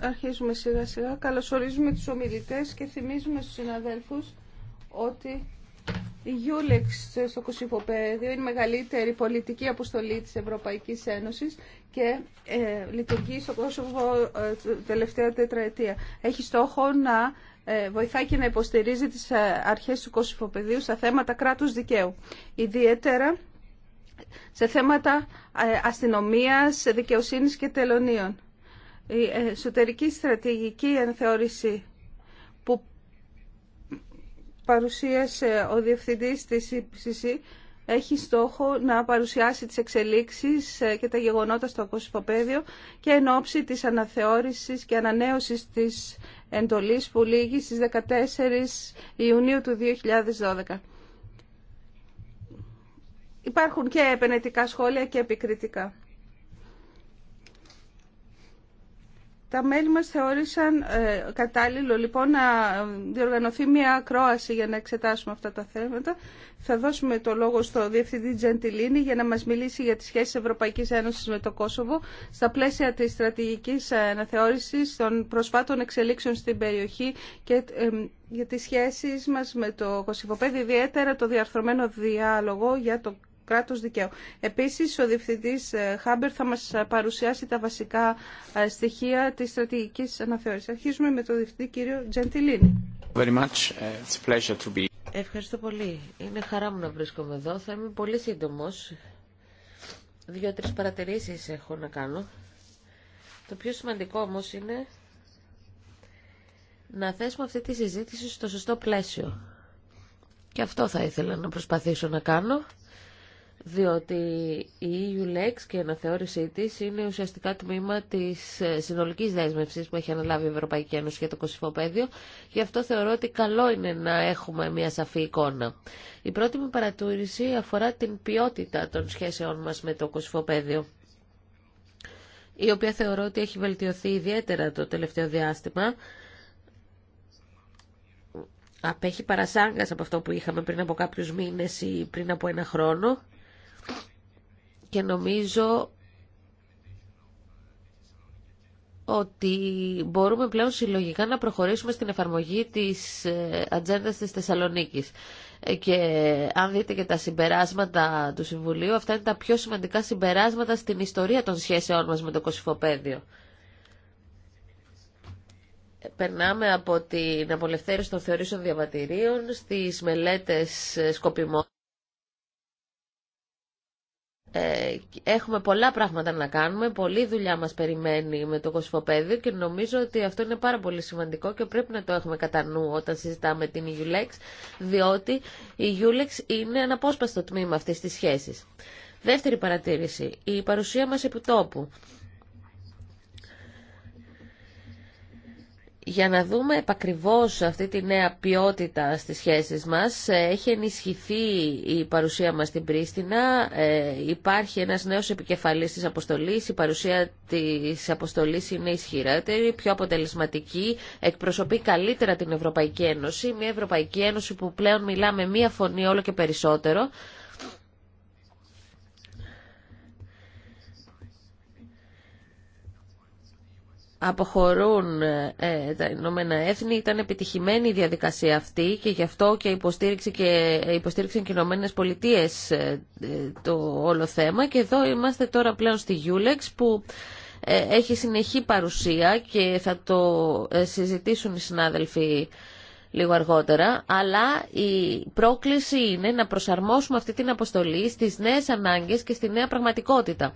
Αρχίζουμε σιγά σιγά. Καλωσορίζουμε τους ομιλητές και θυμίζουμε στους συναδέλφους ότι η Γιούλεξ στο Κωσυφοπέδιο είναι η μεγαλύτερη πολιτική αποστολή της Ευρωπαϊκής Ένωσης και ε, λειτουργεί στο Κωσυφο ε, τελευταία τετραετία. Έχει στόχο να ε, βοηθάει και να υποστηρίζει τις ε, αρχές του Κωσυφοπέδιου στα θέματα κράτους δικαίου. Ιδιαίτερα σε θέματα ε, αστυνομίας, δικαιοσύνης και τελωνίων. Η εσωτερική στρατηγική ενθεώρηση που παρουσίασε ο Διευθυντής της ΥΠΣΙΣΗ έχει στόχο να παρουσιάσει τις εξελίξεις ε, και τα γεγονότα στο κοσμοπέδιο και εν ώψη της αναθεώρησης και ανανέωσης της εντολής που λήγει στις 14 Ιουνίου του 2012. Υπάρχουν και επενετικά σχόλια και επικριτικά. Τα μέλη μας θεώρησαν ε, κατάλληλο λοιπόν να διοργανωθεί μια ακρόαση για να εξετάσουμε αυτά τα θέματα. Θα δώσουμε το λόγο στο Διευθυντή Τζεντιλίνη για να μας μιλήσει για τις σχέσεις Ευρωπαϊκής Ένωσης με το Κόσοβο στα πλαίσια της στρατηγικής αναθεώρησης των προσφάτων εξελίξεων στην περιοχή και ε, για τις σχέσεις μας με το Κωσυφοπέδι, ιδιαίτερα το διαρθρωμένο διάλογο για το κράτος δικαίου. Επίσης, ο Διευθυντής ε, Χάμπερ θα μας ε, παρουσιάσει τα βασικά ε, στοιχεία της στρατηγικής αναθεώρησης. Αρχίζουμε με τον Διευθυντή κύριο Τζεντιλίνη. Very Ευχαριστώ πολύ. Είναι χαρά μου να βρίσκομαι εδώ. Θα είμαι πολύ σύντομος. Δύο-τρεις παρατηρήσεις έχω να κάνω. Το πιο σημαντικό όμως είναι να θέσουμε αυτή τη συζήτηση στο σωστό πλαίσιο. Και αυτό θα ήθελα να προσπαθήσω να κάνω διότι η EULEX και η αναθεώρησή τη είναι ουσιαστικά τμήμα της ε, συνολικής δέσμευσης που έχει αναλάβει η Ευρωπαϊκή Ένωση για το κοσυφοπαίδιο. Γι' αυτό θεωρώ ότι καλό είναι να έχουμε μια σαφή εικόνα. Η πρώτη μου παρατήρηση αφορά την ποιότητα των σχέσεών μας με το κοσυφοπαίδιο η οποία θεωρώ ότι έχει βελτιωθεί ιδιαίτερα το τελευταίο διάστημα. Απέχει παρασάγκας από αυτό που είχαμε πριν από κάποιους μήνες ή πριν από ένα χρόνο και νομίζω ότι μπορούμε πλέον συλλογικά να προχωρήσουμε στην εφαρμογή της ε, ατζέντα της Θεσσαλονίκης. Ε, και αν δείτε και τα συμπεράσματα του Συμβουλίου, αυτά είναι τα πιο σημαντικά συμπεράσματα στην ιστορία των σχέσεών μας με το Κωσυφοπαίδιο. Περνάμε από την απολευθέρωση των θεωρήσεων διαβατηρίων στις μελέτες ε, σκοπιμών ε, έχουμε πολλά πράγματα να κάνουμε, πολλή δουλειά μας περιμένει με το κοσφοπέδιο και νομίζω ότι αυτό είναι πάρα πολύ σημαντικό και πρέπει να το έχουμε κατά νου όταν συζητάμε την Ιούλεξ διότι η Ιούλεξ είναι αναπόσπαστο τμήμα αυτής της σχέσης. Δεύτερη παρατήρηση, η παρουσία μας επιτόπου. τόπου. για να δούμε επακριβώς αυτή τη νέα ποιότητα στις σχέσεις μας. Ε, έχει ενισχυθεί η παρουσία μας στην Πρίστινα, ε, υπάρχει ένας νέος επικεφαλής της αποστολής, η παρουσία της αποστολής είναι ισχυρότερη, πιο αποτελεσματική, εκπροσωπεί καλύτερα την Ευρωπαϊκή Ένωση, μια Ευρωπαϊκή Ένωση που πλέον μιλάμε μία φωνή όλο και περισσότερο. αποχωρούν ε, τα Ηνωμένα Έθνη. Ήταν επιτυχημένη η διαδικασία αυτή και γι' αυτό και υποστήριξε και υποστήριξαν και οι Ηνωμένε Πολιτείε ε, το όλο θέμα. Και εδώ είμαστε τώρα πλέον στη Γιούλεξ που ε, έχει συνεχή παρουσία και θα το ε, συζητήσουν οι συνάδελφοι λίγο αργότερα, αλλά η πρόκληση είναι να προσαρμόσουμε αυτή την αποστολή στις νέες ανάγκες και στη νέα πραγματικότητα.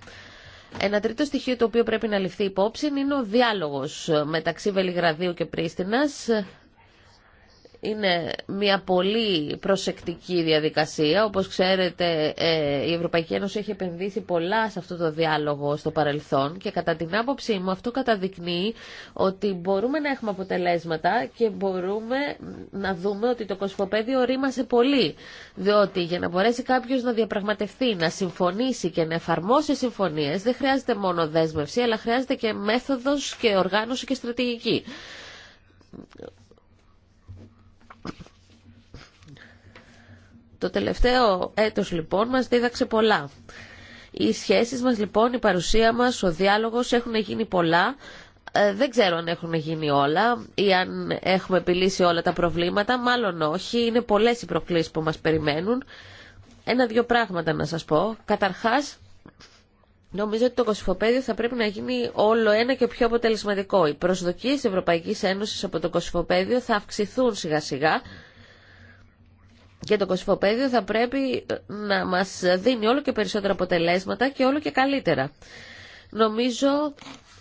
Ένα τρίτο στοιχείο το οποίο πρέπει να ληφθεί υπόψη είναι ο διάλογος μεταξύ Βελιγραδίου και Πρίστινας είναι μια πολύ προσεκτική διαδικασία. Όπως ξέρετε, ε, η Ευρωπαϊκή Ένωση έχει επενδύσει πολλά σε αυτό το διάλογο στο παρελθόν και κατά την άποψή μου αυτό καταδεικνύει ότι μπορούμε να έχουμε αποτελέσματα και μπορούμε να δούμε ότι το κοσμοπέδιο ρήμασε πολύ. Διότι για να μπορέσει κάποιος να διαπραγματευτεί, να συμφωνήσει και να εφαρμόσει συμφωνίες δεν χρειάζεται μόνο δέσμευση, αλλά χρειάζεται και μέθοδος και οργάνωση και στρατηγική Το τελευταίο έτος λοιπόν μας δίδαξε πολλά. Οι σχέσεις μας λοιπόν, η παρουσία μας, ο διάλογος έχουν γίνει πολλά. Ε, δεν ξέρω αν έχουν γίνει όλα ή αν έχουμε επιλύσει όλα τα προβλήματα. Μάλλον όχι. Είναι πολλές οι προκλήσεις που μας περιμένουν. Ένα-δυο πράγματα να σας πω. Καταρχάς, Νομίζω ότι το κοσυφοπαίδιο θα πρέπει να γίνει όλο ένα και πιο αποτελεσματικό. Οι προσδοκίες της Ευρωπαϊκής Ένωσης από το κοσυφοπαίδιο θα αυξηθούν σιγά-σιγά και το κοσφοπέδιο θα πρέπει να μας δίνει όλο και περισσότερα αποτελέσματα και όλο και καλύτερα. Νομίζω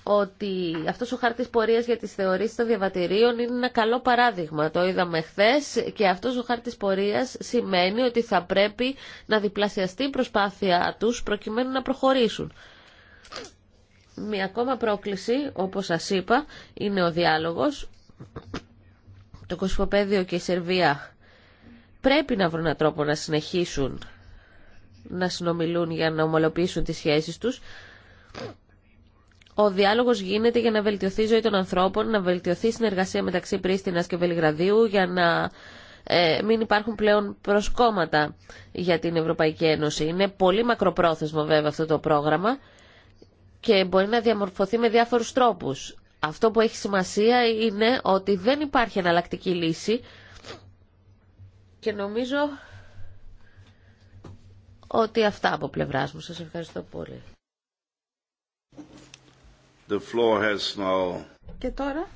ότι αυτός ο χάρτης πορείας για τις θεωρήσεις των διαβατηρίων είναι ένα καλό παράδειγμα. Το είδαμε χθε και αυτός ο χάρτης πορείας σημαίνει ότι θα πρέπει να διπλασιαστεί η προσπάθεια τους προκειμένου να προχωρήσουν. Μια ακόμα πρόκληση, όπως σας είπα, είναι ο διάλογος. Το κοσφοπέδιο και η Σερβία πρέπει να βρουν έναν τρόπο να συνεχίσουν να συνομιλούν για να ομολοποιήσουν τις σχέσεις τους. Ο διάλογος γίνεται για να βελτιωθεί η ζωή των ανθρώπων, να βελτιωθεί η συνεργασία μεταξύ Πρίστινας και Βελιγραδίου, για να ε, μην υπάρχουν πλέον προσκόμματα για την Ευρωπαϊκή Ένωση. Είναι πολύ μακροπρόθεσμο βέβαια αυτό το πρόγραμμα και μπορεί να διαμορφωθεί με διάφορους τρόπους. Αυτό που έχει σημασία είναι ότι δεν υπάρχει εναλλακτική λύση και νομίζω ότι αυτά από πλευράς μου. Σας ευχαριστώ πολύ. The floor has Και τώρα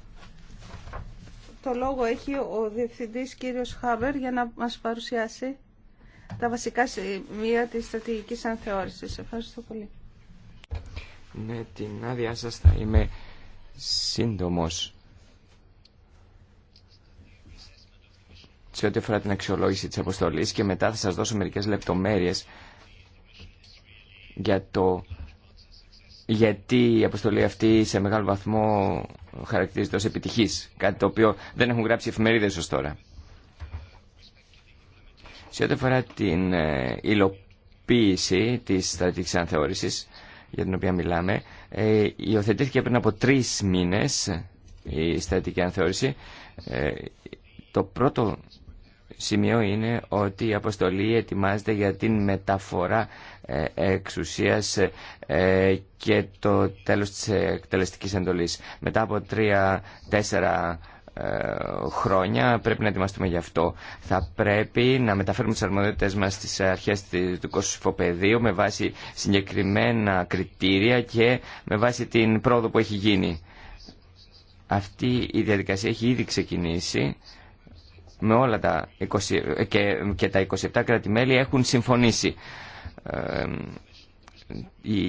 το λόγο έχει ο Διευθυντής κύριος Χάβερ για να μας παρουσιάσει τα βασικά σημεία της στρατηγικής ανθεώρησης. Ευχαριστώ πολύ. Ναι, την άδειά σας θα είμαι σύντομος. σε ό,τι αφορά την αξιολόγηση της αποστολής και μετά θα σας δώσω μερικές λεπτομέρειες για το γιατί η αποστολή αυτή σε μεγάλο βαθμό χαρακτηρίζεται ως επιτυχής, κάτι το οποίο δεν έχουν γράψει εφημερίδες ως τώρα. Σε ό,τι αφορά την ε, υλοποίηση της στρατηγικής ανθεώρησης για την οποία μιλάμε, ε, υιοθετήθηκε πριν από τρεις μήνες η στρατηγική ανθεώρηση. Ε, το πρώτο σημείο είναι ότι η αποστολή ετοιμάζεται για την μεταφορά ε, εξουσίας ε, και το τέλος της εκτελεστικής εντολής. Μετά από τρία-τέσσερα ε, χρόνια πρέπει να ετοιμαστούμε γι' αυτό. Θα πρέπει να μεταφέρουμε τις αρμοδιότητες μας στις αρχές του κοσμοπεδίου με βάση συγκεκριμένα κριτήρια και με βάση την πρόοδο που έχει γίνει. Αυτή η διαδικασία έχει ήδη ξεκινήσει με όλα τα 20, ε, και, τα 27 κράτη-μέλη έχουν συμφωνήσει. η,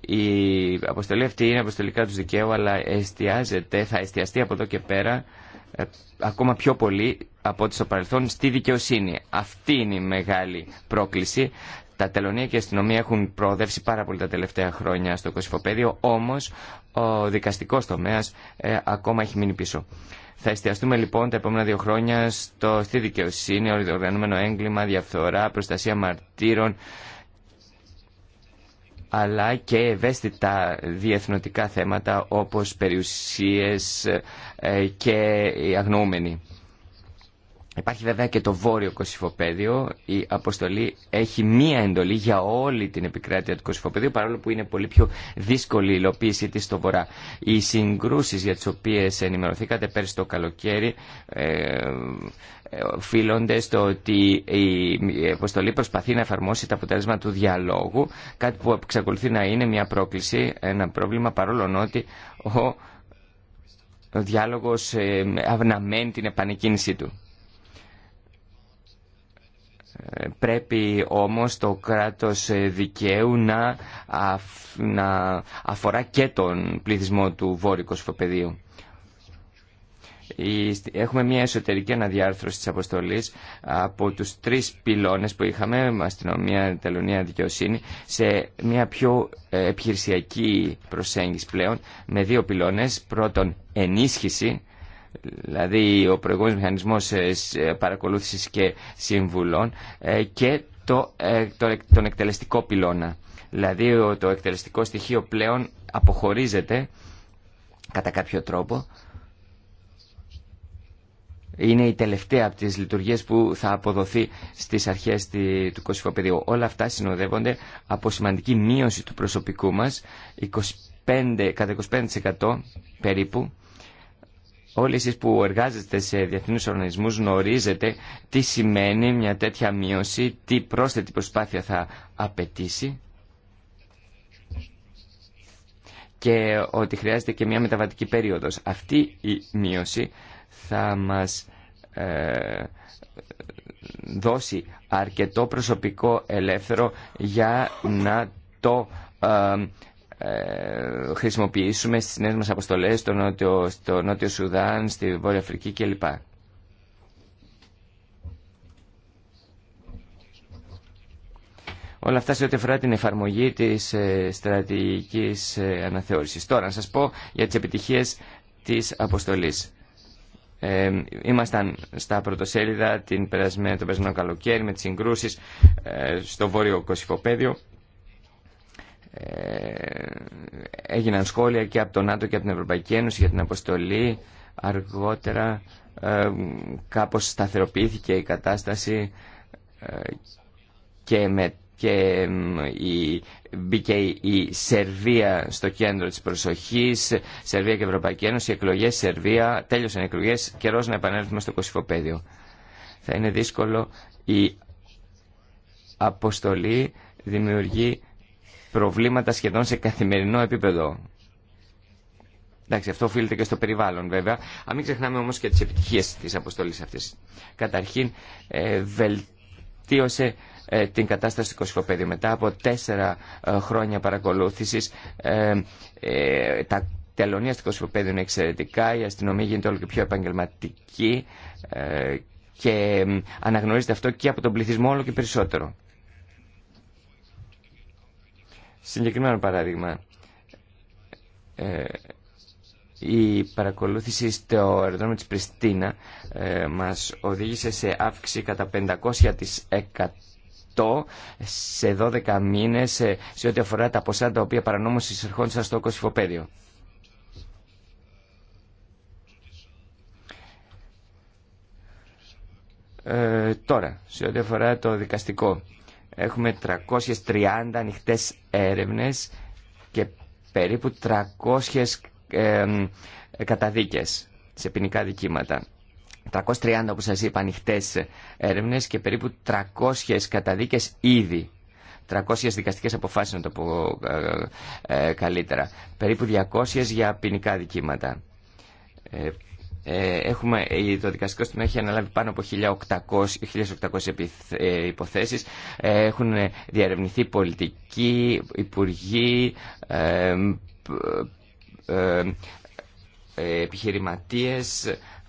η αποστολή αυτή είναι αποστολικά του δικαίου αλλά εστιάζεται, θα εστιαστεί από εδώ και πέρα ε, ακόμα πιο πολύ από ό,τι στο παρελθόν στη δικαιοσύνη. Αυτή είναι η μεγάλη πρόκληση. Τα τελωνία και η αστυνομία έχουν προοδεύσει πάρα πολύ τα τελευταία χρόνια στο κοσυφοπαίδιο, όμως ο δικαστικός τομέας ε, ακόμα έχει μείνει πίσω. Θα εστιαστούμε λοιπόν τα επόμενα δύο χρόνια στο, στη δικαιοσύνη, οργανωμένο έγκλημα, διαφθορά, προστασία μαρτύρων, αλλά και ευαίσθητα διεθνωτικά θέματα όπως περιουσίες ε, και αγνοούμενοι. Υπάρχει βέβαια και το βόρειο Κωσυφοπαίδιο. Η αποστολή έχει μία εντολή για όλη την επικράτεια του Κωσυφοπαιδίου, παρόλο που είναι πολύ πιο δύσκολη η υλοποίησή τη στο βορρά. Οι συγκρούσει για τι οποίε ενημερωθήκατε πέρσι το καλοκαίρι ε, ε οφείλονται στο ότι η αποστολή προσπαθεί να εφαρμόσει τα αποτέλεσμα του διαλόγου, κάτι που εξακολουθεί να είναι μια πρόκληση, ένα πρόβλημα, παρόλο ότι ο διάλογος ε, αυναμένει την επανεκκίνησή του. Ε, πρέπει όμως το κράτος δικαίου να, να αφορά και τον πληθυσμό του Βόρειου σφοπεδίου. Έχουμε μια εσωτερική αναδιάρθρωση της αποστολής από τους τρεις πυλώνες που είχαμε, αστυνομία, τελωνία, δικαιοσύνη, σε μια πιο ε, επιχειρησιακή προσέγγιση πλέον, με δύο πυλώνες. Πρώτον, ενίσχυση δηλαδή ο προηγούμενος μηχανισμός ε, ε, παρακολούθησης και συμβουλών ε, και το, τον εκτελεστικό πυλώνα. Δηλαδή το εκτελεστικό στοιχείο πλέον αποχωρίζεται κατά κάποιο τρόπο. Είναι η τελευταία από τις λειτουργίες που θα αποδοθεί στις αρχές του κοσυφοπεδίου. Όλα αυτά συνοδεύονται από σημαντική μείωση του προσωπικού μας, 25, κατά 25% περίπου, όλοι εσείς που εργάζεστε σε διεθνούς οργανισμούς γνωρίζετε τι σημαίνει μια τέτοια μείωση, τι πρόσθετη προσπάθεια θα απαιτήσει και ότι χρειάζεται και μια μεταβατική περίοδος. Αυτή η μείωση θα μας ε, δώσει αρκετό προσωπικό ελεύθερο για να το ε, ε, χρησιμοποιήσουμε στις νέες μας αποστολές στο Νότιο, στο Νότιο Σουδάν, στη Βόρεια Αφρική κλπ. Όλα αυτά σε ό,τι αφορά την εφαρμογή της ε, στρατηγικής ε, αναθεώρησης. Τώρα, να σας πω για τις επιτυχίες της αποστολής. Ε, ήμασταν στα πρωτοσέλιδα την περασμένη το περασμένο καλοκαίρι με τις συγκρούσεις στο βόρειο Κωσυφοπαίδιο ε, έγιναν σχόλια και από τον ΝΑΤΟ και από την Ευρωπαϊκή Ένωση για την αποστολή. Αργότερα ε, κάπως σταθεροποιήθηκε η κατάσταση ε, και με και η, μπήκε η Σερβία στο κέντρο της προσοχής, Σερβία και Ευρωπαϊκή Ένωση, εκλογές Σερβία, τέλειωσαν οι εκλογές, καιρός να επανέλθουμε στο Κωσυφοπαίδιο. Θα είναι δύσκολο η αποστολή δημιουργεί προβλήματα σχεδόν σε καθημερινό επίπεδο. Εντάξει, αυτό οφείλεται και στο περιβάλλον βέβαια. Αν μην ξεχνάμε όμως και τις επιτυχίες της αποστολής αυτής. Καταρχήν, ε, βελτίωσε ε, την κατάσταση του Κωσυφοπέδιου. Μετά από τέσσερα ε, χρόνια παρακολούθησης, τα τελωνία στο Κωσυφοπέδιου είναι εξαιρετικά, η αστυνομία γίνεται όλο και πιο επαγγελματική και αναγνωρίζεται αυτό και από τον πληθυσμό όλο και περισσότερο. Συγκεκριμένο παράδειγμα, ε, η παρακολούθηση στο αεροδρόμιο της Πριστίνα ε, μας οδήγησε σε αύξηση κατά 500% σε 12 μήνες ε, σε ό,τι αφορά τα ποσά τα οποία παρανόμως εισερχόντουσαν στο κοσυφοπέδιο. Ε, τώρα, σε ό,τι αφορά το δικαστικό Έχουμε 330 ανοιχτέ έρευνες και περίπου 300 ε, καταδίκες σε ποινικά δικήματα. 330 όπως σας είπα ανοιχτέ έρευνες και περίπου 300 καταδίκες ήδη. 300 δικαστικές αποφάσεις να το πω ε, ε, καλύτερα. Περίπου 200 για ποινικά δικήματα. Ε, ε, έχουμε, το δικαστικό στην έχει αναλάβει πάνω από 1.800, 1800 ε, υποθέσεις. Ε, έχουν διαρευνηθεί πολιτικοί, υπουργοί, ε, ε, επιχειρηματίες,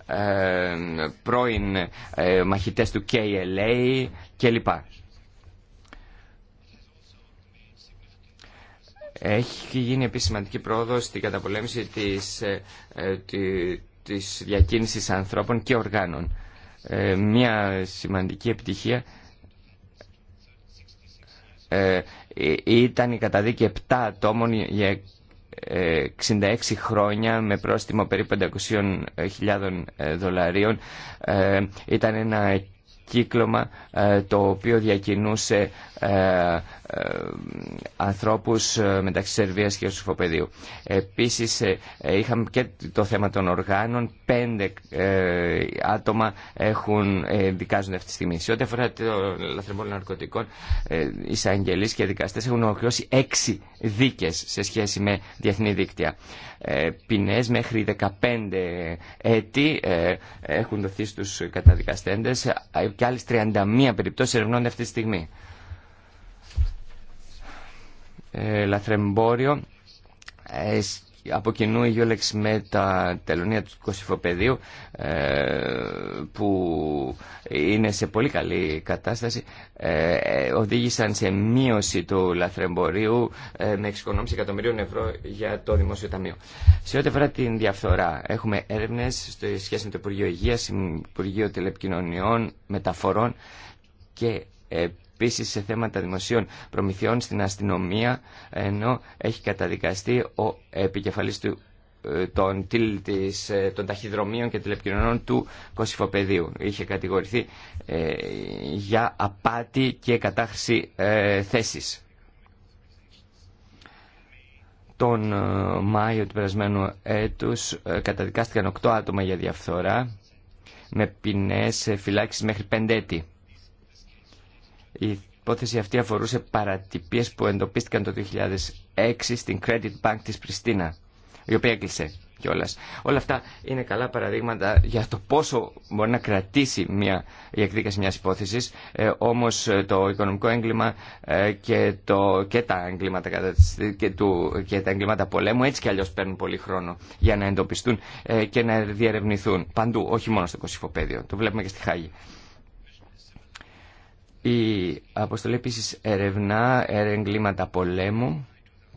ε, πρώην μαχητές του KLA κλπ. Έχει γίνει επίσης σημαντική πρόοδος στην καταπολέμηση της, ε, της διακίνησης ανθρώπων και οργάνων. Ε, μια σημαντική επιτυχία ε, ήταν η καταδίκη 7 ατόμων για 66 ε, χρόνια με πρόστιμο περίπου 500.000 ε, δολαρίων. ήταν ένα κύκλωμα ε, το οποίο διακινούσε ε, ε, ανθρώπους μεταξύ Σερβίας και Σουφοπεδίου. Επίσης είχαμε και το θέμα των οργάνων. Πέντε άτομα έχουν, δικάζονται αυτή τη στιγμή. Σε ό,τι αφορά το λαθρεμό ναρκωτικών, εισαγγελείς και δικαστές έχουν ολοκληρώσει έξι δίκες σε σχέση με διεθνή δίκτυα. Ε, ποινές μέχρι 15 έτη ε, έχουν δοθεί στους καταδικαστέντες ε, και άλλες 31 περιπτώσεις ερευνώνται αυτή τη στιγμή. Λαθρεμπόριο από κοινού η Γιόλεξ με τα τελωνία του Κωσυφοπεδίου ε, που είναι σε πολύ καλή κατάσταση ε, ε, οδήγησαν σε μείωση του λαθρεμπορίου με εξοικονόμηση εκατομμυρίων ευρώ για το Δημόσιο Ταμείο. Σε ό,τι αφορά την διαφθορά έχουμε έρευνες στο σχέση με το Υπουργείο Υγείας, Υπουργείο Τηλεπικοινωνιών, Μεταφορών και επίση σε θέματα δημοσίων προμηθειών στην αστυνομία ενώ έχει καταδικαστεί ο επικεφαλής του, ε, των, της, ε, των ταχυδρομείων και τηλεπικοινωνών του Κωσυφοπεδίου. Είχε κατηγορηθεί ε, για απάτη και κατάχρηση ε, θέσης. Τον Μάιο του περασμένου έτους καταδικάστηκαν 8 άτομα για διαφθορά με ποινές φυλάξεις μέχρι 5 έτη. Η υπόθεση αυτή αφορούσε παρατυπίες που εντοπίστηκαν το 2006 στην Credit Bank της Πριστίνα, η οποία έκλεισε κιόλας. Όλα αυτά είναι καλά παραδείγματα για το πόσο μπορεί να κρατήσει μια, η εκδίκαση μιας υπόθεσης, ε, όμως ε, το οικονομικό έγκλημα ε, και, το, και, τα έγκληματα, και, τα έγκληματα πολέμου έτσι κι αλλιώς παίρνουν πολύ χρόνο για να εντοπιστούν ε, και να διερευνηθούν παντού, όχι μόνο στο Κωσυφοπέδιο. Το βλέπουμε και στη Χάγη. Η αποστολή επίση ερευνά εγκλήματα πολέμου.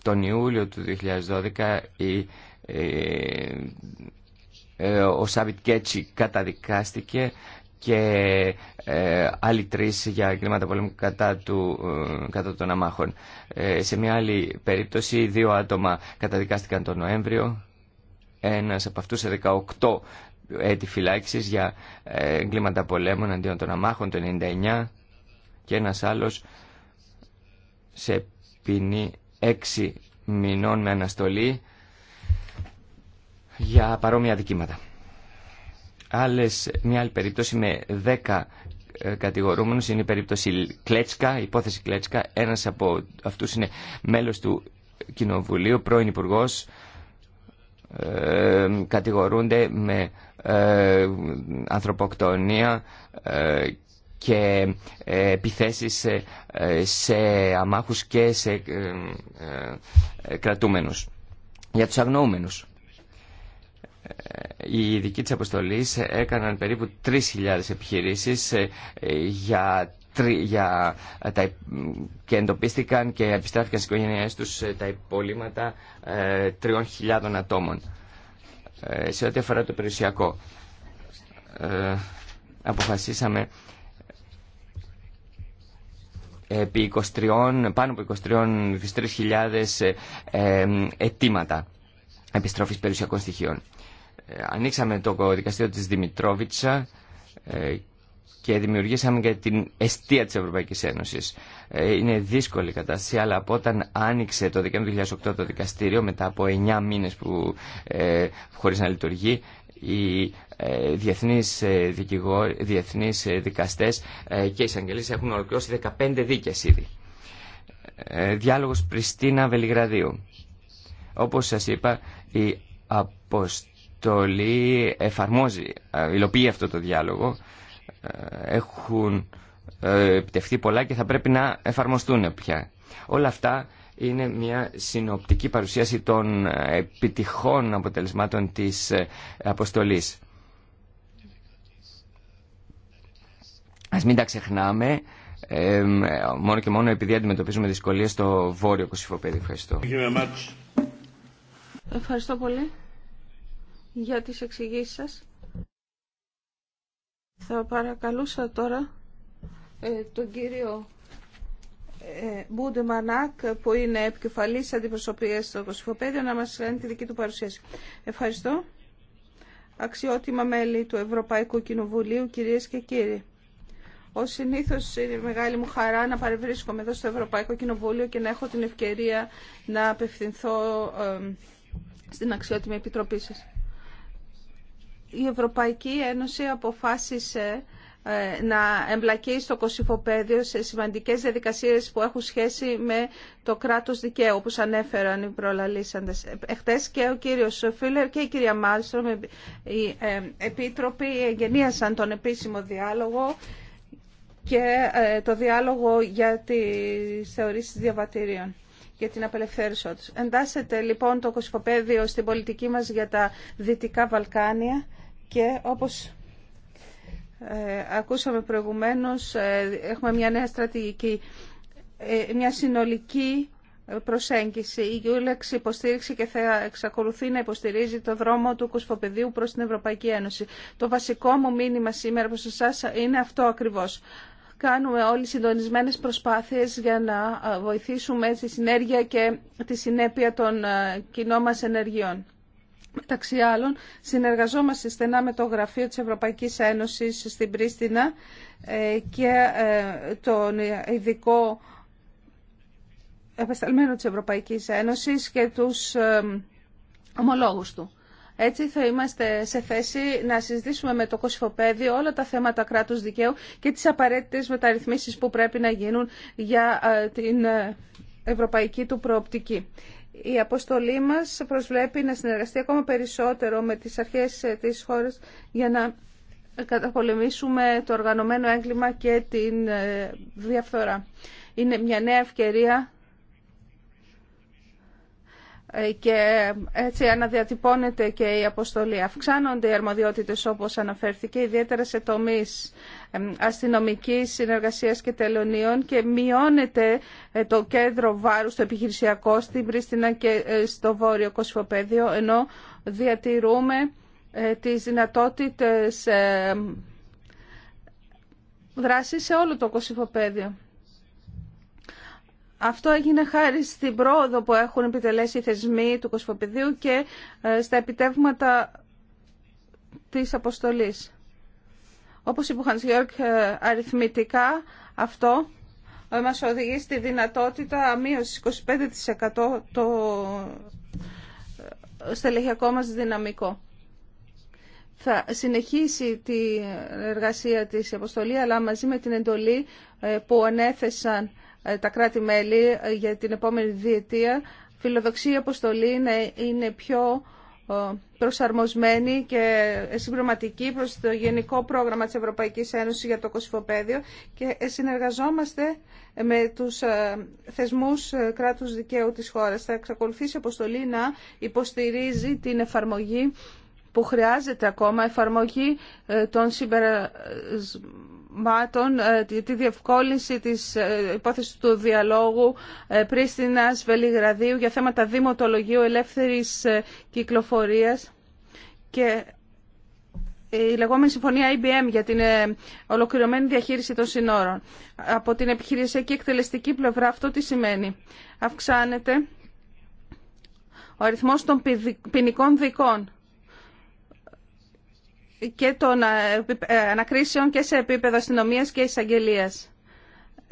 Τον Ιούλιο του 2012 η, ε, ε, ο Σάβιτ Κέτσι καταδικάστηκε και ε, άλλοι τρει για εγκλήματα πολέμου κατά, του, ε, κατά των αμάχων. σε μια άλλη περίπτωση, δύο άτομα καταδικάστηκαν τον Νοέμβριο. Ένας από αυτούς σε 18 έτη φυλάξης για εγκλήματα πολέμου αντίον των αμάχων το 99 και ένας άλλος σε ποινή έξι μηνών με αναστολή για παρόμοια δικήματα. Άλλες, μια άλλη περίπτωση με δέκα ε, κατηγορούμενους είναι η περίπτωση Κλέτσκα, υπόθεση Κλέτσκα. Ένας από αυτούς είναι μέλος του Κοινοβουλίου, πρώην υπουργό. Ε, κατηγορούνται με ε, ανθρωποκτονία ε, και ε, επιθέσεις ε, σε αμάχους και σε ε, κρατούμενους. Για τους αγνοούμενους. Οι ειδικοί της αποστολής έκαναν περίπου 3.000 επιχειρήσεις για για και εντοπίστηκαν και επιστράφηκαν στις οικογένειές τους τα υπολείμματα 3.000 ατόμων σε ό,τι αφορά το περιουσιακό. αποφασίσαμε επί 23, πάνω από 23.000 ε, ε, αιτήματα επιστροφής περιουσιακών στοιχείων. Ε, ανοίξαμε το δικαστήριο της Δημητρόβιτσα και δημιουργήσαμε και την αιστεία της Ευρωπαϊκής Ένωσης. Είναι δύσκολη η κατάσταση, αλλά από όταν άνοιξε το Δεκέμβριο 2008 το δικαστήριο, μετά από 9 μήνες που, ε, χωρίς να λειτουργεί, οι ε, διεθνείς, ε, δικηγόροι, διεθνείς ε, δικαστές και οι εισαγγελίες έχουν ολοκληρώσει 15 δίκες ήδη. Διάλογος Πριστίνα Βελιγραδίου. Όπως σας είπα, η αποστολή εφαρμόζει, υλοποιεί αυτό το διάλογο. Έχουν επιτευχθεί πολλά και θα πρέπει να εφαρμοστούν πια. Όλα αυτά είναι μια συνοπτική παρουσίαση των ε, επιτυχών αποτελεσμάτων της ε, αποστολής. Ας μην τα ξεχνάμε, μόνο και μόνο επειδή αντιμετωπίζουμε δυσκολίες στο βόρειο Κωσυφοπέδι. Ευχαριστώ. Ευχαριστώ πολύ για τις εξηγήσεις σας. Θα παρακαλούσα τώρα ε, τον κύριο Μπούντε Μανάκ που είναι επικεφαλής αντιπροσωπείας στο Κωσυφοπέδιο να μας κάνει τη δική του παρουσίαση. Ευχαριστώ. Αξιότιμα μέλη του Ευρωπαϊκού Κοινοβουλίου, κυρίες και κύριοι. Ω συνήθω είναι μεγάλη μου χαρά να παρευρίσκομαι εδώ στο Ευρωπαϊκό Κοινοβούλιο και να έχω την ευκαιρία να απευθυνθώ στην αξιότιμη επιτροπή σας. Η Ευρωπαϊκή Ένωση αποφάσισε ε, να εμπλακεί στο κοσυφοπαίδιο σε σημαντικές διαδικασίες που έχουν σχέση με το κράτος δικαίου, όπως ανέφεραν οι προλαλήσαντες. Ε, εχθές και ο κύριος Φίλερ και η κυρία Μάλστρομ, οι ε, επίτροποι, εγγενίασαν τον επίσημο διάλογο και το διάλογο για τις θεωρήσεις διαβατηρίων για την απελευθέρωσή τους. Εντάσσεται λοιπόν το κοσυφοπαίδιο στην πολιτική μας για τα Δυτικά Βαλκάνια και όπως ε, ακούσαμε προηγουμένως, ε, έχουμε μια νέα στρατηγική, ε, μια συνολική προσέγγιση. Η Γιούλεξ υποστήριξε και θα εξακολουθεί να υποστηρίζει το δρόμο του κοσφοπεδίου προς την Ευρωπαϊκή Ένωση. Το βασικό μου μήνυμα σήμερα προς εσάς είναι αυτό ακριβώς. Κάνουμε όλοι συντονισμένες προσπάθειες για να βοηθήσουμε στη συνέργεια και τη συνέπεια των κοινών μας ενεργειών. Μεταξύ άλλων, συνεργαζόμαστε στενά με το Γραφείο της Ευρωπαϊκής Ένωσης στην Πρίστινα ε, και ε, τον ειδικό επεσταλμένο της Ευρωπαϊκής Ένωσης και τους ε, ομολόγους του. Έτσι θα είμαστε σε θέση να συζητήσουμε με το Κωσυφοπέδιο όλα τα θέματα κράτους δικαίου και τις απαραίτητες μεταρρυθμίσεις που πρέπει να γίνουν για την ευρωπαϊκή του προοπτική η αποστολή μας προσβλέπει να συνεργαστεί ακόμα περισσότερο με τις αρχές ε, της χώρας για να καταπολεμήσουμε το οργανωμένο έγκλημα και την ε, διαφθορά. Είναι μια νέα ευκαιρία ε, και ε, έτσι αναδιατυπώνεται και η αποστολή. Αυξάνονται οι αρμοδιότητες όπως αναφέρθηκε, ιδιαίτερα σε τομείς ε, αστυνομικής συνεργασίας και τελωνίων και μειώνεται το κέντρο βάρους το επιχειρησιακό στην Πρίστινα και στο Βόρειο Κοσφοπέδιο, ενώ διατηρούμε τις δυνατότητες δράσης σε όλο το Κοσφοπέδιο. Αυτό έγινε χάρη στην πρόοδο που έχουν επιτελέσει οι θεσμοί του Κοσμοπεδίου και ε, στα επιτεύγματα της αποστολής. Όπως είπε ο Χαντζιόρκ ε, αριθμητικά, αυτό ε, μας οδηγεί στη δυνατότητα μείωση 25% το στελεχιακό μας δυναμικό. Θα συνεχίσει τη εργασία της αποστολή, αλλά μαζί με την εντολή που ανέθεσαν ε, τα κράτη-μέλη ε, για την επόμενη διετία. Φιλοδοξία η αποστολή είναι, είναι πιο ε, προσαρμοσμένη και συμπληρωματική προς το γενικό πρόγραμμα της Ευρωπαϊκής Ένωσης για το κοσυφοπαίδιο και συνεργαζόμαστε με τους θεσμούς κράτους δικαίου της χώρας. Θα εξακολουθήσει η αποστολή να υποστηρίζει την εφαρμογή που χρειάζεται ακόμα, εφαρμογή των συμπερασμών ε, τη διευκόλυνση της ε, υπόθεσης του διαλόγου ε, Πρίστινας Βελιγραδίου για θέματα δημοτολογίου ελεύθερης κυκλοφορίας και η λεγόμενη συμφωνία IBM για την ολοκληρωμένη διαχείριση των συνόρων. Από την επιχειρησιακή εκτελεστική πλευρά αυτό τι σημαίνει. Αυξάνεται ο αριθμός των ποινικών δικών και των ε, ε, ανακρίσεων και σε επίπεδο αστυνομία και εισαγγελία.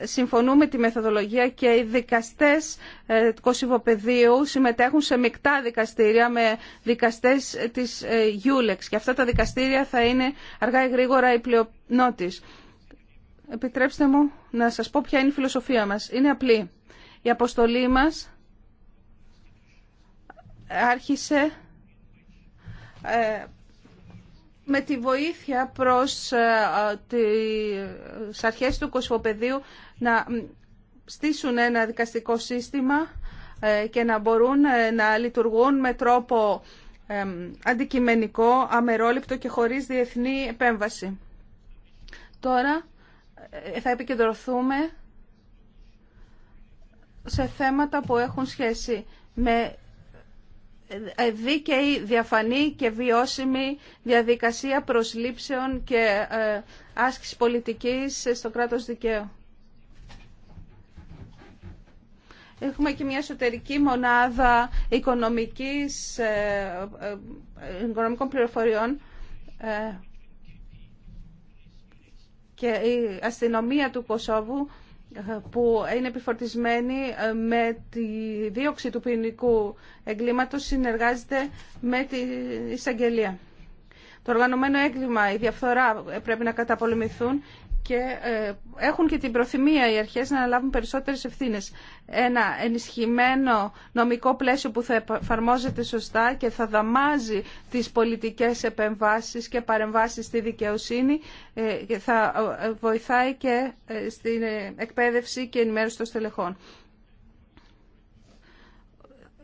Συμφωνούμε τη μεθοδολογία και οι δικαστές ε, του Κωσυβοπεδίου συμμετέχουν σε μεικτά δικαστήρια με δικαστές της Γιούλεξ και αυτά τα δικαστήρια θα είναι αργά ή γρήγορα η πλειονότης. πλειονότη. επιτρεψτε μου να σας πω ποια είναι η φιλοσοφία μας. Είναι απλή. Η αποστολή μας άρχισε με τη βοήθεια προς ε, τις αρχές του κοσμοπεδίου να στήσουν ένα δικαστικό σύστημα ε, και να μπορούν ε, να λειτουργούν με τρόπο αντικειμενικό, αμερόληπτο και χωρίς διεθνή επέμβαση. Τώρα θα επικεντρωθούμε σε θέματα που έχουν σχέση με ε, δίκαιη, διαφανή και βιώσιμη διαδικασία προσλήψεων και ε, άσκηση πολιτικής στο κράτος δικαίου. Έχουμε και μια εσωτερική μονάδα οικονομικής, ε, οικονομικών πληροφοριών και η αστυνομία του Κωσόβου που είναι επιφορτισμένη ε, με τη δίωξη του ποινικού εγκλήματος συνεργάζεται με την εισαγγελία. Το οργανωμένο έγκλημα, η διαφθορά πρέπει να καταπολεμηθούν και ε, έχουν και την προθυμία οι αρχές να αναλάβουν περισσότερες ευθύνες. Ένα ενισχυμένο νομικό πλαίσιο που θα εφαρμόζεται σωστά και θα δαμάζει τις πολιτικές επεμβάσεις και παρεμβάσεις στη δικαιοσύνη ε, και θα ε, βοηθάει και στην εκπαίδευση και ενημέρωση των στελεχών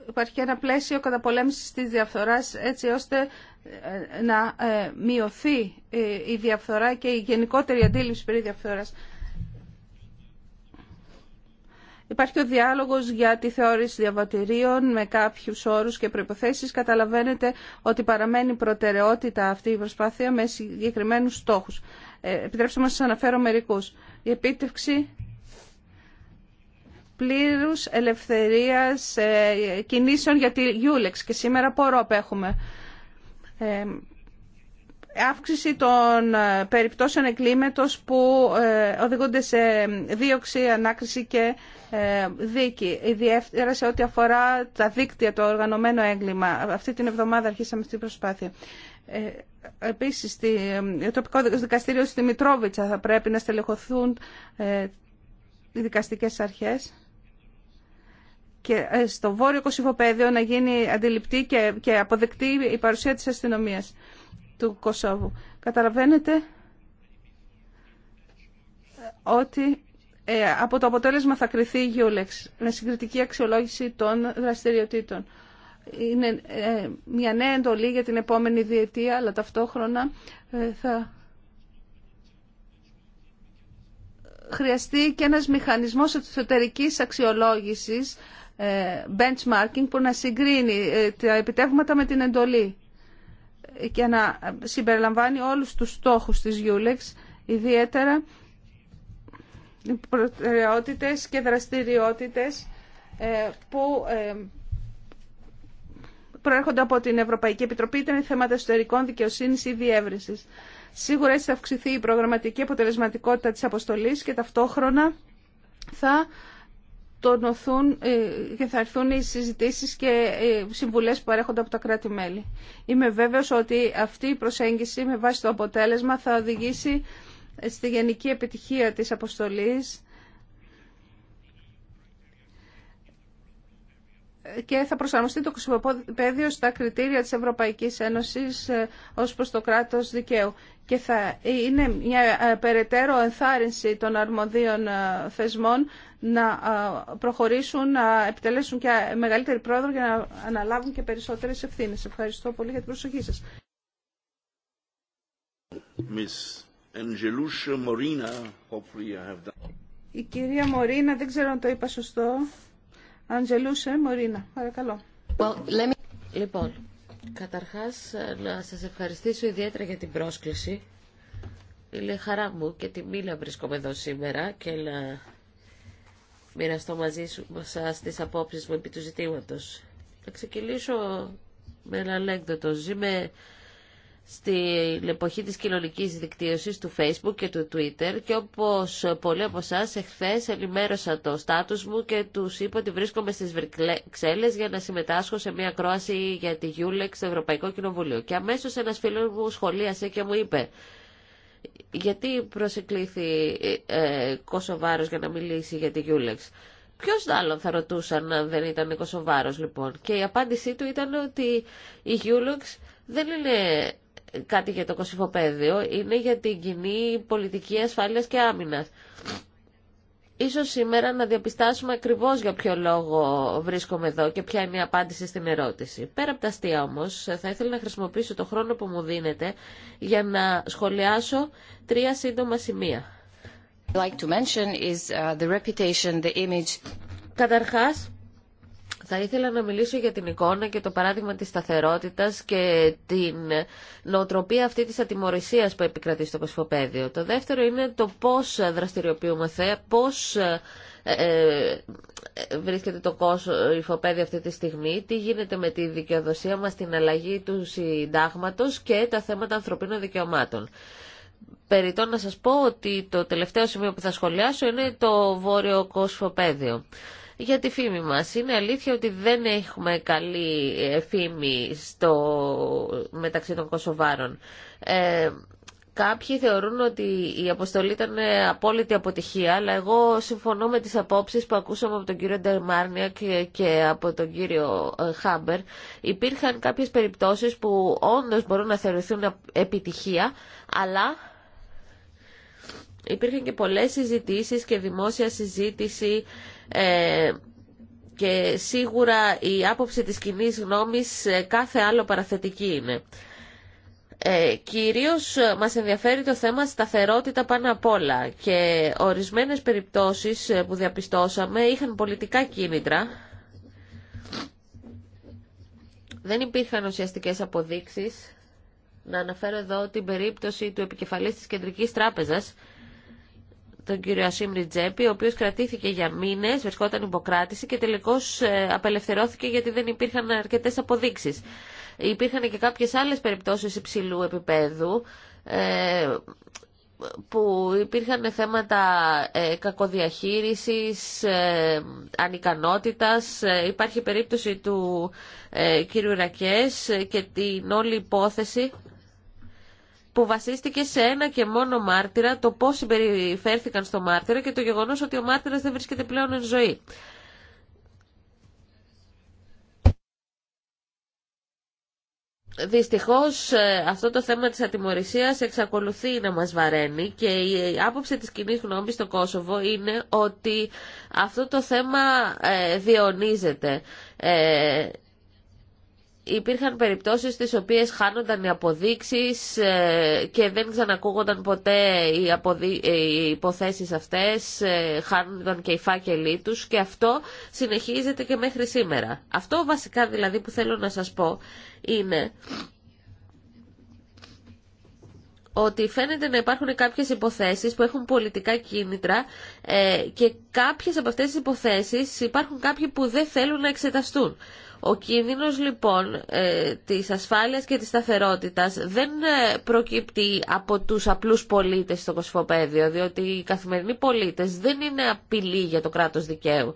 υπάρχει ένα πλαίσιο καταπολέμησης της διαφθοράς έτσι ώστε ε, να ε, μειωθεί ε, η διαφθορά και η γενικότερη αντίληψη περί διαφθοράς. Υπάρχει ο διάλογος για τη θεώρηση διαβατηρίων με κάποιους όρους και προϋποθέσεις. Καταλαβαίνετε ότι παραμένει προτεραιότητα αυτή η προσπάθεια με συγκεκριμένους στόχους. Επιτρέψτε μας να σας αναφέρω μερικούς. Η επίτευξη πλήρους ελευθερίας ε, κινήσεων για τη Γιούλεξ και σήμερα πόρο έχουμε. Ε, αύξηση των ε, περιπτώσεων εγκλήματος που οδηγούνται σε δίωξη, ανάκριση και δίκη. Ιδιαίτερα σε ό,τι αφορά τα δίκτυα, το οργανωμένο έγκλημα. Αυτή την εβδομάδα αρχίσαμε αυτή την προσπάθεια. Επίσης, το τοπικό δικαστήριο στη Μητρόβιτσα θα πρέπει να στελεχωθούν οι δικαστικές αρχές και ε, στο βόρειο Κωσυφοπαίδιο να γίνει αντιληπτή και, και αποδεκτή η παρουσία της αστυνομίας του Κωσόβου. Καταλαβαίνετε ε, ότι ε, από το αποτέλεσμα θα κριθεί η Γιούλεξ με συγκριτική αξιολόγηση των δραστηριοτήτων. Είναι μια νέα εντολή για την επόμενη διετία, αλλά ταυτόχρονα θα χρειαστεί και ένας μηχανισμός εσωτερικής αξιολόγησης ε, benchmarking που να συγκρίνει ε, τα επιτεύγματα με την εντολή και να συμπεριλαμβάνει όλους τους στόχους της Γιούλεξ, ιδιαίτερα προτεραιότητες και δραστηριότητες ε, που προέρχονται από την Ευρωπαϊκή Επιτροπή, ήταν θέματα εσωτερικών δικαιοσύνης ή διεύρυνσης. Σίγουρα έτσι θα αυξηθεί η προγραμματική αποτελεσματικότητα της αποστολής και ταυτόχρονα θα ε, και θα έρθουν οι συζητήσεις και οι ε, συμβουλές που παρέχονται από τα κράτη-μέλη. Είμαι βέβαιος ότι αυτή η προσέγγιση με βάση το αποτέλεσμα θα οδηγήσει στη γενική επιτυχία της αποστολής και θα προσαρμοστεί το κοσμοπέδιο στα κριτήρια της Ευρωπαϊκής Ένωσης ε, ως προς το κράτος δικαίου. Και θα είναι μια περαιτέρω ενθάρρυνση των αρμοδίων θεσμών να προχωρήσουν, να επιτελέσουν και μεγαλύτερη πρόοδο για να αναλάβουν και περισσότερες ευθύνες. Ευχαριστώ πολύ για την προσοχή σας. Η κυρία Μωρίνα, δεν ξέρω αν το είπα σωστό. Αντζελούσε Μωρίνα, παρακαλώ. Well, me... Λοιπόν, καταρχάς να σας ευχαριστήσω ιδιαίτερα για την πρόσκληση. Είναι χαρά μου και τιμή να βρίσκομαι εδώ σήμερα και μοιραστώ μαζί σας τι απόψει μου επί του ζητήματο. Θα ξεκινήσω με ένα ανέκδοτο. Ζήμε στην εποχή της κοινωνικής δικτύωσης του Facebook και του Twitter και όπως πολλοί από εσά εχθές ενημέρωσα το στάτους μου και τους είπα ότι βρίσκομαι στις Βρυξέλλες για να συμμετάσχω σε μια κρόαση για τη Γιούλεξ στο Ευρωπαϊκό Κοινοβούλιο. Και αμέσως ένας φίλος μου σχολίασε και μου είπε γιατί προσεκλήθη ε, για να μιλήσει για τη Γιούλεξ. Ποιο άλλον θα ρωτούσαν αν δεν ήταν Κωσοβάρος λοιπόν. Και η απάντησή του ήταν ότι η Γιούλεξ δεν είναι κάτι για το κοσυφοπαίδιο, είναι για την κοινή πολιτική ασφάλειας και άμυνας. Ίσως σήμερα να διαπιστάσουμε ακριβώς για ποιο λόγο βρίσκομαι εδώ και ποια είναι η απάντηση στην ερώτηση. Πέρα από τα αστεία όμως, θα ήθελα να χρησιμοποιήσω το χρόνο που μου δίνεται για να σχολιάσω τρία σύντομα σημεία. Like to uh, the reputation, the image. Καταρχάς, θα ήθελα να μιλήσω για την εικόνα και το παράδειγμα της σταθερότητας και την νοοτροπία αυτή της ατιμορρησίας που επικρατεί στο Κοσμοπέδιο. Το δεύτερο είναι το πώς δραστηριοποιούμαστε, πώς ε, ε βρίσκεται το κόσμο αυτή τη στιγμή, τι γίνεται με τη δικαιοδοσία μας, την αλλαγή του συντάγματο και τα θέματα ανθρωπίνων δικαιωμάτων. Περιτώ να σας πω ότι το τελευταίο σημείο που θα σχολιάσω είναι το βόρειο κοσφοπέδιο για τη φήμη μας. Είναι αλήθεια ότι δεν έχουμε καλή ε, φήμη στο... μεταξύ των Κωσοβάρων. Ε, Κάποιοι θεωρούν ότι η αποστολή ήταν ε, απόλυτη αποτυχία, αλλά εγώ συμφωνώ με τις απόψεις που ακούσαμε από τον κύριο Ντερμάρνια και από τον κύριο ε, Χάμπερ. Υπήρχαν κάποιες περιπτώσεις που όντως μπορούν να θεωρηθούν επιτυχία, αλλά υπήρχαν και πολλές συζητήσεις και δημόσια συζήτηση ε, και σίγουρα η άποψη της κοινή γνώμης ε, κάθε άλλο παραθετική είναι. Ε, κυρίως ε, μας ενδιαφέρει το θέμα σταθερότητα πάνω απ' όλα και ορισμένες περιπτώσεις που διαπιστώσαμε είχαν πολιτικά κίνητρα. Δεν υπήρχαν ουσιαστικές αποδείξεις. Να αναφέρω εδώ την περίπτωση του επικεφαλής της Κεντρικής Τράπεζας τον κύριο Ασίμρι Τζέπη, ο οποίος κρατήθηκε για μήνες, βρισκόταν υποκράτηση και τελικώς ε, απελευθερώθηκε γιατί δεν υπήρχαν αρκετές αποδείξεις. Υπήρχαν και κάποιες άλλες περιπτώσεις υψηλού επίπεδου ε, που υπήρχαν θέματα ε, κακοδιαχείρισης, ανικανότητας. Υπάρχει περίπτωση του κύριου Ρακές και την όλη υπόθεση που βασίστηκε σε ένα και μόνο μάρτυρα, το πώς συμπεριφέρθηκαν στο μάρτυρα και το γεγονός ότι ο μάρτυρας δεν βρίσκεται πλέον εν ζωή. Δυστυχώς ε, αυτό το θέμα της ατιμορρησίας εξακολουθεί να μας βαραίνει και η άποψη της κοινή γνώμης στο Κόσοβο είναι ότι αυτό το θέμα ε, διονύζεται. Ε, υπήρχαν περιπτώσεις στις οποίες χάνονταν οι αποδείξεις ε, και δεν ξανακούγονταν ποτέ οι, αποδει... Ε, οι υποθέσεις αυτές, ε, χάνονταν και οι φάκελοι τους και αυτό συνεχίζεται και μέχρι σήμερα. Αυτό βασικά δηλαδή που θέλω να σας πω είναι ότι φαίνεται να υπάρχουν κάποιες υποθέσεις που έχουν πολιτικά κίνητρα και κάποιες από αυτές τις υποθέσεις υπάρχουν κάποιοι που δεν θέλουν να εξεταστούν. Ο κίνδυνος λοιπόν ε, της ασφάλειας και της σταθερότητας δεν ε, προκύπτει από τους απλούς πολίτες στο κοσφοπέδιο, διότι οι καθημερινοί πολίτες δεν είναι απειλή για το κράτος δικαίου.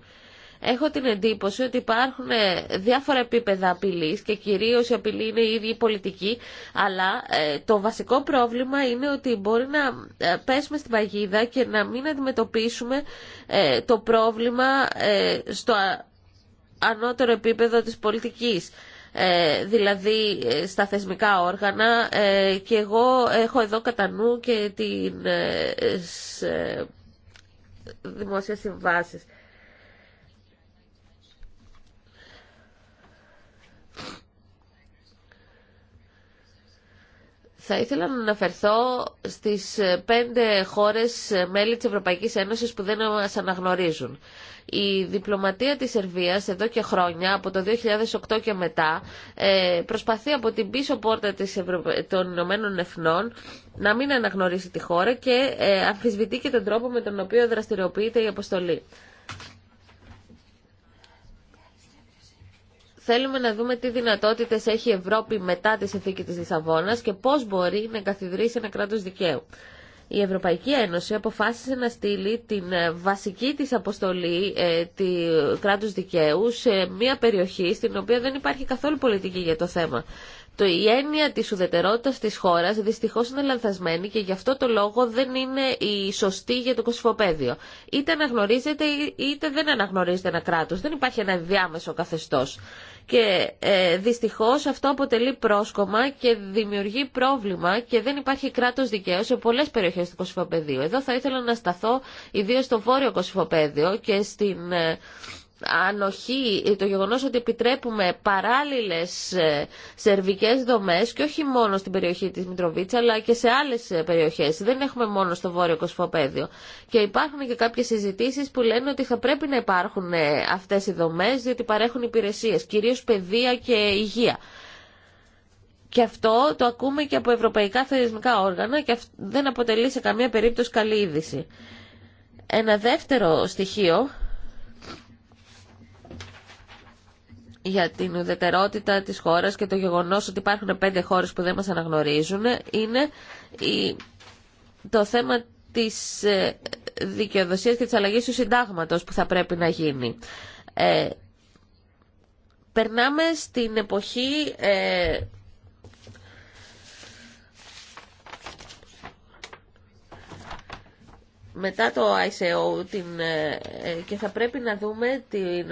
Έχω την εντύπωση ότι υπάρχουν ε, διάφορα επίπεδα απειλή και κυρίω η απειλή είναι η ίδια η πολιτική, αλλά ε, το βασικό πρόβλημα είναι ότι μπορεί να πέσουμε στην παγίδα και να μην αντιμετωπίσουμε το πρόβλημα στο ανώτερο επίπεδο της πολιτικής. Ε, δηλαδή ε, στα θεσμικά όργανα ε, και εγώ έχω εδώ κατά νου και την ε, δημόσια συμβάσεις. Θα ήθελα να αναφερθώ στις ε, πέντε χώρες ε, μέλη της Ευρωπαϊκής Ένωσης που δεν μας αναγνωρίζουν. Η διπλωματία της Σερβίας εδώ και χρόνια, από το 2008 και μετά, ε, προσπαθεί από την πίσω πόρτα της Ευρω... των Ηνωμένων Εθνών να μην αναγνωρίσει τη χώρα και αμφισβητεί και τον τρόπο με τον οποίο δραστηριοποιείται η αποστολή. Θέλουμε να δούμε τι δυνατότητε έχει η Ευρώπη μετά τη συνθήκη τη Λισαβόνα και πώ μπορεί να καθιδρύσει ένα κράτο δικαίου. Η Ευρωπαϊκή Ένωση αποφάσισε να στείλει την ε, βασική της αποστολή ε, του κράτους δικαίου σε μια περιοχή στην οποία δεν υπάρχει καθόλου πολιτική για το θέμα. Το, η έννοια της ουδετερότητας της χώρας δυστυχώς είναι λανθασμένη και γι' αυτό το λόγο δεν είναι η σωστή για το κοσυφοπαίδιο. Είτε αναγνωρίζεται είτε δεν αναγνωρίζεται ένα κράτος. Δεν υπάρχει ένα διάμεσο καθεστώς και ε, δυστυχώς αυτό αποτελεί πρόσκομα και δημιουργεί πρόβλημα και δεν υπάρχει κράτος δικαίου σε πολλές περιοχές του Κωσυφοπεδίου. Εδώ θα ήθελα να σταθώ ιδίως στο βόρειο Κωσυφοπέδιο και στην... Ε, ανοχή το γεγονός ότι επιτρέπουμε παράλληλες ε, σερβικές δομές και όχι μόνο στην περιοχή της Μητροβίτσα αλλά και σε άλλες ε, περιοχές. Δεν έχουμε μόνο στο Βόρειο Κοσφοπέδιο. Και υπάρχουν και κάποιες συζητήσεις που λένε ότι θα πρέπει να υπάρχουν ε, αυτές οι δομές διότι παρέχουν υπηρεσίες, κυρίως παιδεία και υγεία. Και αυτό το ακούμε και από ευρωπαϊκά θεσμικά όργανα και δεν αποτελεί σε καμία περίπτωση καλή είδηση. Ένα δεύτερο στοιχείο για την ουδετερότητα της χώρας και το γεγονός ότι υπάρχουν πέντε χώρες που δεν μας αναγνωρίζουν είναι το θέμα της ε, δικαιοδοσίας και της αλλαγής του συντάγματος που θα πρέπει να γίνει. Ε, περνάμε στην εποχή ε, μετά το ICO την, ε, ε, και θα πρέπει να δούμε την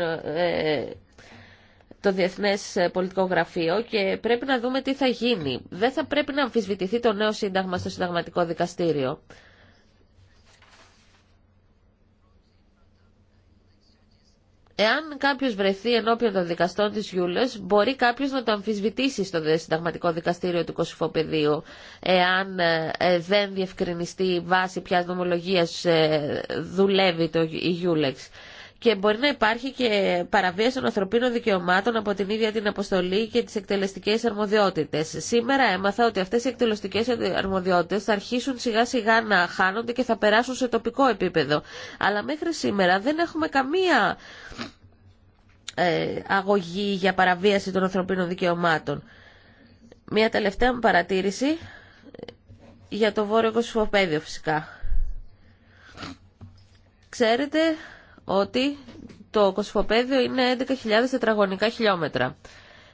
το Διεθνές Πολιτικό Γραφείο και πρέπει να δούμε τι θα γίνει. Δεν θα πρέπει να αμφισβητηθεί το νέο σύνταγμα στο Συνταγματικό Δικαστήριο. Εάν κάποιο βρεθεί ενώπιον των δικαστών τη Γιούλε, μπορεί κάποιο να το αμφισβητήσει στο συνταγματικό δικαστήριο του Κωσυφοπεδίου, εάν ε, δεν διευκρινιστεί η βάση ποια νομολογία ε, δουλεύει το Γιούλεξ και μπορεί να υπάρχει και παραβίαση των ανθρωπίνων δικαιωμάτων από την ίδια την αποστολή και τις εκτελεστικές αρμοδιότητες. Σήμερα έμαθα ότι αυτές οι εκτελεστικές αρμοδιότητες θα αρχίσουν σιγά σιγά να χάνονται και θα περάσουν σε τοπικό επίπεδο. Αλλά μέχρι σήμερα δεν έχουμε καμία ε, αγωγή για παραβίαση των ανθρωπίνων δικαιωμάτων. Μία τελευταία μου παρατήρηση για το Βόρειο Κοσμοπέδιο φυσικά. Ξέρετε ότι το κοσφοπέδιο είναι 11.000 τετραγωνικά χιλιόμετρα.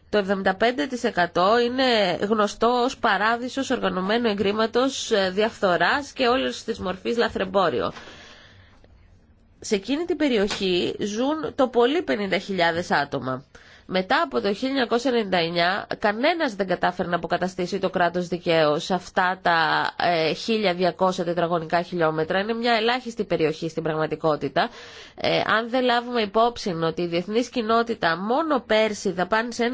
Το 75% είναι γνωστό ως παράδεισος οργανωμένου εγκρήματος ε, διαφθοράς και όλες τις μορφής λαθρεμπόριο. Σε εκείνη την περιοχή ζουν το πολύ 50.000 άτομα. Μετά από το 1999 κανένας δεν κατάφερε να αποκαταστήσει το κράτος δικαίου σε αυτά τα 1200 ε, τετραγωνικά χιλιόμετρα. Είναι μια ελάχιστη περιοχή στην πραγματικότητα. Ε, αν δεν λάβουμε υπόψη ότι η διεθνής κοινότητα μόνο πέρσι σε 1,7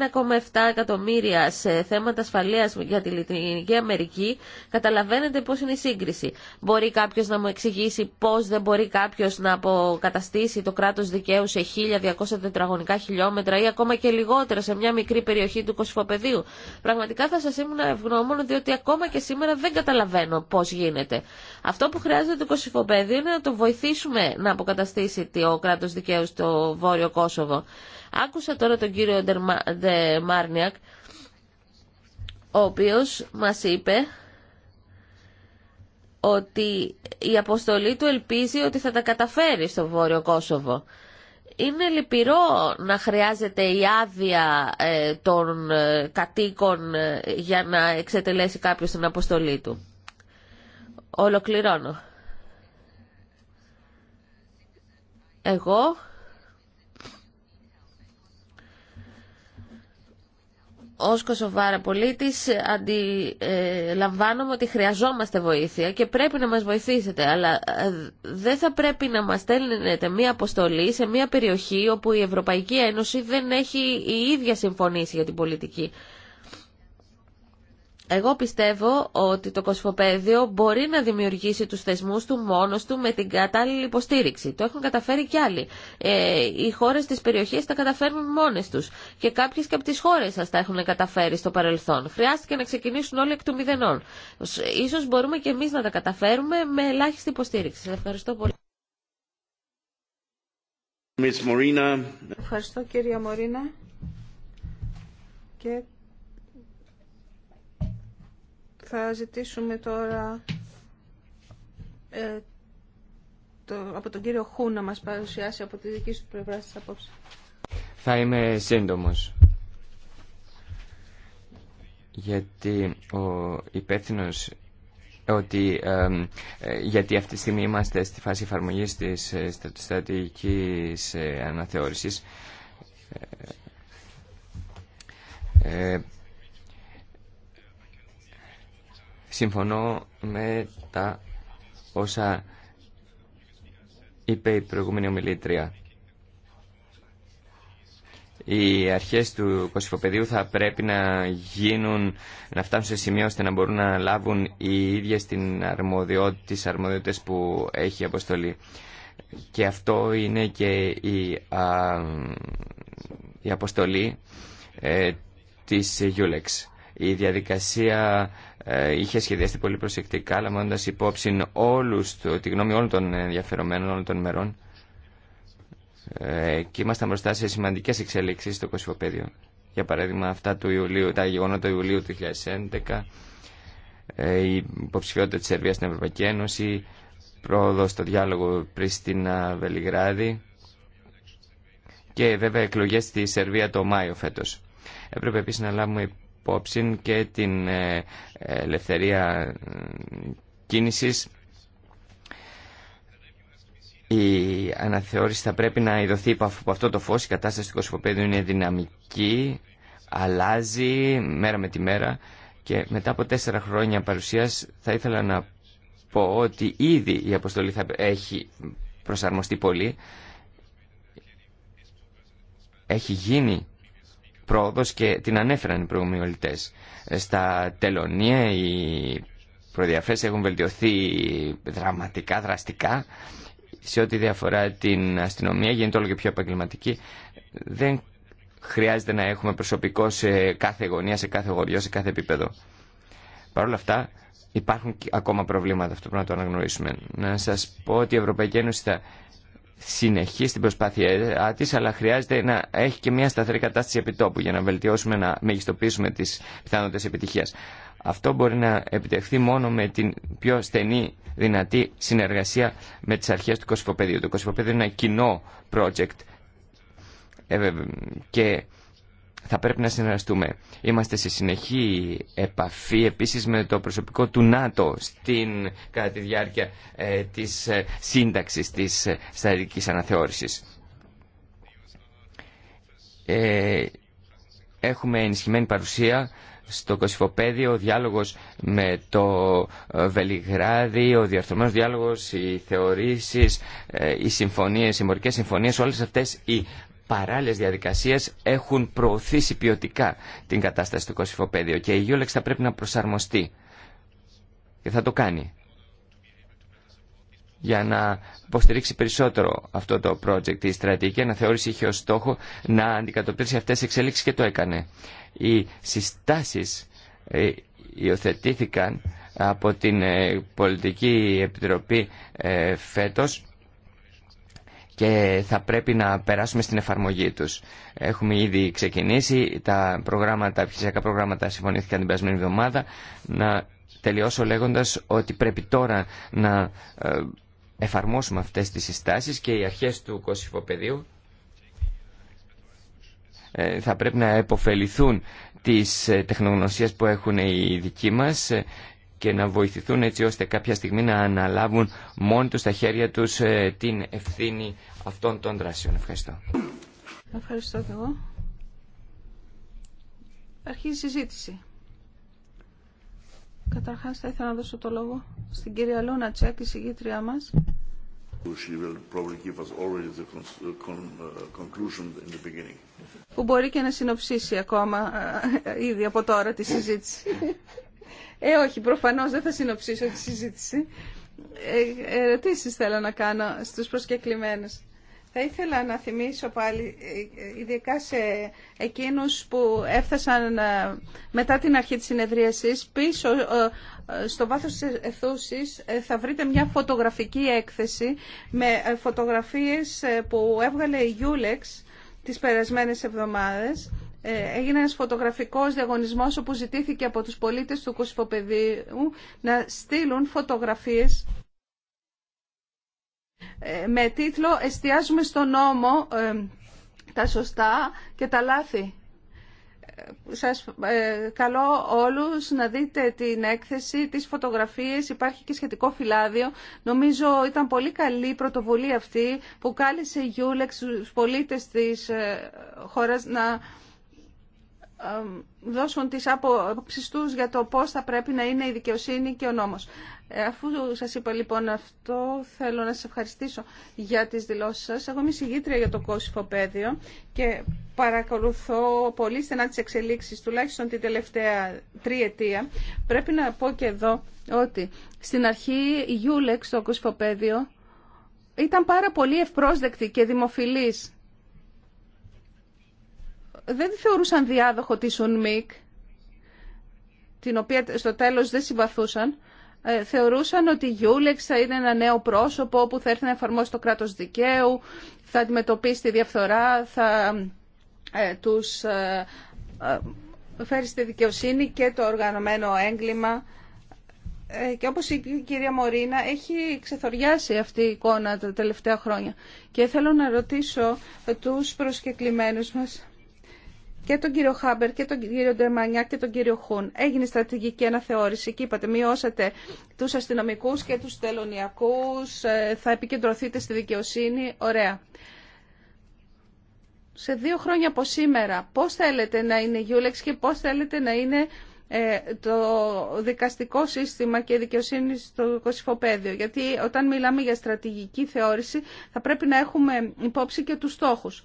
εκατομμύρια σε θέματα ασφαλείας για τη Λιτινική Αμερική, καταλαβαίνετε πώς είναι η σύγκριση. Μπορεί κάποιο να μου εξηγήσει πώς δεν μπορεί κάποιο να αποκαταστήσει το κράτος δικαίου σε 1200 τετραγωνικά χιλιόμετρα ή ακόμα και και λιγότερα σε μια μικρή περιοχή του Κωσυφοπεδίου. Πραγματικά θα σα ήμουν ευγνώμων διότι ακόμα και σήμερα δεν καταλαβαίνω πώ γίνεται. Αυτό που χρειάζεται το Κωσυφοπεδίο είναι να το βοηθήσουμε να αποκαταστήσει το κράτο δικαίου στο Βόρειο Κόσοβο. Άκουσα τώρα τον κύριο Ντεμάρνιακ ο οποίο μα είπε ότι η αποστολή του ελπίζει ότι θα τα καταφέρει στο Βόρειο Κόσοβο. Είναι λυπηρό να χρειάζεται η άδεια ε, των ε, κατοίκων ε, για να εξετελέσει κάποιος την αποστολή του. Ολοκληρώνω. Εγώ ως Κωσοβάρα πολίτης αντιλαμβάνομαι ότι χρειαζόμαστε βοήθεια και πρέπει να μας βοηθήσετε αλλά ε, δεν θα πρέπει να μας στέλνετε μία αποστολή σε μία περιοχή όπου η Ευρωπαϊκή Ένωση δεν έχει η ίδια συμφωνήσει για την πολιτική. Εγώ πιστεύω ότι το κοσμοπέδιο μπορεί να δημιουργήσει τους θεσμούς του μόνος του με την κατάλληλη υποστήριξη. Το έχουν καταφέρει κι άλλοι. Ε, οι χώρες της περιοχής τα καταφέρνουν μόνες τους. Και κάποιες και από τις χώρες σας τα έχουν καταφέρει στο παρελθόν. Χρειάστηκε να ξεκινήσουν όλοι εκ του μηδενών. Ίσως μπορούμε και εμείς να τα καταφέρουμε με ελάχιστη υποστήριξη. Σας ευχαριστώ πολύ. Ευχαριστώ κυρία Μωρίνα. Και θα ζητήσουμε τώρα ε, από τον κύριο Χού να μας παρουσιάσει από τη δική σου πλευρά της απόψη. Θα είμαι σύντομος. Γιατί ο υπεύθυνο ότι ε, ε, γιατί αυτή τη στιγμή είμαστε στη φάση εφαρμογής της στρατηγικής αναθεώρησης Συμφωνώ με τα όσα είπε η προηγούμενη ομιλήτρια. Οι αρχές του κοσυφοπεδίου θα πρέπει να γίνουν, να φτάσουν σε σημείο ώστε να μπορούν να λάβουν οι ίδιες την αρμοδιότητα, τις αρμοδιότητες που έχει η αποστολή. Και αυτό είναι και η, αποστολή ε, της Γιούλεξ. Η διαδικασία ε, είχε σχεδιαστεί πολύ προσεκτικά, λαμβάνοντα υπόψη όλους, τη γνώμη όλων των ενδιαφερομένων, όλων των μερών. Ε, και ήμασταν μπροστά σε σημαντικές εξέλιξεις στο Κωσυφοπέδιο. Για παράδειγμα, αυτά του Ιουλίου, τα γεγονότα του Ιουλίου του 2011, ε, η υποψηφιότητα τη Σερβίας στην Ευρωπαϊκή Ένωση, πρόοδο στο διάλογο Πρίστινα-Βελιγράδη και βέβαια εκλογέ στη Σερβία το Μάιο φέτο. Έπρεπε επίσης να λάβουμε υπόψη και την ε, ελευθερία ε, κίνησης. Η αναθεώρηση θα πρέπει να ειδωθεί από αυτό το φως. Η κατάσταση του κοσμοπέδιου είναι δυναμική, αλλάζει μέρα με τη μέρα και μετά από τέσσερα χρόνια παρουσίας θα ήθελα να πω ότι ήδη η αποστολή θα έχει προσαρμοστεί πολύ. Έχει γίνει Πρόοδο και την ανέφεραν οι προομοιολητές. Ε, στα τελωνία οι προδιαφέ έχουν βελτιωθεί δραματικά, δραστικά. Σε ό,τι διαφορά την αστυνομία γίνεται όλο και πιο επαγγελματική. Δεν χρειάζεται να έχουμε προσωπικό σε κάθε γωνία, σε κάθε γοριό, σε κάθε επίπεδο. Παρ' όλα αυτά υπάρχουν ακόμα προβλήματα, αυτό πρέπει να το αναγνωρίσουμε. Να σας πω ότι η Ευρωπαϊκή Ένωση θα συνεχεί την προσπάθειά τη, αλλά χρειάζεται να έχει και μια σταθερή κατάσταση επιτόπου για να βελτιώσουμε, να μεγιστοποιήσουμε τις πιθανότητε επιτυχίας. Αυτό μπορεί να επιτευχθεί μόνο με την πιο στενή δυνατή συνεργασία με τις αρχές του Κωσυφοπεδίου. Το Κωσυφοπεδίο είναι ένα κοινό project ε, και θα πρέπει να συνεργαστούμε. Είμαστε σε συνεχή επαφή επίσης με το προσωπικό του ΝΑΤΟ στην, κατά τη διάρκεια ε, της ε, σύνταξης της ε, αναθεώρησης. Ε, έχουμε ενισχυμένη παρουσία στο Κωσυφοπέδιο, ο διάλογος με το ε, Βελιγράδι, ο διαρθρωμένος διάλογος, οι θεωρήσεις, οι συμφωνίες, οι μορικές συμφωνίες, όλες αυτές οι παράλληλες διαδικασίες έχουν προωθήσει ποιοτικά την κατάσταση του κοσυφοπαίδιο και η Γιούλεξ θα πρέπει να προσαρμοστεί και θα το κάνει για να υποστηρίξει περισσότερο αυτό το project. Η στρατηγική αναθεώρηση είχε ως στόχο να αντικατοπτρίσει αυτές τις εξελίξεις και το έκανε. Οι συστάσεις ε, υιοθετήθηκαν από την ε, Πολιτική Επιτροπή ε, φέτος και θα πρέπει να περάσουμε στην εφαρμογή τους. Έχουμε ήδη ξεκινήσει, τα προγράμματα, τα προγράμματα συμφωνήθηκαν την περασμένη εβδομάδα. Να τελειώσω λέγοντας ότι πρέπει τώρα να ε, εφαρμόσουμε αυτές τις συστάσεις και οι αρχές του κωσυφοπεδίου ε, θα πρέπει να επωφεληθούν της ε, τεχνογνωσίας που έχουν οι δικοί μας και να βοηθηθούν έτσι ώστε κάποια στιγμή να αναλάβουν μόνοι τους στα χέρια τους ε, την ευθύνη αυτών των δράσεων. Ευχαριστώ. Ευχαριστώ και εγώ. Αρχίζει η συζήτηση. Καταρχάς θα ήθελα να δώσω το λόγο στην κυρία Λόνα, Τσέκ, η συγγήτριά μας. Uh, uh, Που μπορεί και να συνοψίσει ακόμα ε, ε, ήδη από τώρα τη συζήτηση. Ε, όχι, προφανώς δεν θα συνοψίσω τη συζήτηση. Ε, ερωτήσεις θέλω να κάνω στους προσκεκλημένους. Θα ήθελα να θυμίσω πάλι, ε, ειδικά σε εκείνους που έφτασαν ε, μετά την αρχή της συνεδρίασης, πίσω ε, στο βάθος της αιθούσης θα βρείτε μια φωτογραφική έκθεση με φωτογραφίες που έβγαλε η Γιούλεξ τις περασμένες εβδομάδες ε, έγινε ένας φωτογραφικός διαγωνισμός όπου ζητήθηκε από τους πολίτες του Κουσποπεδίου να στείλουν φωτογραφίες ε, με τίτλο «Εστιάζουμε στον νόμο ε, τα σωστά και τα λάθη». Σας καλώ όλους να δείτε την έκθεση, τις φωτογραφίες, υπάρχει και σχετικό φυλάδιο. Νομίζω ήταν πολύ καλή η πρωτοβουλία αυτή που κάλεσε η Γιούλεξ τους πολίτες της χώρας να δώσουν τις απόψεις τους για το πώς θα πρέπει να είναι η δικαιοσύνη και ο νόμος. Ε, αφού σας είπα λοιπόν αυτό, θέλω να σας ευχαριστήσω για τις δηλώσεις σας. Εγώ είμαι συγγήτρια για το Κόσυφο Πέδιο και παρακολουθώ πολύ στενά τις εξελίξεις, τουλάχιστον την τελευταία τριετία. Πρέπει να πω και εδώ ότι στην αρχή η Γιούλεξ το Κόσυφο ήταν πάρα πολύ ευπρόσδεκτη και δημοφιλής δεν τη θεωρούσαν διάδοχο της Μικ την οποία στο τέλος δεν συμπαθούσαν, ε, θεωρούσαν ότι η Γιούλεξ θα είναι ένα νέο πρόσωπο που θα έρθει να εφαρμόσει το κράτος δικαίου, θα αντιμετωπίσει τη διαφθορά, θα ε, τους ε, ε, φέρει στη δικαιοσύνη και το οργανωμένο έγκλημα. Και όπως η κυρία Μωρίνα έχει ξεθοριάσει αυτή η εικόνα τα τελευταία χρόνια. Και θέλω να ρωτήσω τους προσκεκλημένους μας και τον κύριο Χάμπερ και τον κύριο Ντεμανιά και τον κύριο Χουν. Έγινε στρατηγική αναθεώρηση και είπατε μειώσατε τους αστυνομικούς και τους τελωνιακούς, ε, θα επικεντρωθείτε στη δικαιοσύνη. Ωραία. Σε δύο χρόνια από σήμερα πώς θέλετε να είναι η Γιούλεξ και πώς θέλετε να είναι ε, το δικαστικό σύστημα και η δικαιοσύνη στο κοσυφοπαίδιο. Γιατί όταν μιλάμε για στρατηγική θεώρηση θα πρέπει να έχουμε υπόψη και τους στόχους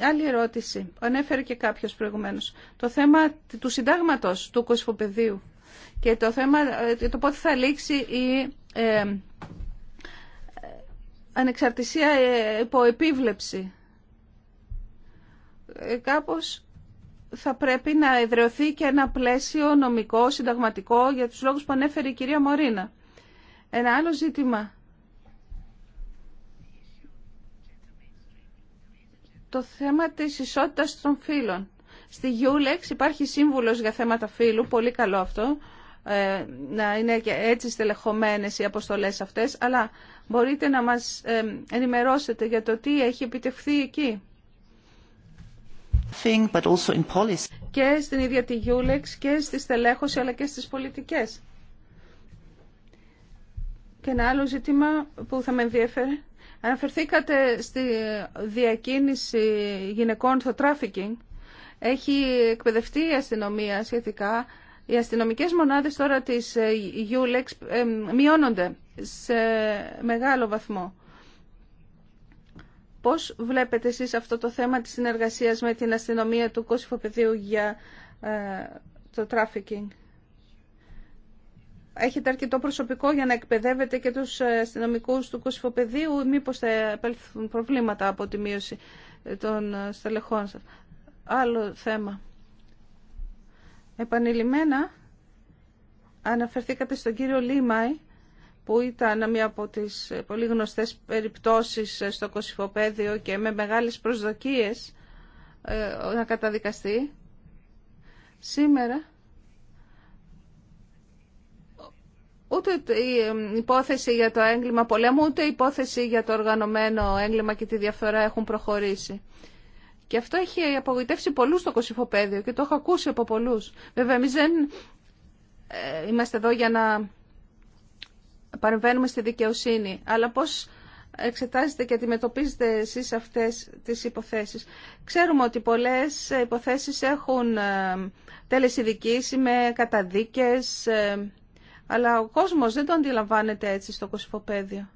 άλλη ερώτηση. Ανέφερε και κάποιος προηγουμένω. Το θέμα του συντάγματο του κοσφοπεδίου και το θέμα ε, το πότε θα λήξει η ε, ανεξαρτησία ε, υπό επίβλεψη. Κάπως θα πρέπει να εδρεωθεί και ένα πλαίσιο νομικό, συνταγματικό για τους λόγους που ανέφερε η κυρία Μωρίνα. Ένα άλλο ζήτημα το θέμα της ισότητας των φύλων. Στη Γιούλεξ υπάρχει σύμβουλος για θέματα φύλου, πολύ καλό αυτό, ε, να είναι και έτσι στελεχωμένες οι αποστολές αυτές, αλλά μπορείτε να μας ε, ενημερώσετε για το τι έχει επιτευχθεί εκεί. Thing, but also Και στην ίδια τη Γιούλεξ και στη στελέχωση αλλά και στις πολιτικές. Και ένα άλλο ζήτημα που θα με ενδιαφέρει Αναφερθήκατε στη διακίνηση γυναικών στο τράφικινγκ. Έχει εκπαιδευτεί η αστυνομία σχετικά. Οι αστυνομικές μονάδες τώρα της ε, Ulex ε, μειώνονται σε μεγάλο βαθμό. Πώς βλέπετε εσείς αυτό το θέμα της συνεργασίας με την αστυνομία του Παιδίου για ε, το τράφικινγκ έχετε αρκετό προσωπικό για να εκπαιδεύετε και τους ε, αστυνομικού του κοσυφοπεδίου ή μήπως θα επέλθουν προβλήματα από τη μείωση ε, των ε, στελεχών σας. Άλλο θέμα. Επανειλημμένα αναφερθήκατε στον κύριο Λίμαη που ήταν μία από τις πολύ γνωστές περιπτώσεις στο κοσυφοπέδιο και με μεγάλες προσδοκίες να καταδικαστεί. Σήμερα ούτε η ε, υπόθεση για το έγκλημα πολέμου, ούτε η υπόθεση για το οργανωμένο έγκλημα και τη διαφθορά έχουν προχωρήσει. Και αυτό έχει απογοητεύσει πολλού στο Κωσυφοπαίδιο και το έχω ακούσει από πολλού. Βέβαια, εμεί δεν ε, είμαστε εδώ για να παρεμβαίνουμε στη δικαιοσύνη, αλλά πώ εξετάζετε και αντιμετωπίζετε εσείς αυτές τις υποθέσεις. Ξέρουμε ότι πολλές υποθέσεις έχουν ε, τέλες ειδικής με καταδίκες, αλλά ο κόσμος δεν το αντιλαμβάνεται έτσι στο κοσυφοπαίδιο.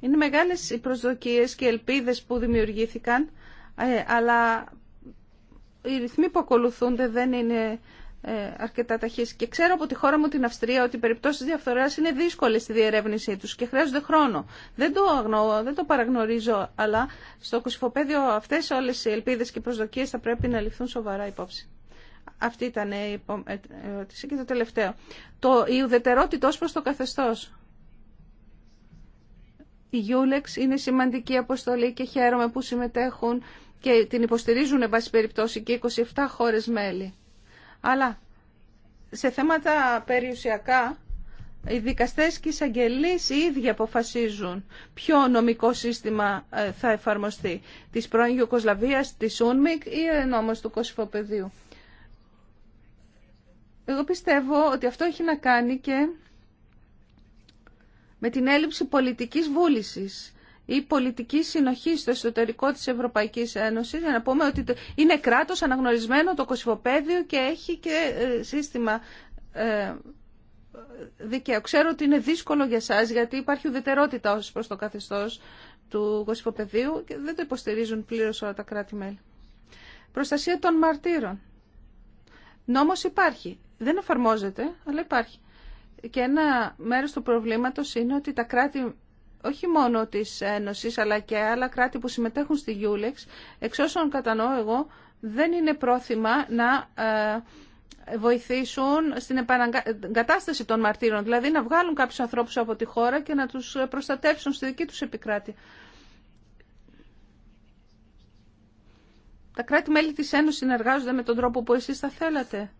Είναι μεγάλες οι προσδοκίες και οι ελπίδες που δημιουργήθηκαν, ε, αλλά οι ρυθμοί που ακολουθούνται δεν είναι ε, αρκετά ταχύ. Και ξέρω από τη χώρα μου την Αυστρία ότι οι περιπτώσει διαφθοράς είναι δύσκολες στη διερεύνησή του και χρειάζονται χρόνο. Δεν το αγνοώ, δεν το παραγνωρίζω, αλλά στο κοσυφοπαίδιο αυτέ όλε οι ελπίδε και προσδοκίε θα πρέπει να ληφθούν σοβαρά υπόψη. Αυτή ήταν η ε, ερώτηση και το τελευταίο. Το, η ουδετερότητα ω προς το Καθεστώ. Η Γιούλεξ είναι σημαντική αποστολή και χαίρομαι που συμμετέχουν και την υποστηρίζουν, εν πάση περιπτώσει, και 27 χώρες μέλη. Αλλά σε θέματα περιουσιακά, οι δικαστές και οι εισαγγελείς οι ίδιοι αποφασίζουν ποιο νομικό σύστημα ε, θα εφαρμοστεί. Της πρώην Ιουκοσλαβίας, της Ούνμικ ή νόμος του Κωσυφοπεδίου. Εγώ πιστεύω ότι αυτό έχει να κάνει και με την έλλειψη πολιτικής βούλησης η πολιτική συνοχή στο εσωτερικό της Ευρωπαϊκής Ένωσης, για να πούμε ότι είναι κράτος αναγνωρισμένο το κοσυφοπαίδιο και έχει και ε, σύστημα ε, δικαίου. Ξέρω ότι είναι δύσκολο για σας γιατί υπάρχει ουδετερότητα ως προς το καθεστώς του κοσυφοπαιδίου και δεν το υποστηρίζουν πλήρως όλα τα κράτη-μέλη. Προστασία των μαρτύρων. Νόμος υπάρχει. Δεν εφαρμόζεται, αλλά υπάρχει. Και ένα μέρος του προβλήματος είναι ότι τα κράτη όχι μόνο τη Ένωση, αλλά και άλλα κράτη που συμμετέχουν στη Γιούλεξ, εξ όσων κατανοώ εγώ, δεν είναι πρόθυμα να ε, βοηθήσουν στην επαναγκατάσταση των μαρτύρων, δηλαδή να βγάλουν κάποιου ανθρώπους από τη χώρα και να τους ε, προστατεύσουν στη δική του επικράτη. Τα κράτη-μέλη της Ένωσης συνεργάζονται με τον τρόπο που εσείς θα θέλατε.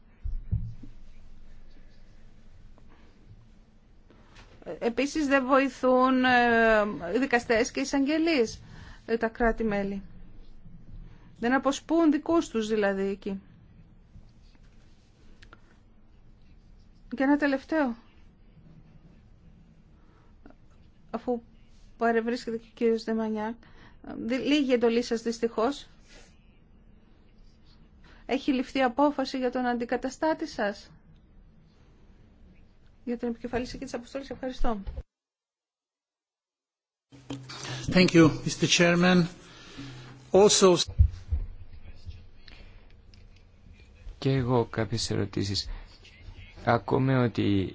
Επίσης δεν βοηθούν ε, δικαστές και εισαγγελείς ε, τα κράτη-μέλη. Δεν αποσπούν δικούς τους δηλαδή εκεί. Και ένα τελευταίο. Αφού παρευρίσκεται και ο κύριος Δεμανιάκ. Ε, λίγη εντολή σας δυστυχώς. Έχει ληφθεί απόφαση για τον αντικαταστάτη σας για την επικεφαλής εκεί της αποστολής. Ευχαριστώ. Thank you, Mr. Chairman. Also... Και εγώ κάποιες ερωτήσεις. Ακούμε ότι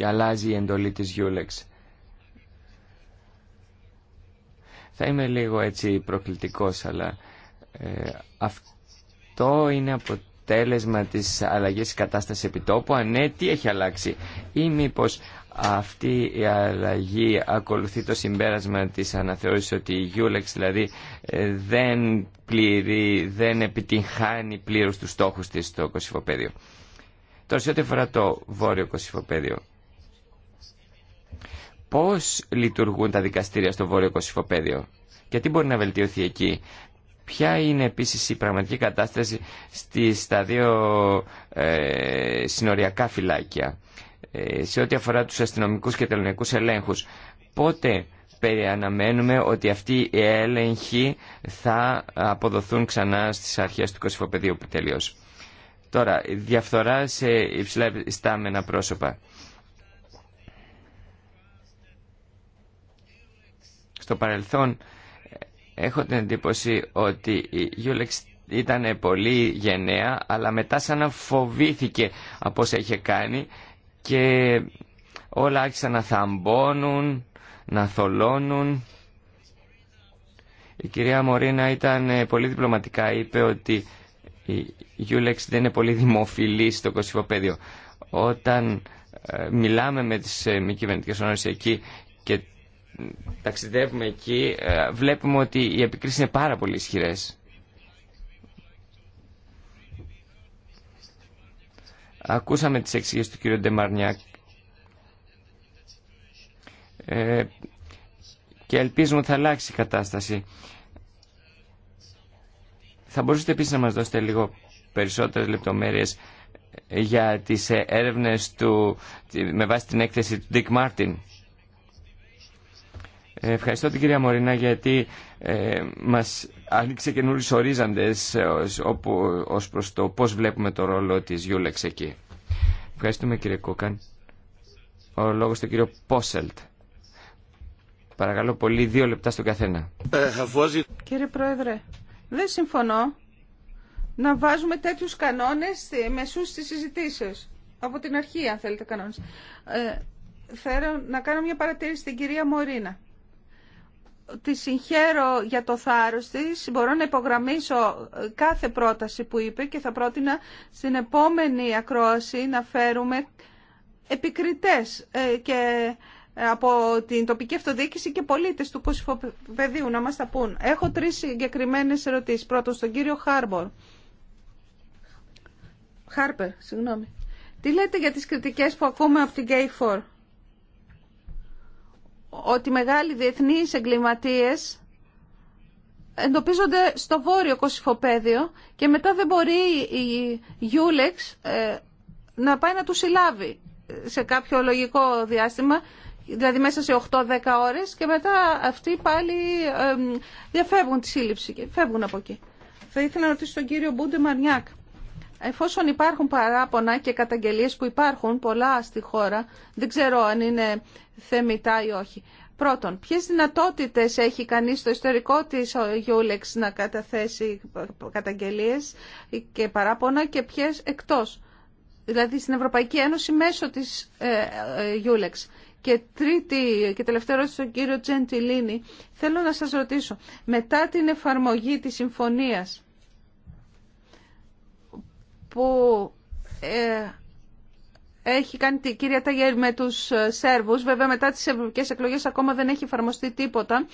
αλλάζει η εντολή της Γιούλεξ. Θα είμαι λίγο έτσι προκλητικός, αλλά ε, αυτό είναι από αποτέλεσμα της αλλαγής της κατάστασης επιτόπου, αν ναι, τι έχει αλλάξει ή μήπως αυτή η αλλαγή ακολουθεί το συμπέρασμα της αναθεώρησης ότι η γιουλεξ δηλαδή ε, δεν πληρεί, δεν επιτυγχάνει πλήρως τους στόχους της στο κοσυφοπέδιο. Τώρα σε ό,τι αφορά το βόρειο κοσυφοπέδιο. Πώς λειτουργούν τα δικαστήρια στο βόρειο κοσυφοπέδιο και τι μπορεί να βελτιωθεί εκεί. Ποια είναι επίσης η πραγματική κατάσταση στις, στα δύο ε, συνοριακά φυλάκια ε, σε ό,τι αφορά τους αστυνομικούς και τελωνικούς ελέγχους. Πότε περιαναμένουμε ότι αυτοί οι έλεγχοι θα αποδοθούν ξανά στις αρχές του που τελειώσουν. Τώρα, διαφθορά σε υψηλά στάμενα πρόσωπα. Στο παρελθόν Έχω την εντύπωση ότι η Γιούλεξ ήταν πολύ γενναία, αλλά μετά σαν να φοβήθηκε από όσα είχε κάνει και όλα άρχισαν να θαμπώνουν, να θολώνουν. Η κυρία Μωρίνα ήταν ε, πολύ διπλωματικά, είπε ότι η Γιούλεξ δεν είναι πολύ δημοφιλή στο κοσυφοπαίδιο. Όταν ε, μιλάμε με τις ε, μη κυβερνητικές εκεί και ταξιδεύουμε εκεί ε, βλέπουμε ότι οι επικρίσεις είναι πάρα πολύ ισχυρές. Ακούσαμε τις εξηγήσεις του κ. Ντεμαρνιάκ ε, και ελπίζουμε ότι θα αλλάξει η κατάσταση. Θα μπορούσατε επίσης να μας δώσετε λίγο περισσότερες λεπτομέρειες ε, για τις έρευνες του, με βάση την έκθεση του Dick Martin. Ευχαριστώ την κυρία Μωρινά γιατί ε, μας άνοιξε καινούριου ορίζοντες ως, όπου, ως προς το πώς βλέπουμε το ρόλο της Γιούλεξ εκεί. Ευχαριστούμε κύριε Κούκαν. Ο λόγος του κύριο Πόσελτ. Παρακαλώ πολύ δύο λεπτά στον καθένα. Κύριε Πρόεδρε, δεν συμφωνώ να βάζουμε τέτοιους κανόνες μεσούς στις συζητήσεις. Από την αρχή, αν θέλετε, κανόνες. Ε, θέλω να κάνω μια παρατήρηση στην κυρία Μωρίνα τη συγχαίρω για το θάρρος της. Μπορώ να υπογραμμίσω ε, κάθε πρόταση που είπε και θα πρότεινα στην επόμενη ακρόαση να φέρουμε επικριτές ε, και ε, από την τοπική αυτοδιοίκηση και πολίτες του Κωσυφοπεδίου να μας τα πούν. Έχω τρεις συγκεκριμένε ερωτήσεις. Πρώτον, στον κύριο Χάρμπορ. Χάρπερ, συγγνώμη. Τι λέτε για τις κριτικές που ακούμε από την gay ότι μεγάλοι διεθνείς εγκληματίες εντοπίζονται στο βόρειο κοσυφοπέδιο και μετά δεν μπορεί η Γιούλεξ ε, να πάει να τους συλλάβει σε κάποιο λογικό διάστημα, δηλαδή μέσα σε 8-10 ώρες και μετά αυτοί πάλι ε, διαφεύγουν τη σύλληψη και φεύγουν από εκεί. Θα ήθελα να ρωτήσω τον κύριο Μπούντε Μαρνιάκ. Εφόσον υπάρχουν παράπονα και καταγγελίες που υπάρχουν πολλά στη χώρα, δεν ξέρω αν είναι θεμητά ή όχι. Πρώτον, ποιες δυνατότητες έχει κανείς στο ιστορικό της Γιούλεξ να καταθέσει καταγγελίες και παράπονα και ποιες εκτός. Δηλαδή στην Ευρωπαϊκή Ένωση μέσω της ε, ε, Γιούλεξ. Και τρίτη και τελευταία ερώτηση στον κύριο Τζεντιλίνη. Θέλω να σας ρωτήσω, μετά την εφαρμογή της συμφωνίας που ε, έχει κάνει την κυρία Ταγέρ με τους ε, Σέρβους. Βέβαια μετά τις ευρωπαϊκές εκλογές ακόμα δεν έχει εφαρμοστεί τίποτα.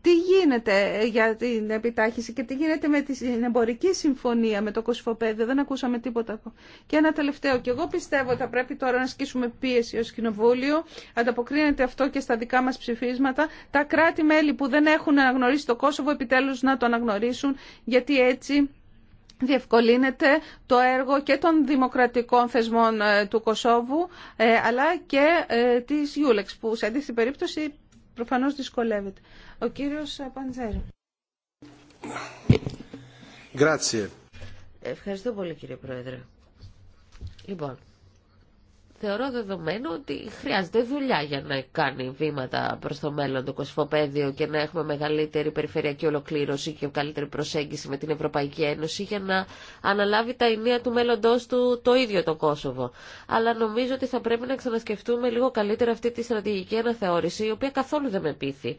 Τι γίνεται ε, για την επιτάχυση και τι γίνεται με την εμπορική συμφωνία με το Κωσφοπέδιο. Δεν ακούσαμε τίποτα. Και ένα τελευταίο. Και εγώ πιστεύω ότι θα πρέπει τώρα να ασκήσουμε πίεση ως Κοινοβούλιο. Ανταποκρίνεται αυτό και στα δικά μας ψηφίσματα. Τα κράτη-μέλη που δεν έχουν αναγνωρίσει το Κόσοβο επιτέλους να το αναγνωρίσουν γιατί έτσι διευκολύνεται το έργο και των δημοκρατικών θεσμών ε, του Κωσόβου ε, αλλά και ε, της Ιούλεξ που σε αντίθετη περίπτωση προφανώς δυσκολεύεται. Ο κύριος Παντζέρη. Ευχαριστώ πολύ κύριε Πρόεδρε. Λοιπόν, θεωρώ δεδομένο ότι χρειάζεται δουλειά για να κάνει βήματα προς το μέλλον το κοσφοπέδιο και να έχουμε μεγαλύτερη περιφερειακή ολοκλήρωση και καλύτερη προσέγγιση με την Ευρωπαϊκή Ένωση για να αναλάβει τα ενία του μέλλοντό του το ίδιο το Κόσοβο. Αλλά νομίζω ότι θα πρέπει να ξανασκεφτούμε λίγο καλύτερα αυτή τη στρατηγική αναθεώρηση η οποία καθόλου δεν με πείθει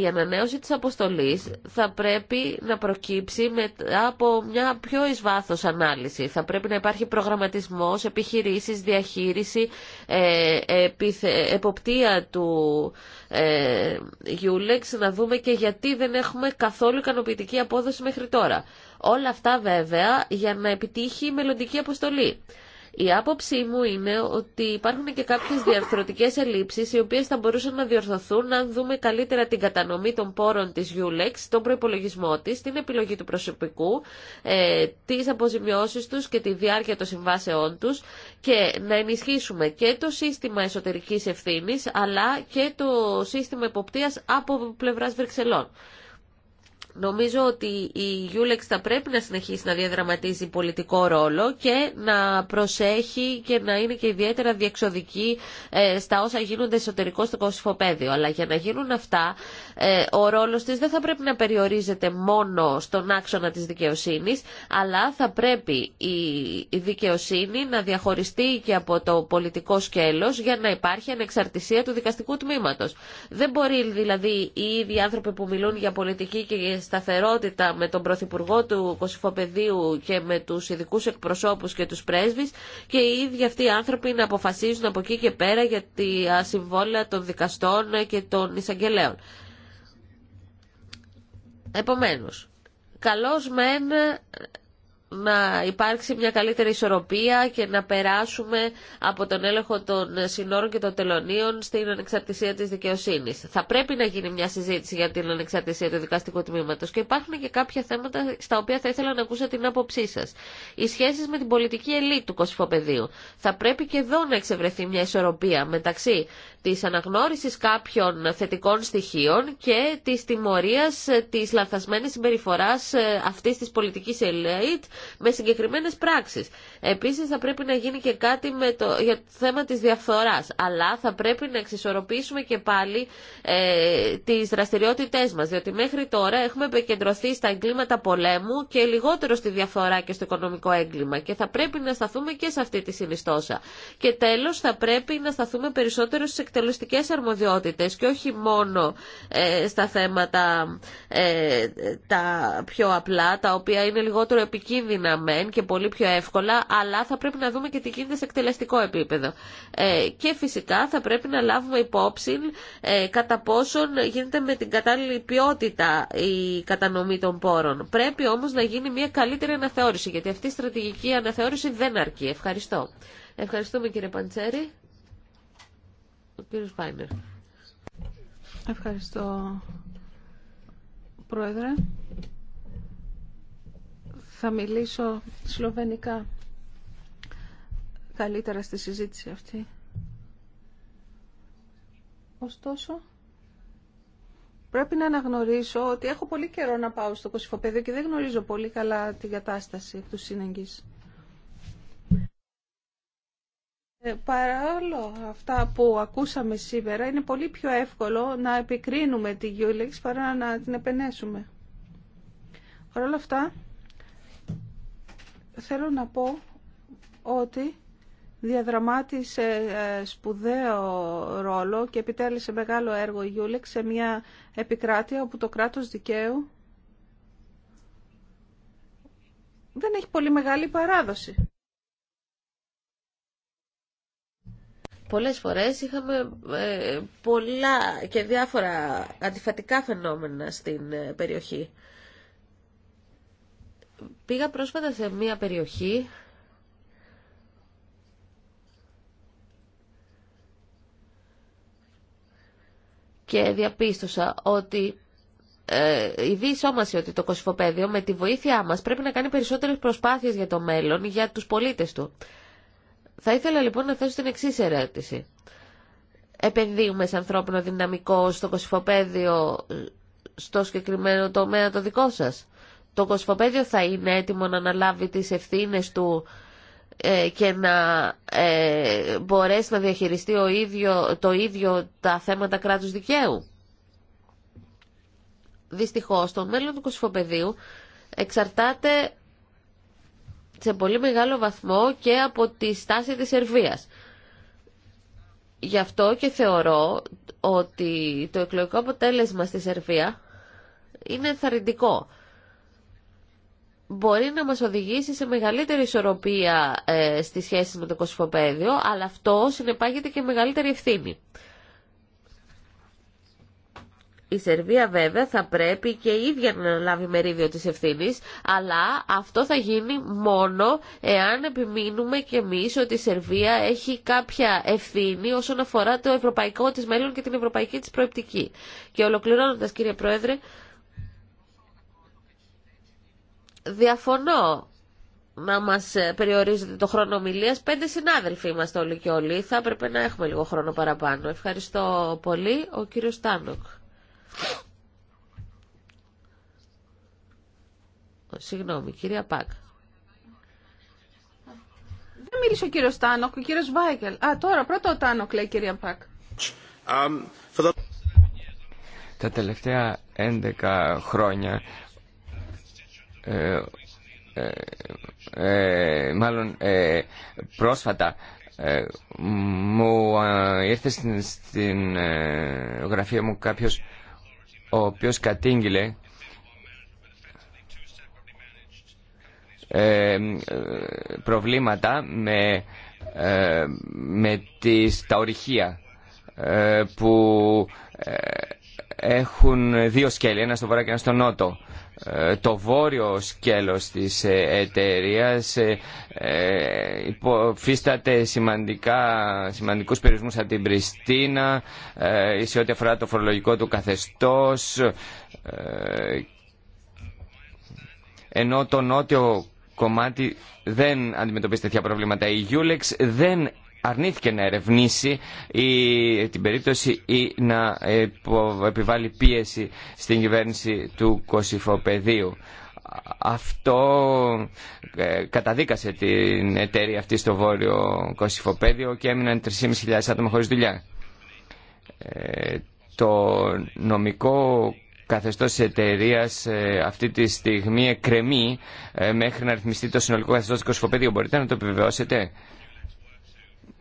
η ανανέωση της αποστολής θα πρέπει να προκύψει μετά από μια πιο εις βάθος ανάλυση. Θα πρέπει να υπάρχει προγραμματισμός, επιχειρήσεις, διαχείριση, ε, επιθε, εποπτεία του ε, Γιούλεξ, να δούμε και γιατί δεν έχουμε καθόλου ικανοποιητική απόδοση μέχρι τώρα. Όλα αυτά βέβαια για να επιτύχει η μελλοντική αποστολή. Η άποψή μου είναι ότι υπάρχουν και κάποιες διαρθρωτικές ελλείψεις οι οποίες θα μπορούσαν να διορθωθούν αν δούμε καλύτερα την κατανομή των πόρων της Γιούλεξ, τον προπολογισμό της, την επιλογή του προσωπικού, ε, τις αποζημιώσεις τους και τη διάρκεια των συμβάσεών τους και να ενισχύσουμε και το σύστημα εσωτερικής ευθύνης αλλά και το σύστημα εποπτείας από πλευράς Βρυξελών. Νομίζω ότι η Γιούλεξ θα πρέπει να συνεχίσει να διαδραματίζει πολιτικό ρόλο και να προσέχει και να είναι και ιδιαίτερα διεξοδική ε, στα όσα γίνονται εσωτερικό στο κοσυφοπαίδιο. Αλλά για να γίνουν αυτά ε, ο ρόλος της δεν θα πρέπει να περιορίζεται μόνο στον άξονα της δικαιοσύνης, αλλά θα πρέπει η δικαιοσύνη να διαχωριστεί και από το πολιτικό σκέλος για να υπάρχει ανεξαρτησία του δικαστικού τμήματος. Δεν μπορεί δηλαδή οι ίδιοι άνθρωποι που μιλούν για πολιτική και σταθερότητα με τον Πρωθυπουργό του Κωσυφοπεδίου και με τους ειδικού εκπροσώπους και τους πρέσβεις και οι ίδιοι αυτοί οι άνθρωποι να αποφασίζουν από εκεί και πέρα για τη συμβόλαια των δικαστών και των εισαγγελέων. Επομένως, καλώς μεν να υπάρξει μια καλύτερη ισορροπία και να περάσουμε από τον έλεγχο των συνόρων και των τελωνίων στην ανεξαρτησία της δικαιοσύνης. Θα πρέπει να γίνει μια συζήτηση για την ανεξαρτησία του δικαστικού τμήματος και υπάρχουν και κάποια θέματα στα οποία θα ήθελα να ακούσω την άποψή σας. Οι σχέσεις με την πολιτική ελίτ του Κωσυφοπεδίου. Θα πρέπει και εδώ να εξευρεθεί μια ισορροπία μεταξύ της αναγνώρισης κάποιων θετικών στοιχείων και της τιμωρίας της λανθασμένης συμπεριφοράς ε, αυτής της πολιτικής ελέητ με συγκεκριμένες πράξεις. Επίσης θα πρέπει να γίνει και κάτι με το, για το θέμα της διαφθοράς, αλλά θα πρέπει να εξισορροπήσουμε και πάλι ε, τις δραστηριότητές μας, διότι μέχρι τώρα έχουμε επικεντρωθεί στα εγκλήματα πολέμου και λιγότερο στη διαφθορά και στο οικονομικό έγκλημα και θα πρέπει να σταθούμε και σε αυτή τη συνιστόσα. Και τέλος θα πρέπει να σταθούμε περισσότερο στις εκτελεστικές αρμοδιότητες και όχι μόνο ε, στα θέματα ε, τα πιο απλά, τα οποία είναι λιγότερο επικίνδυνα μεν και πολύ πιο εύκολα, αλλά θα πρέπει να δούμε και τι γίνεται σε εκτελεστικό επίπεδο. Ε, και φυσικά θα πρέπει να λάβουμε υπόψη κατά πόσον γίνεται με την κατάλληλη ποιότητα η κατανομή των πόρων. Πρέπει όμως να γίνει μια καλύτερη αναθεώρηση, γιατί αυτή η στρατηγική αναθεώρηση δεν αρκεί. Ευχαριστώ. Ευχαριστούμε κύριε Παντσέρη. Ευχαριστώ, Πρόεδρε. Θα μιλήσω σλοβενικά καλύτερα στη συζήτηση αυτή. Ωστόσο, πρέπει να αναγνωρίσω ότι έχω πολύ καιρό να πάω στο Κωσυφοπέδιο και δεν γνωρίζω πολύ καλά την κατάσταση του σύνεγγης. Ε, παρόλο αυτά που ακούσαμε σήμερα, είναι πολύ πιο εύκολο να επικρίνουμε τη Γιούλεξ παρά να την επενέσουμε. Όλα αυτά, θέλω να πω ότι διαδραμάτισε ε, σπουδαίο ρόλο και επιτέλεσε μεγάλο έργο η Γιούλεξ σε μια επικράτεια όπου το κράτος δικαίου δεν έχει πολύ μεγάλη παράδοση. Πολλές φορές είχαμε ε, πολλά και διάφορα αντιφατικά φαινόμενα στην ε, περιοχή. Πήγα πρόσφατα σε μία περιοχή και διαπίστωσα ότι ε, η διεισόμαση ότι το Κωσυφοπαίδειο με τη βοήθειά μας πρέπει να κάνει περισσότερες προσπάθειες για το μέλλον, για τους πολίτες του. Θα ήθελα λοιπόν να θέσω την εξή ερώτηση. Επενδύουμε σε ανθρώπινο δυναμικό στο κοσυφοπαίδιο, στο συγκεκριμένο τομέα το δικό σας. Το κοσυφοπαίδιο θα είναι έτοιμο να αναλάβει τις ευθύνες του ε, και να ε, μπορέσει να διαχειριστεί ο ίδιο, το ίδιο τα θέματα κράτους δικαίου. Δυστυχώς, το μέλλον του κοσφοπεδίου εξαρτάται σε πολύ μεγάλο βαθμό και από τη στάση της Σερβίας. Γι' αυτό και θεωρώ ότι το εκλογικό αποτέλεσμα στη Σερβία είναι ενθαρρυντικό. Μπορεί να μας οδηγήσει σε μεγαλύτερη ισορροπία ε, στις σχέσεις με το κοσφοπέδιο, αλλά αυτό συνεπάγεται και μεγαλύτερη ευθύνη. Η Σερβία βέβαια θα πρέπει και η ίδια να λάβει μερίδιο της ευθύνης, αλλά αυτό θα γίνει μόνο εάν επιμείνουμε και εμείς ότι η Σερβία έχει κάποια ευθύνη όσον αφορά το ευρωπαϊκό της μέλλον και την ευρωπαϊκή της προεπτική. Και ολοκληρώνοντας κύριε Πρόεδρε, διαφωνώ να μας περιορίζετε το χρόνο ομιλίας. Πέντε συνάδελφοι είμαστε όλοι και όλοι. Θα έπρεπε να έχουμε λίγο χρόνο παραπάνω. Ευχαριστώ πολύ. Ο κύριος Τάνοκ. Συγγνώμη, κυρία Πακ. Δεν μίλησε ο κύριο Τάνοκ, ο κύριο Βάικελ. Α, τώρα πρώτο ο Τάνοκ, λέει κυρία Πακ. Τα τελευταία 11 χρόνια ε, ε, ε, μάλλον ε, πρόσφατα ε, μου ε, ήρθε στην, στην γραφεία μου κάποιος ο οποίος κατήγγειλε ε, προβλήματα με, ε, με τις, τα ορυχεία ε, που έχουν δύο σκέλη, ένα στο βορρά και ένα στο νότο. Ε, το βόρειο σκέλος της ε, εταιρείας ε, υποφίσταται σημαντικά, σημαντικούς περιορισμούς από την Πριστίνα σε ό,τι αφορά το φορολογικό του καθεστώς ενώ το νότιο κομμάτι δεν αντιμετωπίζει τέτοια προβλήματα. Η Ulex δεν αρνήθηκε να ερευνήσει την περίπτωση ή να επιβάλλει πίεση στην κυβέρνηση του Κωσυφοπεδίου. Αυτό ε, καταδίκασε την εταιρεία αυτή στο βόρειο Κωσυφοπέδιο και έμειναν 3.500 άτομα χωρίς δουλειά. Ε, το νομικό καθεστώς της εταιρείας ε, αυτή τη στιγμή εκκρεμεί μέχρι να ρυθμιστεί το συνολικό καθεστώς του Κωσυφοπέδιου. Μπορείτε να το επιβεβαιώσετε.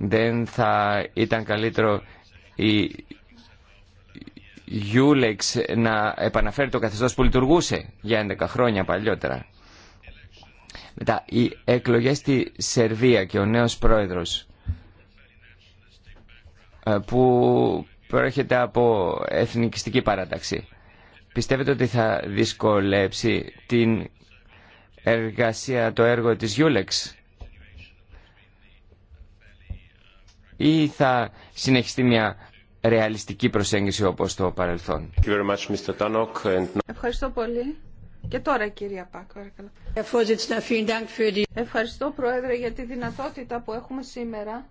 Δεν θα ήταν καλύτερο η Γιούλεξ να επαναφέρει το καθεστώς που λειτουργούσε για 11 χρόνια παλιότερα. Μετά, οι εκλογές στη Σερβία και ο νέος πρόεδρος ε, που προέρχεται από εθνικιστική παράταξη. Πιστεύετε ότι θα δυσκολέψει την εργασία, το έργο της Γιούλεξ. ή θα συνεχιστεί μια ρεαλιστική προσέγγιση όπως το παρελθόν. Ευχαριστώ πολύ. Και τώρα κυρία Πάκ, Ευχαριστώ Πρόεδρε για τη δυνατότητα που έχουμε σήμερα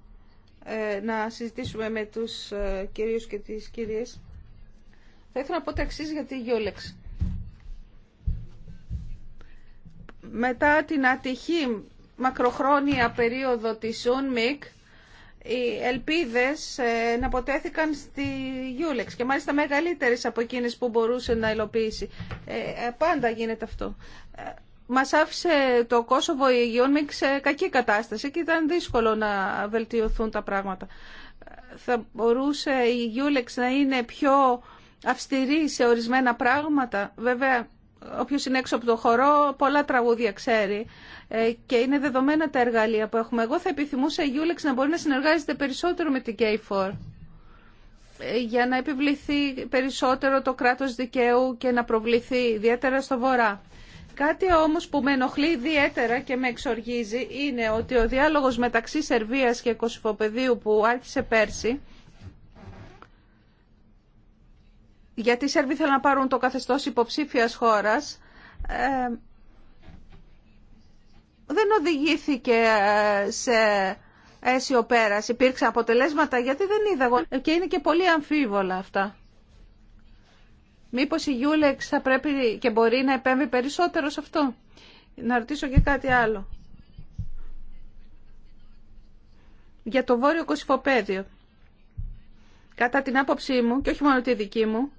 ε, να συζητήσουμε με τους ε, κυρίους και τις κυρίες. Θα ήθελα να πω ταξίς για τη Γιόλεξ. Μετά την ατυχή μακροχρόνια περίοδο της UNMIC, οι ελπίδες ε, αποτέθηκαν στη Γιούλεξ και μάλιστα μεγαλύτερες από εκείνες που μπορούσε να υλοποιήσει. Ε, ε, πάντα γίνεται αυτό. Μας άφησε το Κόσοβο η Γιούλεξ σε κακή κατάσταση και ήταν δύσκολο να βελτιωθούν τα πράγματα. Θα μπορούσε η Γιούλεξ να είναι πιο αυστηρή σε ορισμένα πράγματα. Βέβαια, όποιος είναι έξω από το χορό πολλά τραγούδια ξέρει ε, και είναι δεδομένα τα εργαλεία που έχουμε. Εγώ θα επιθυμούσα η Γιούλεξ να μπορεί να συνεργάζεται περισσότερο με την K4 ε, για να επιβληθεί περισσότερο το κράτος δικαίου και να προβληθεί ιδιαίτερα στο Βορρά. Κάτι όμως που με ενοχλεί ιδιαίτερα και με εξοργίζει είναι ότι ο διάλογος μεταξύ Σερβίας και Κωσυφοπεδίου που άρχισε πέρσι γιατί οι Σέρβοι θέλουν να πάρουν το καθεστώς υποψήφιας χώρας ε, δεν οδηγήθηκε ε, σε αίσιο πέρας. Υπήρξαν αποτελέσματα γιατί δεν είδα εγώ. Ε, και είναι και πολύ αμφίβολα αυτά. Μήπως η Γιούλεξ θα πρέπει και μπορεί να επέμβει περισσότερο σε αυτό. Να ρωτήσω και κάτι άλλο. Για το Βόρειο Κωσυφοπαίδιο. Κατά την άποψή μου, και όχι μόνο τη δική μου,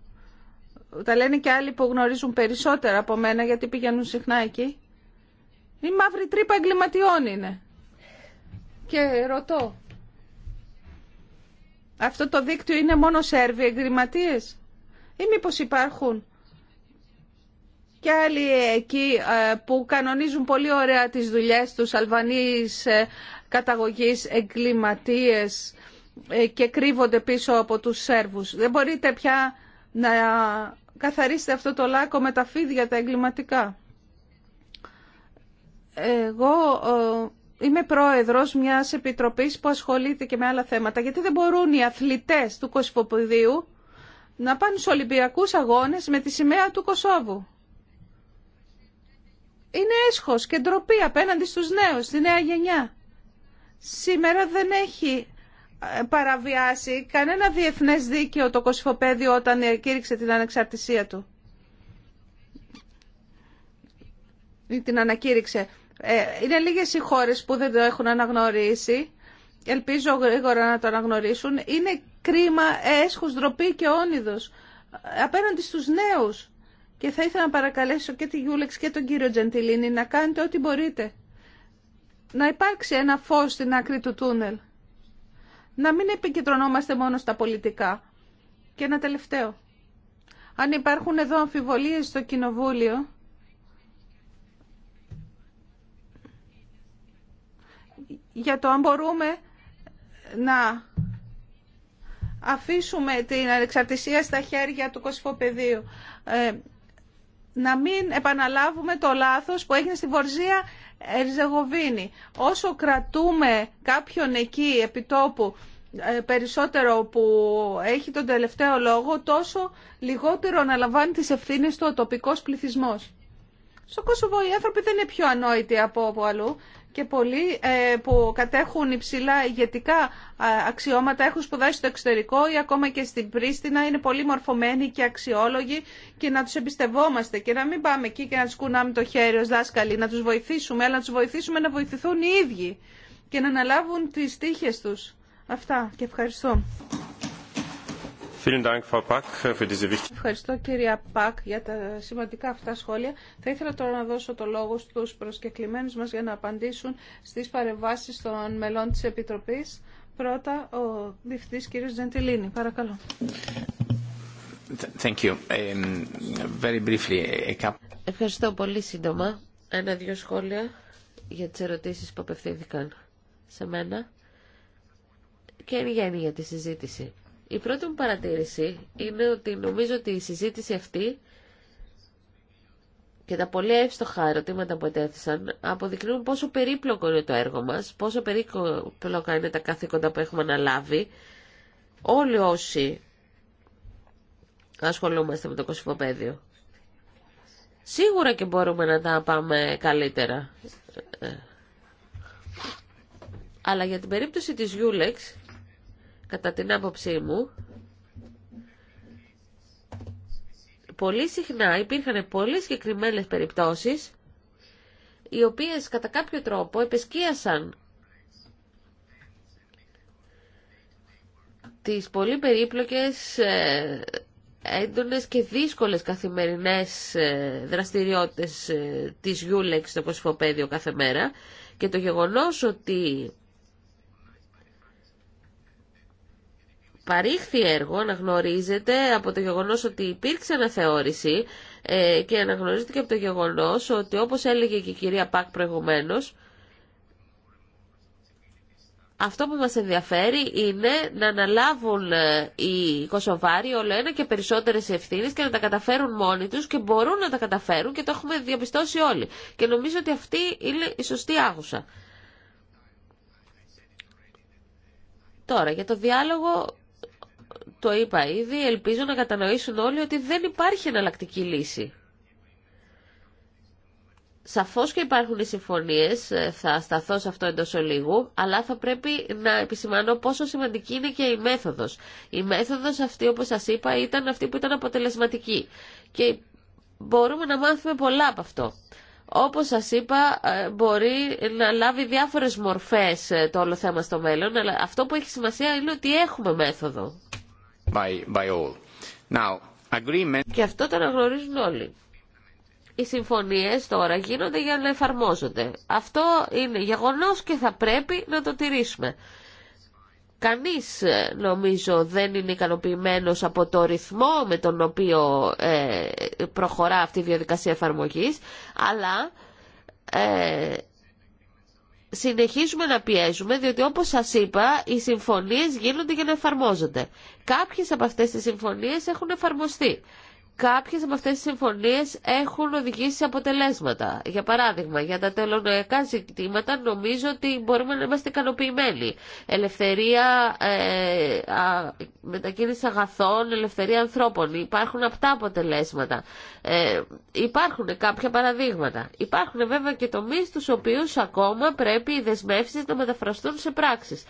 τα λένε και άλλοι που γνωρίζουν περισσότερα από μένα γιατί πηγαίνουν συχνά εκεί, η μαύρη τρύπα εγκληματιών είναι. Και ρωτώ, αυτό το δίκτυο είναι μόνο Σέρβοι εγκληματίες ή μήπως υπάρχουν και άλλοι εκεί ε, που κανονίζουν πολύ ωραία τις δουλειές τους, Αλβανείς ε, καταγωγής εγκληματίες ε, και κρύβονται πίσω από τους Σέρβους. Δεν μπορείτε πια να καθαρίσετε αυτό το λάκκο με τα φίδια τα εγκληματικά. Εγώ ε, είμαι πρόεδρος μιας επιτροπής που ασχολείται και με άλλα θέματα. Γιατί δεν μπορούν οι αθλητές του Κωσυφοπηδίου να πάνε στους Ολυμπιακούς Αγώνες με τη σημαία του Κωσόβου. Είναι έσχος και ντροπή απέναντι στους νέους, στη νέα γενιά. Σήμερα δεν έχει ε, παραβιάσει κανένα διεθνές δίκαιο το Κωσυφοπέδιο όταν κήρυξε την ανεξαρτησία του. Την ανακήρυξε. Ε, είναι λίγες οι χώρες που δεν το έχουν αναγνωρίσει. Ελπίζω γρήγορα να το αναγνωρίσουν. Είναι κρίμα, έσχος, ντροπή και όνειδος απέναντι στους νέους. Και θα ήθελα να παρακαλέσω και τη Γιούλεξ και τον κύριο Τζεντιλίνη να κάνετε ό,τι μπορείτε. Να υπάρξει ένα φως στην άκρη του τούνελ. Να μην επικεντρωνόμαστε μόνο στα πολιτικά. Και ένα τελευταίο. Αν υπάρχουν εδώ αμφιβολίες στο Κοινοβούλιο, για το αν μπορούμε να αφήσουμε την ανεξαρτησία στα χέρια του κοσφοπεδίου. Ε, να μην επαναλάβουμε το λάθος που έγινε στη Βορζία Ερζεγοβίνη. Όσο κρατούμε κάποιον εκεί επιτόπου ε, περισσότερο που έχει τον τελευταίο λόγο, τόσο λιγότερο αναλαμβάνει τις ευθύνες του ο τοπικός πληθυσμός. Στο Κόσοβο οι άνθρωποι δεν είναι πιο ανόητοι από όπου αλλού και πολλοί ε, που κατέχουν υψηλά ηγετικά ε, αξιώματα, έχουν σπουδάσει στο εξωτερικό ή ακόμα και στην Πρίστινα, είναι πολύ μορφωμένοι και αξιόλογοι και να τους εμπιστευόμαστε και να μην πάμε εκεί και να τους κουνάμε το χέρι ως δάσκαλοι, να τους βοηθήσουμε, αλλά να τους βοηθήσουμε να βοηθηθούν οι ίδιοι και να αναλάβουν τις τύχες τους. Αυτά και ευχαριστώ. Ευχαριστώ κυρία Πακ για τα σημαντικά αυτά σχόλια. Θα ήθελα τώρα να δώσω το λόγο στους προσκεκλημένους μας για να απαντήσουν στις παρεμβάσεις των μελών της Επιτροπής. Πρώτα ο διευθυντής κύριος Τζεντιλίνη. Παρακαλώ. Um, Ευχαριστώ πολύ σύντομα. Ένα-δυο σχόλια για τις ερωτήσεις που απευθύνθηκαν σε μένα και εν γέννη για τη συζήτηση. Η πρώτη μου παρατήρηση είναι ότι νομίζω ότι η συζήτηση αυτή και τα πολύ εύστοχα ερωτήματα που ετέθησαν αποδεικνύουν πόσο περίπλοκο είναι το έργο μας, πόσο περίπλοκα είναι τα καθήκοντα που έχουμε αναλάβει. Όλοι όσοι ασχολούμαστε με το κοσυφοπαίδιο. Σίγουρα και μπορούμε να τα πάμε καλύτερα. Ε, ε. Αλλά για την περίπτωση της Γιούλεξ κατά την άποψή μου, πολύ συχνά υπήρχαν πολύ συγκεκριμένε περιπτώσεις οι οποίες κατά κάποιο τρόπο επεσκίασαν τις πολύ περίπλοκες ε, έντονες και δύσκολες καθημερινές ε, δραστηριότητες ε, της Γιούλεξ στο Κοσμοπέδιο κάθε μέρα και το γεγονός ότι παρήχθη έργο αναγνωρίζεται από το γεγονός ότι υπήρξε αναθεώρηση ε, και αναγνωρίζεται και από το γεγονός ότι όπως έλεγε και η κυρία Πακ προηγουμένως αυτό που μας ενδιαφέρει είναι να αναλάβουν ε, οι Κωσοβάροι όλο ένα και περισσότερες ευθύνες και να τα καταφέρουν μόνοι τους και μπορούν να τα καταφέρουν και το έχουμε διαπιστώσει όλοι. Και νομίζω ότι αυτή είναι η σωστή άγουσα. Τώρα, για το διάλογο το είπα ήδη, ελπίζω να κατανοήσουν όλοι ότι δεν υπάρχει εναλλακτική λύση. Σαφώς και υπάρχουν οι συμφωνίες, ε, θα σταθώ σε αυτό εντός ολίγου, αλλά θα πρέπει να επισημάνω πόσο σημαντική είναι και η μέθοδος. Η μέθοδος αυτή, όπως σας είπα, ήταν αυτή που ήταν αποτελεσματική και μπορούμε να μάθουμε πολλά από αυτό. Όπως σας είπα, ε, μπορεί να λάβει διάφορες μορφές ε, το όλο θέμα στο μέλλον, αλλά αυτό που έχει σημασία είναι ότι έχουμε μέθοδο. Και αυτό το αναγνωρίζουν όλοι. Οι συμφωνίες τώρα γίνονται για να εφαρμόζονται. Αυτό είναι γεγονός και θα πρέπει να το τηρήσουμε. Κανείς ε, νομίζω δεν είναι ικανοποιημένος από το ρυθμό με τον οποίο ε, προχωρά αυτή η διαδικασία εφαρμογής, αλλά ε, συνεχίζουμε να πιέζουμε, διότι όπως σας είπα, οι συμφωνίες γίνονται για να εφαρμόζονται. Κάποιες από αυτές τις συμφωνίες έχουν εφαρμοστεί. Κάποιες από αυτές τις συμφωνίες έχουν οδηγήσει αποτελέσματα. Για παράδειγμα, για τα τελωνιακά ζητήματα νομίζω ότι μπορούμε να είμαστε ικανοποιημένοι. Ελευθερία ε, α, μετακίνηση αγαθών, ελευθερία ανθρώπων. Υπάρχουν αυτά αποτελέσματα. Ε, υπάρχουν κάποια παραδείγματα. Υπάρχουν βέβαια και τομεί στους οποίους ακόμα πρέπει οι δεσμεύσεις να μεταφραστούν σε πράξεις.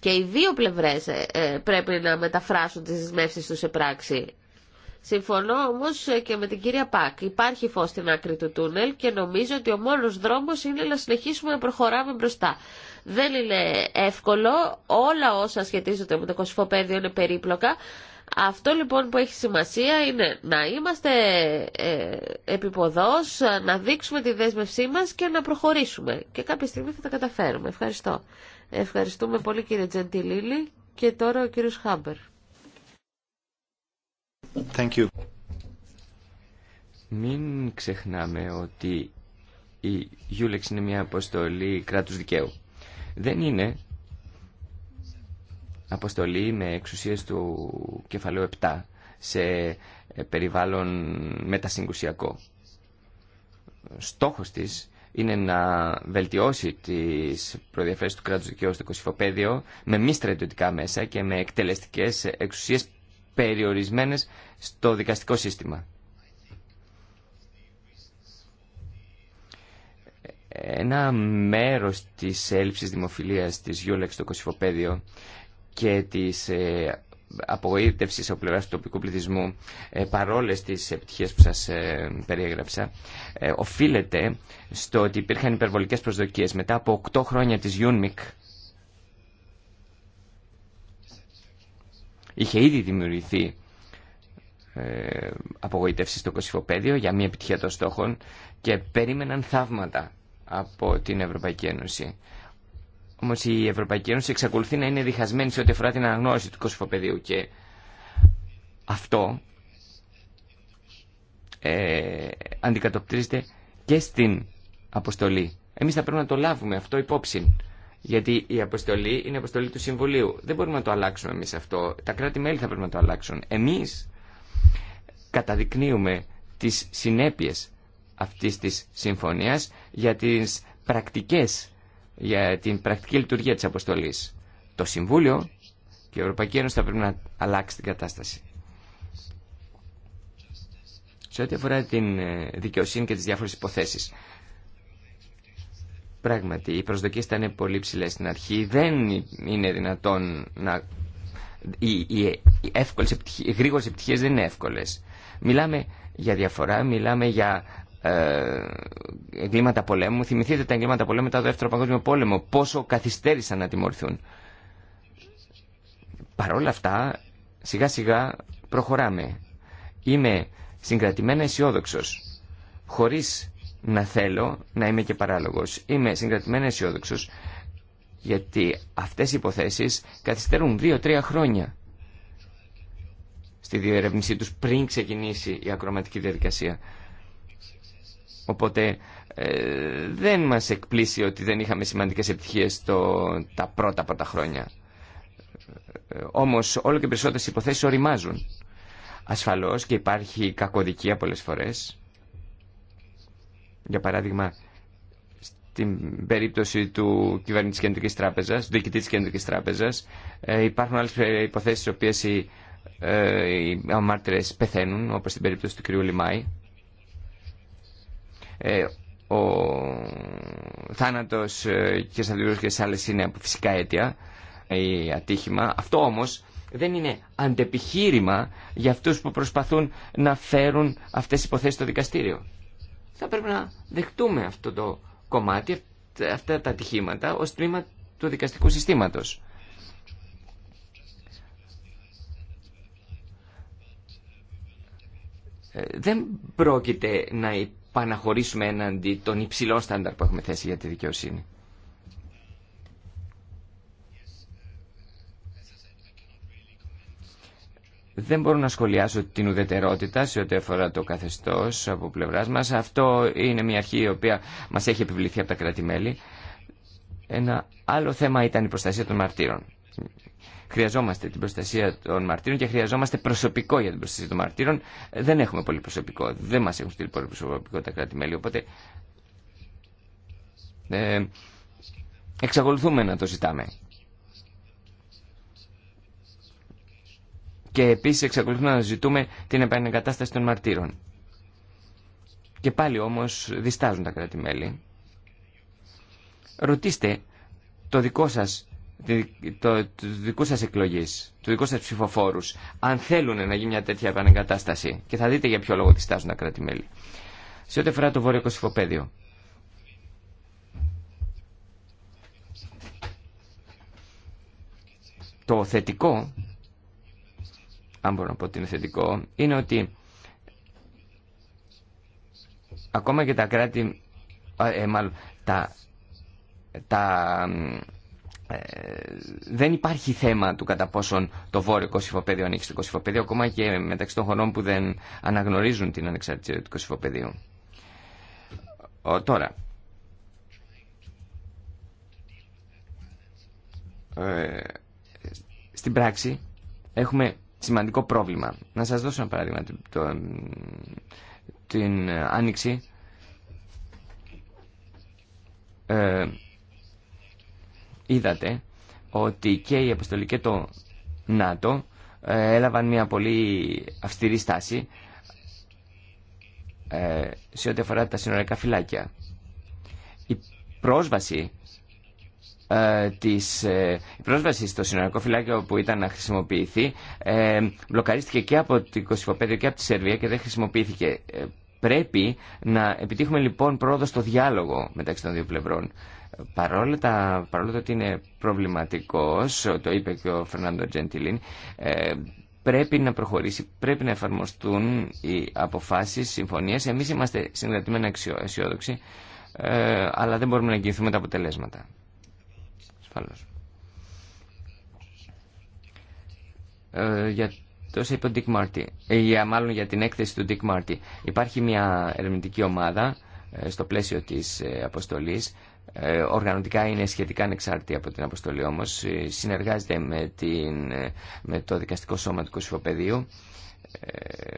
Και οι δύο πλευρές ε, ε, πρέπει να μεταφράσουν τις δεσμεύσεις τους σε πράξη. Συμφωνώ όμω και με την κυρία Πακ. Υπάρχει φω στην άκρη του τούνελ και νομίζω ότι ο μόνο δρόμο είναι να συνεχίσουμε να προχωράμε μπροστά. Δεν είναι εύκολο, όλα όσα σχετίζονται με το κοσφοπέδιο είναι περίπλοκα. Αυτό λοιπόν που έχει σημασία είναι να είμαστε ε, επιποδός, να δείξουμε τη δέσμευσή μας και να προχωρήσουμε. Και κάποια στιγμή θα τα καταφέρουμε. Ευχαριστώ. Ευχαριστούμε πολύ κύριε Τζεντιλίλη και τώρα ο κύριος Χάμπερ. Μην ξεχνάμε ότι η Γιούλεξ είναι μια αποστολή κράτους δικαίου. Δεν είναι αποστολή με εξουσίες του κεφαλαίου 7 σε ε, περιβάλλον μετασυγκουσιακό. Στόχος της είναι να βελτιώσει τις προδιαφέρειες του κράτους δικαίου στο κοσυφοπαίδιο με μη στρατιωτικά μέσα και με εκτελεστικές εξουσίες περιορισμένες στο δικαστικό σύστημα. Ένα μέρος της έλλειψης δημοφιλίας της Γιούλεξ στο Κωσυφοπαίδιο και της ε, απογοήτευσης από πλευράς του τοπικού πληθυσμού ε, παρόλες τις επιτυχίες που σας ε, περιέγραψα οφείλεται στο ότι υπήρχαν υπερβολικές προσδοκίες. Μετά από 8 χρόνια της Γιούνμικ Είχε ήδη δημιουργηθεί ε, απογοητεύσει στο Κωσυφοπέδιο για μία επιτυχία των στόχων και περίμεναν θαύματα από την Ευρωπαϊκή Ένωση. Όμω η Ευρωπαϊκή Ένωση εξακολουθεί να είναι διχασμένη σε ό,τι αφορά την αναγνώριση του Κωσυφοπέδιου και αυτό ε, αντικατοπτρίζεται και στην αποστολή. Εμείς θα πρέπει να το λάβουμε αυτό υπόψη. Γιατί η αποστολή είναι αποστολή του Συμβουλίου. Δεν μπορούμε να το αλλάξουμε εμείς αυτό. Τα κράτη-μέλη θα πρέπει να το αλλάξουν. Εμείς καταδεικνύουμε τις συνέπειε αυτής της συμφωνία για τις πρακτικές, για την πρακτική λειτουργία τη αποστολή. Το Συμβούλιο και η Ευρωπαϊκή Ένωση θα πρέπει να αλλάξει την κατάσταση. Σε ό,τι αφορά την ε, δικαιοσύνη και τις διάφορες υποθέσεις. Πράγματι, οι προσδοκίες ήταν πολύ ψηλέ στην αρχή. Δεν είναι δυνατόν να... Οι, οι, εύκολες γρήγορες επιτυχίες δεν είναι εύκολες. Μιλάμε για διαφορά, μιλάμε για ε, εγκλήματα πολέμου. Θυμηθείτε τα εγκλήματα πολέμου μετά το Δεύτερο Παγκόσμιο Πόλεμο. Πόσο καθυστέρησαν να τιμωρηθούν. παρόλα αυτά, σιγά σιγά προχωράμε. Είμαι συγκρατημένα αισιόδοξο. Χωρίς να θέλω να είμαι και παράλογος. Είμαι συγκρατημένα αισιόδοξο γιατί αυτές οι υποθέσεις καθυστερούν δύο-τρία χρόνια στη διερεύνησή τους πριν ξεκινήσει η ακροματική διαδικασία. Οπότε ε, δεν μας εκπλήσει ότι δεν είχαμε σημαντικές επιτυχίες το, τα πρώτα πρώτα χρόνια. Ε, όμως όλο και περισσότερες υποθέσεις οριμάζουν. Ασφαλώς και υπάρχει κακοδικία πολλές φορές για παράδειγμα, στην περίπτωση του κυβερνήτη της Κεντρικής Τράπεζας, του διοικητή της Κεντρικής Τράπεζας, ε, υπάρχουν άλλες υποθέσεις στις οποίες οι, ε, οι αμάρτυρες πεθαίνουν, όπως στην περίπτωση του κ. Λιμάη. Ε, ο θάνατος και σαν και άλλες είναι από φυσικά αίτια ή ατύχημα. Αυτό όμως δεν είναι αντεπιχείρημα για αυτούς που προσπαθούν να φέρουν αυτές τις υποθέσεις στο δικαστήριο θα πρέπει να δεχτούμε αυτό το κομμάτι, αυτά τα ατυχήματα, ως τμήμα του δικαστικού συστήματος. Ε, δεν πρόκειται να υπαναχωρήσουμε έναντι των υψηλών στάνταρ που έχουμε θέσει για τη δικαιοσύνη. Δεν μπορώ να σχολιάσω την ουδετερότητα σε ό,τι αφορά το καθεστώς από πλευρά μα. Αυτό είναι μια αρχή η οποία μας έχει επιβληθεί από τα κράτη-μέλη. Ένα άλλο θέμα ήταν η προστασία των μαρτύρων. Χρειαζόμαστε την προστασία των μαρτύρων και χρειαζόμαστε προσωπικό για την προστασία των μαρτύρων. Δεν έχουμε πολύ προσωπικό. Δεν μα έχουν στείλει πολύ προσωπικό τα κράτη-μέλη. Οπότε ε, εξακολουθούμε να το ζητάμε. Και επίσης εξακολουθούμε να ζητούμε την επανεγκατάσταση των μαρτύρων. Και πάλι όμως διστάζουν τα κράτη-μέλη. Ρωτήστε το δικό σας το, το, το δικού σας εκλογής, του δικού σας ψηφοφόρους, αν θέλουν να γίνει μια τέτοια επανεγκατάσταση. Και θα δείτε για ποιο λόγο διστάζουν τα κράτη-μέλη. Σε ό,τι αφορά το βόρειο κοσυφοπαίδιο. Το θετικό αν μπορώ να πω ότι είναι θετικό, είναι ότι ακόμα και τα κράτη, ε, τα, τα ε, δεν υπάρχει θέμα του κατά πόσον το βόρειο κωσυφοπέδιο ανοίξει το κωσυφοπέδιο, ακόμα και μεταξύ των χωρών που δεν αναγνωρίζουν την ανεξαρτησία του Ο Τώρα, ε, στην πράξη έχουμε σημαντικό πρόβλημα. Να σας δώσω ένα παράδειγμα. την ε, Άνοιξη ε, είδατε ότι και η αποστολή και το ΝΑΤΟ ε, έλαβαν μια πολύ αυστηρή στάση σε ό,τι αφορά τα συνορικά φυλάκια. Η πρόσβαση ε, της ε, πρόσβαση στο συνολικό φυλάκιο που ήταν να χρησιμοποιηθεί ε, μπλοκαρίστηκε και από την Κωσυφοπέδιο και από τη Σερβία και δεν χρησιμοποιήθηκε. Πρέπει να επιτύχουμε λοιπόν πρόοδο στο διάλογο μεταξύ των δύο πλευρών. Παρόλο, τα, παρόλο το ότι είναι προβληματικός, το είπε και ο Φερνάντο Τζεντιλίν, πρέπει να προχωρήσει, πρέπει να εφαρμοστούν οι αποφάσεις, συμφωνίες. Εμείς είμαστε συγκρατημένοι αισιόδοξοι, αλλά δεν μπορούμε να εγγυηθούμε τα αποτελέσματα ασφαλώς. Ε, για το είπε Dick Marty, ε, μάλλον για την έκθεση του Dick Marty. Υπάρχει μια ερευνητική ομάδα ε, στο πλαίσιο της αποστολής. Οργανωτικά είναι σχετικά ανεξάρτητη από την αποστολή όμως. Συνεργάζεται με, την, με το δικαστικό σώμα του Κωσυφοπεδίου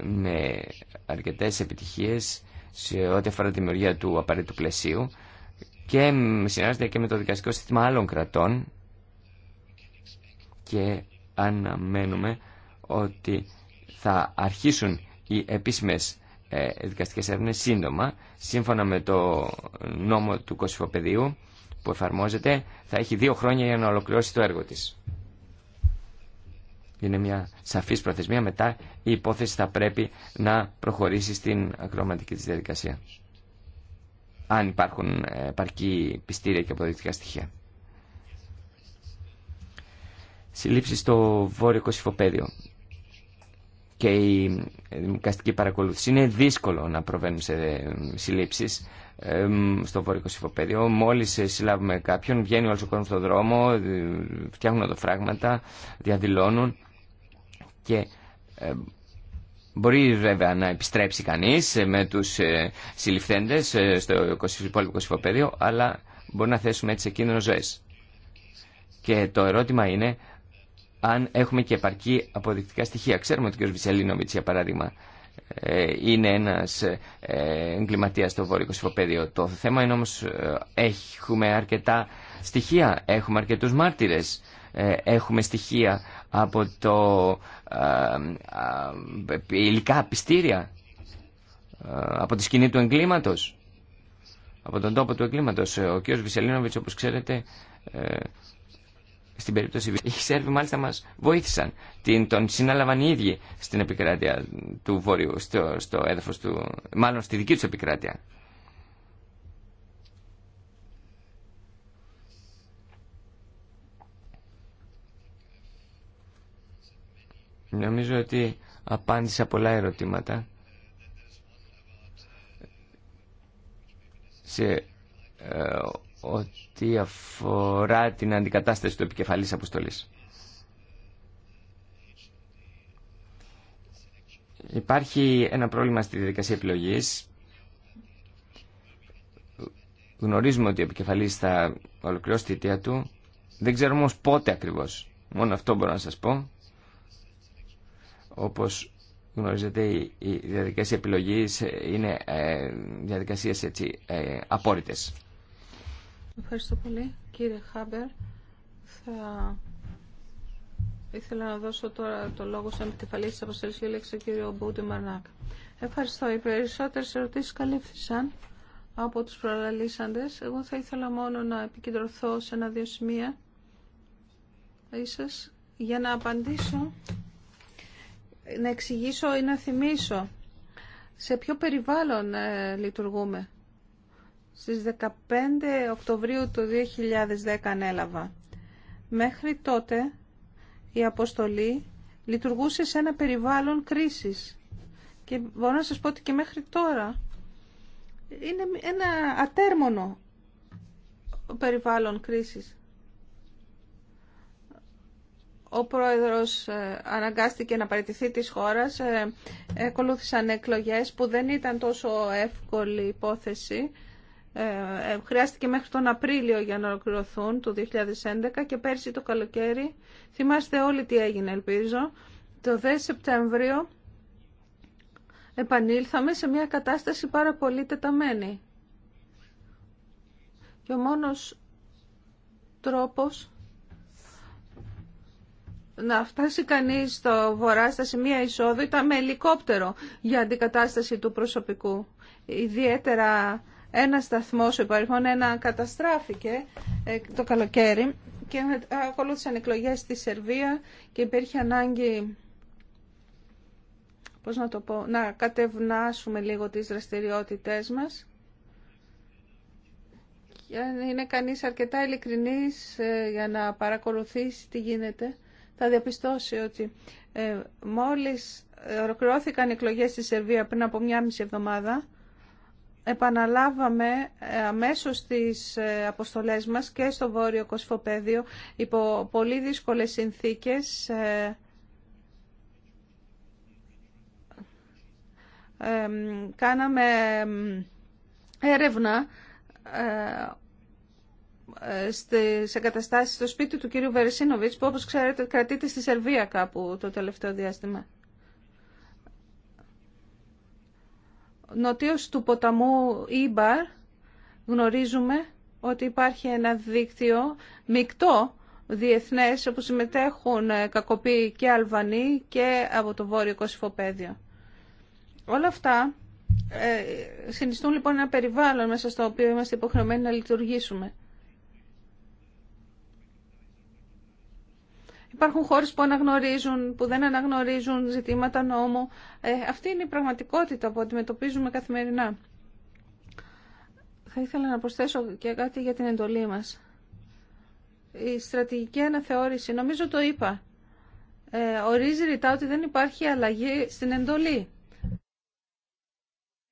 με αρκετές επιτυχίες σε ό,τι αφορά τη δημιουργία του απαραίτητου πλαισίου και συνεργάζεται και με το δικαστικό σύστημα άλλων κρατών και αναμένουμε ότι θα αρχίσουν οι επίσημες ε, δικαστικές έρευνες σύντομα σύμφωνα με το νόμο του Κωσυφοπεδίου που εφαρμόζεται θα έχει δύο χρόνια για να ολοκληρώσει το έργο της. Είναι μια σαφής προθεσμία. Μετά η υπόθεση θα πρέπει να προχωρήσει στην ακροματική της διαδικασία αν υπάρχουν ε, επαρκή πιστήρια και αποδεικτικά στοιχεία. Συλλήψεις στο βόρειο κοσυφοπαίδιο και η ε, δημοκρατική παρακολούθηση. Είναι δύσκολο να προβαίνουν σε ε, συλλήψει στο βόρειο κοσυφοπαίδιο. Μόλι συλλάβουμε κάποιον, βγαίνει όλο ο κόσμο στον δρόμο, φτιάχνουν οδοφράγματα, διαδηλώνουν και Μπορεί βέβαια να επιστρέψει κανείς ε, με τους ε, συλληφθέντες ε, στο υπόλοιπο κοσυφοπέδιο, αλλά μπορεί να θέσουμε έτσι κίνδυνο ζωές. Και το ερώτημα είναι αν έχουμε και επαρκή αποδεικτικά στοιχεία. Ξέρουμε ότι ο κ. Βυσελίνοβιτς, για παράδειγμα, είναι ένας εγκληματίας στο βόρειο κοσυφοπέδιο. Το θέμα είναι όμως έχουμε αρκετά στοιχεία, έχουμε αρκετούς μάρτυρες. Ε, έχουμε στοιχεία από το ε, ε, υλικά πιστήρια, από τη σκηνή του εγκλήματος, από τον τόπο του εγκλήματος. Ο κ. Βυσελίνοβιτς, όπως ξέρετε, στην περίπτωση οι Σέρβοι μάλιστα μας βοήθησαν. Την, τον συνάλαβαν οι ίδιοι στην επικράτεια του Βορείου, στο, στο έδαφος του, μάλλον στη δική τους επικράτεια. Νομίζω ότι απάντησα πολλά ερωτήματα. Σε ε, ό,τι αφορά την αντικατάσταση του επικεφαλής αποστολής. Υπάρχει ένα πρόβλημα στη διαδικασία επιλογής. Γνωρίζουμε ότι ο επικεφαλής θα ολοκληρώσει τη αιτία του. Δεν ξέρουμε όμως πότε ακριβώς. Μόνο αυτό μπορώ να σας πω. Όπως γνωρίζετε οι διαδικασία επιλογής είναι ε, διαδικασίες έτσι ε, απόρριτες. Ευχαριστώ πολύ κύριε Χάμπερ. Θα... Ήθελα να δώσω τώρα το λόγο στον επικεφαλή τη Αποστολή κύριο Μπούτι Μαρνάκ. Ευχαριστώ. Οι περισσότερε ερωτήσει καλύφθησαν από του προλαλήσαντε. Εγώ θα ήθελα μόνο να επικεντρωθώ σε ένα-δύο σημεία, για να απαντήσω να εξηγήσω ή να θυμίσω σε ποιο περιβάλλον ε, λειτουργούμε. Στις 15 Οκτωβρίου του 2010 ανέλαβα. Μέχρι τότε η αποστολή λειτουργούσε σε ένα περιβάλλον κρίσης. Και μπορώ να σας πω ότι και μέχρι τώρα είναι ένα ατέρμονο περιβάλλον κρίσης ο πρόεδρος ε, αναγκάστηκε να παραιτηθεί της χώρας. Εκολούθησαν εκλογές που δεν ήταν τόσο εύκολη υπόθεση. Ε, ε, χρειάστηκε μέχρι τον Απρίλιο για να ολοκληρωθούν το 2011 και πέρσι το καλοκαίρι, θυμάστε όλοι τι έγινε ελπίζω, το 10 Σεπτέμβριο επανήλθαμε σε μια κατάσταση πάρα πολύ τεταμένη. Και ο μόνος τρόπος να φτάσει κανείς στο βορρά στα σημεία εισόδου ήταν με ελικόπτερο για αντικατάσταση του προσωπικού. Ιδιαίτερα ένα σταθμό ο ένα καταστράφηκε ε, το καλοκαίρι και ε, ακολούθησαν εκλογές στη Σερβία και υπήρχε ανάγκη πώς να το πω, να κατευνάσουμε λίγο τις δραστηριότητές μας. Και αν είναι κανείς αρκετά ειλικρινής ε, για να παρακολουθήσει τι γίνεται, θα διαπιστώσει ότι ε, μόλις ε, ολοκληρώθηκαν οι εκλογές στη Σερβία πριν από μια μισή εβδομάδα, επαναλάβαμε ε, αμέσως τις αποστολές μας και στο Βόρειο Κοσφοπέδιο υπό πολύ δύσκολες συνθήκες κάναμε έρευνα σε καταστάσεις στο σπίτι του κυρίου Βερσίνοβιτς που όπως ξέρετε κρατείται στη Σερβία κάπου το τελευταίο διάστημα. Νοτίως του ποταμού Ήμπαρ γνωρίζουμε ότι υπάρχει ένα δίκτυο μεικτό διεθνές όπου συμμετέχουν ε, κακοποί και Αλβανοί και από το Βόρειο Κωσυφοπαίδιο. Όλα αυτά ε, συνιστούν λοιπόν ένα περιβάλλον μέσα στο οποίο είμαστε υποχρεωμένοι να λειτουργήσουμε. Υπάρχουν χώρε που αναγνωρίζουν, που δεν αναγνωρίζουν ζητήματα νόμου. Ε, αυτή είναι η πραγματικότητα που αντιμετωπίζουμε καθημερινά. Θα ήθελα να προσθέσω και κάτι για την εντολή μας. Η στρατηγική αναθεώρηση, νομίζω το είπα, ε, ορίζει ρητά ότι δεν υπάρχει αλλαγή στην εντολή.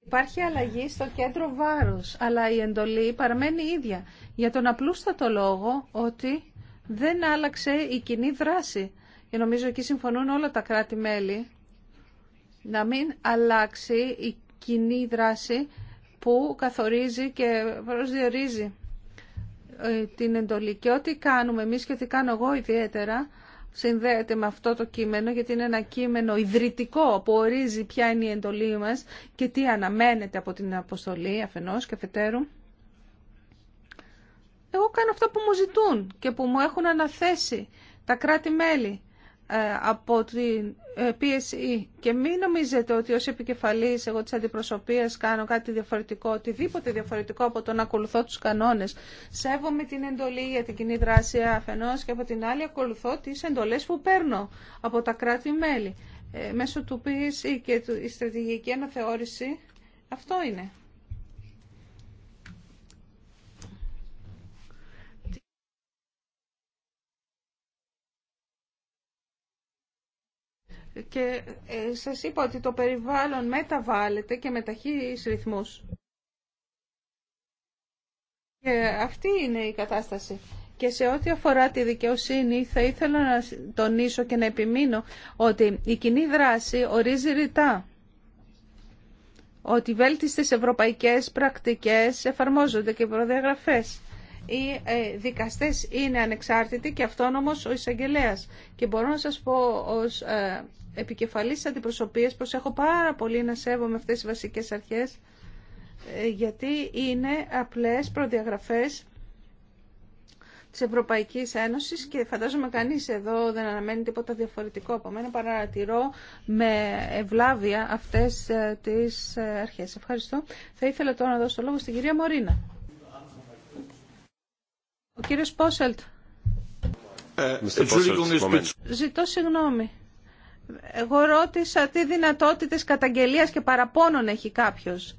Υπάρχει αλλαγή στο κέντρο βάρους, αλλά η εντολή παραμένει ίδια. Για τον απλούστατο λόγο ότι δεν άλλαξε η κοινή δράση. Και νομίζω εκεί συμφωνούν όλα τα κράτη-μέλη να μην αλλάξει η κοινή δράση που καθορίζει και προσδιορίζει ε, την εντολή. Και ό,τι κάνουμε εμείς και ό,τι κάνω εγώ ιδιαίτερα συνδέεται με αυτό το κείμενο γιατί είναι ένα κείμενο ιδρυτικό που ορίζει ποια είναι η εντολή μας και τι αναμένεται από την αποστολή αφενός και αφετέρου. Εγώ κάνω αυτά που μου ζητούν και που μου έχουν αναθέσει τα κράτη-μέλη ε, από την ε, PSE και μην νομίζετε ότι ως επικεφαλής εγώ της αντιπροσωπείας κάνω κάτι διαφορετικό, οτιδήποτε διαφορετικό από το να ακολουθώ τους κανόνες. Σέβομαι την εντολή για την κοινή δράση αφενός και από την άλλη ακολουθώ τις εντολές που παίρνω από τα κράτη-μέλη. Ε, μέσω του PSE και η στρατηγική αναθεώρηση αυτό είναι. και ε, σας είπα ότι το περιβάλλον μεταβάλλεται και με ταχύς ρυθμούς. Και αυτή είναι η κατάσταση. Και σε ό,τι αφορά τη δικαιοσύνη θα ήθελα να τονίσω και να επιμείνω ότι η κοινή δράση ορίζει ρητά ότι βέλτιστες ευρωπαϊκές πρακτικές εφαρμόζονται και προδιαγραφές. Οι ε, δικαστές είναι ανεξάρτητοι και αυτόνομος ο εισαγγελέα. Και μπορώ να σας πω ως ε, επικεφαλής αντιπροσωπείας προσέχω πάρα πολύ να σέβομαι αυτές τις βασικές αρχές ε, γιατί είναι απλές προδιαγραφές της Ευρωπαϊκής Ένωσης και φαντάζομαι κανείς εδώ δεν αναμένει τίποτα διαφορετικό από μένα παρατηρώ με ευλάβεια αυτές ε, τις ε, αρχές. Ευχαριστώ. Θα ήθελα τώρα να δώσω το λόγο στην κυρία Μωρίνα. Ο κύριος Πόσελτ. Ζητώ συγγνώμη. Εγώ ρώτησα τι δυνατότητες καταγγελίας και παραπώνων έχει κάποιος.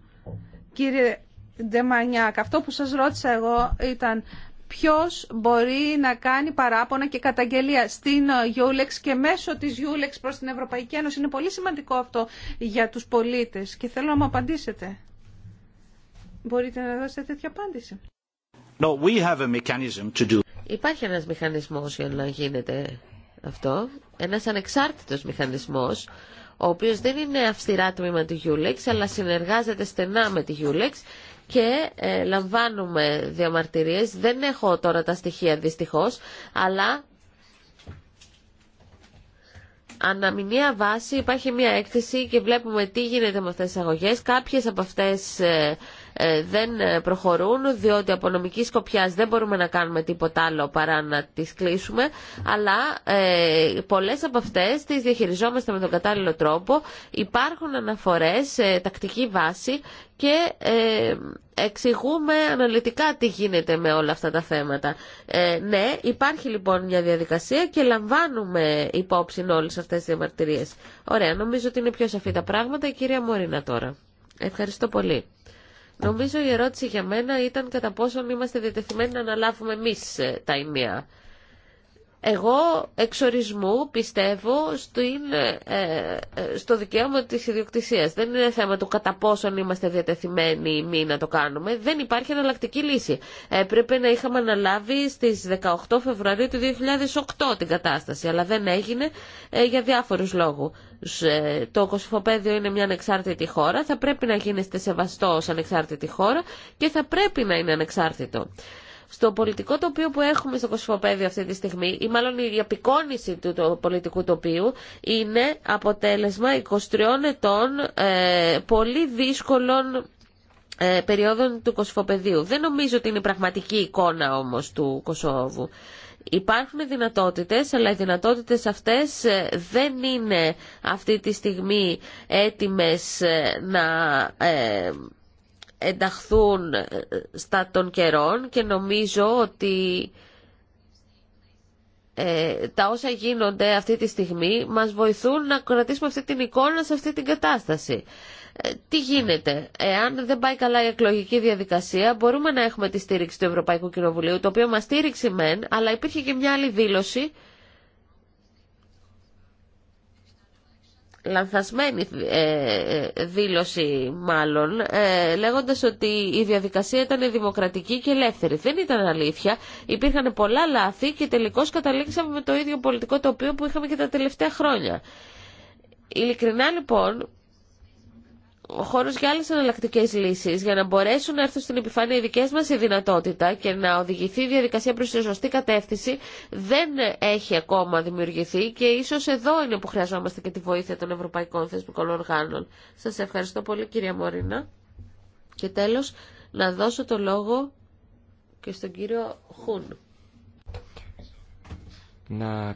Κύριε Ντεμανιάκ, αυτό που σας ρώτησα εγώ ήταν ποιος μπορεί να κάνει παράπονα και καταγγελία στην ε, Γιούλεξ και μέσω της Γιούλεξ προς την Ευρωπαϊκή Ένωση. Είναι πολύ σημαντικό αυτό για τους πολίτες και θέλω να μου απαντήσετε. Μπορείτε να δώσετε τέτοια απάντηση. Υπάρχει ένας μηχανισμός για να γίνεται αυτό ένας ανεξάρτητος μηχανισμός, ο οποίος δεν είναι αυστηρά τμήμα του Γιούλεξ, αλλά συνεργάζεται στενά με τη Γιούλεξ και ε, λαμβάνουμε διαμαρτυρίες. Δεν έχω τώρα τα στοιχεία δυστυχώς, αλλά αναμηνία βάση υπάρχει μια έκθεση και βλέπουμε τι γίνεται με αυτές τις αγωγές. Κάποιες από αυτές... Ε, ε, δεν ε, προχωρούν διότι από νομική σκοπιά δεν μπορούμε να κάνουμε τίποτα άλλο παρά να τις κλείσουμε αλλά ε, πολλές από αυτές τις διαχειριζόμαστε με τον κατάλληλο τρόπο υπάρχουν αναφορές σε τακτική βάση και εξηγούμε αναλυτικά τι γίνεται με όλα αυτά τα θέματα. Ε, ναι, υπάρχει λοιπόν μια διαδικασία και λαμβάνουμε υπόψη όλες αυτές τις διαμαρτυρίες. Ωραία, νομίζω ότι είναι πιο σαφή τα πράγματα. Η κυρία Μωρίνα τώρα. Ευχαριστώ πολύ. Νομίζω η ερώτηση για μένα ήταν κατά πόσον είμαστε διατεθειμένοι να αναλάβουμε εμεί ε, τα ημεία εγώ εξορισμού πιστεύω ε, ε, στο δικαίωμα της ιδιοκτησίας. Δεν είναι θέμα του κατά πόσον είμαστε διατεθειμένοι ή μη να το κάνουμε. Δεν υπάρχει εναλλακτική λύση. Ε, πρέπει να είχαμε αναλάβει στις 18 Φεβρουαρίου του 2008 την κατάσταση, αλλά δεν έγινε για διάφορους λόγους. Το Κωσυφοπαίδιο είναι μια ανεξάρτητη χώρα, θα πρέπει να γίνεστε σεβαστό ως ανεξάρτητη χώρα και θα πρέπει να είναι ανεξάρτητο στο πολιτικό τοπίο που έχουμε στο Κωσυφοπέδιο αυτή τη στιγμή, ή μάλλον η απεικόνηση του το πολιτικού τοπίου, είναι αποτέλεσμα 23 ετών ε, πολύ δύσκολων ε, περιόδων του Κωσυφοπεδίου. Δεν νομίζω ότι είναι η πραγματική εικόνα όμως του Κωσόβου. Υπάρχουν δυνατότητες, αλλά οι δυνατότητες αυτές ε, δεν είναι αυτή τη στιγμή έτοιμες να ενταχθούν ε, στα των καιρών και νομίζω ότι ε, τα όσα γίνονται αυτή τη στιγμή μας βοηθούν να κρατήσουμε αυτή την εικόνα σε αυτή την κατάσταση. Ε, τι γίνεται, εάν δεν πάει καλά η εκλογική διαδικασία μπορούμε να έχουμε τη στήριξη του Ευρωπαϊκού Κοινοβουλίου το οποίο μας στήριξε μεν αλλά υπήρχε και μια άλλη δήλωση λανθασμένη ε, δήλωση μάλλον ε, λέγοντας ότι η διαδικασία ήταν δημοκρατική και ελεύθερη. Δεν ήταν αλήθεια. Υπήρχαν πολλά λάθη και τελικώς καταλήξαμε με το ίδιο πολιτικό τοπίο που είχαμε και τα τελευταία χρόνια. Ειλικρινά λοιπόν ο χώρος για άλλες εναλλακτικέ λύσεις για να μπορέσουν να έρθουν στην επιφάνεια οι δικές μας η δυνατότητα και να οδηγηθεί η διαδικασία προς τη σωστή κατεύθυνση δεν έχει ακόμα δημιουργηθεί και ίσως εδώ είναι που χρειαζόμαστε και τη βοήθεια των Ευρωπαϊκών Θεσμικών Οργάνων. Σας ευχαριστώ πολύ κυρία Μωρίνα. Και τέλος να δώσω το λόγο και στον κύριο Χούν. Να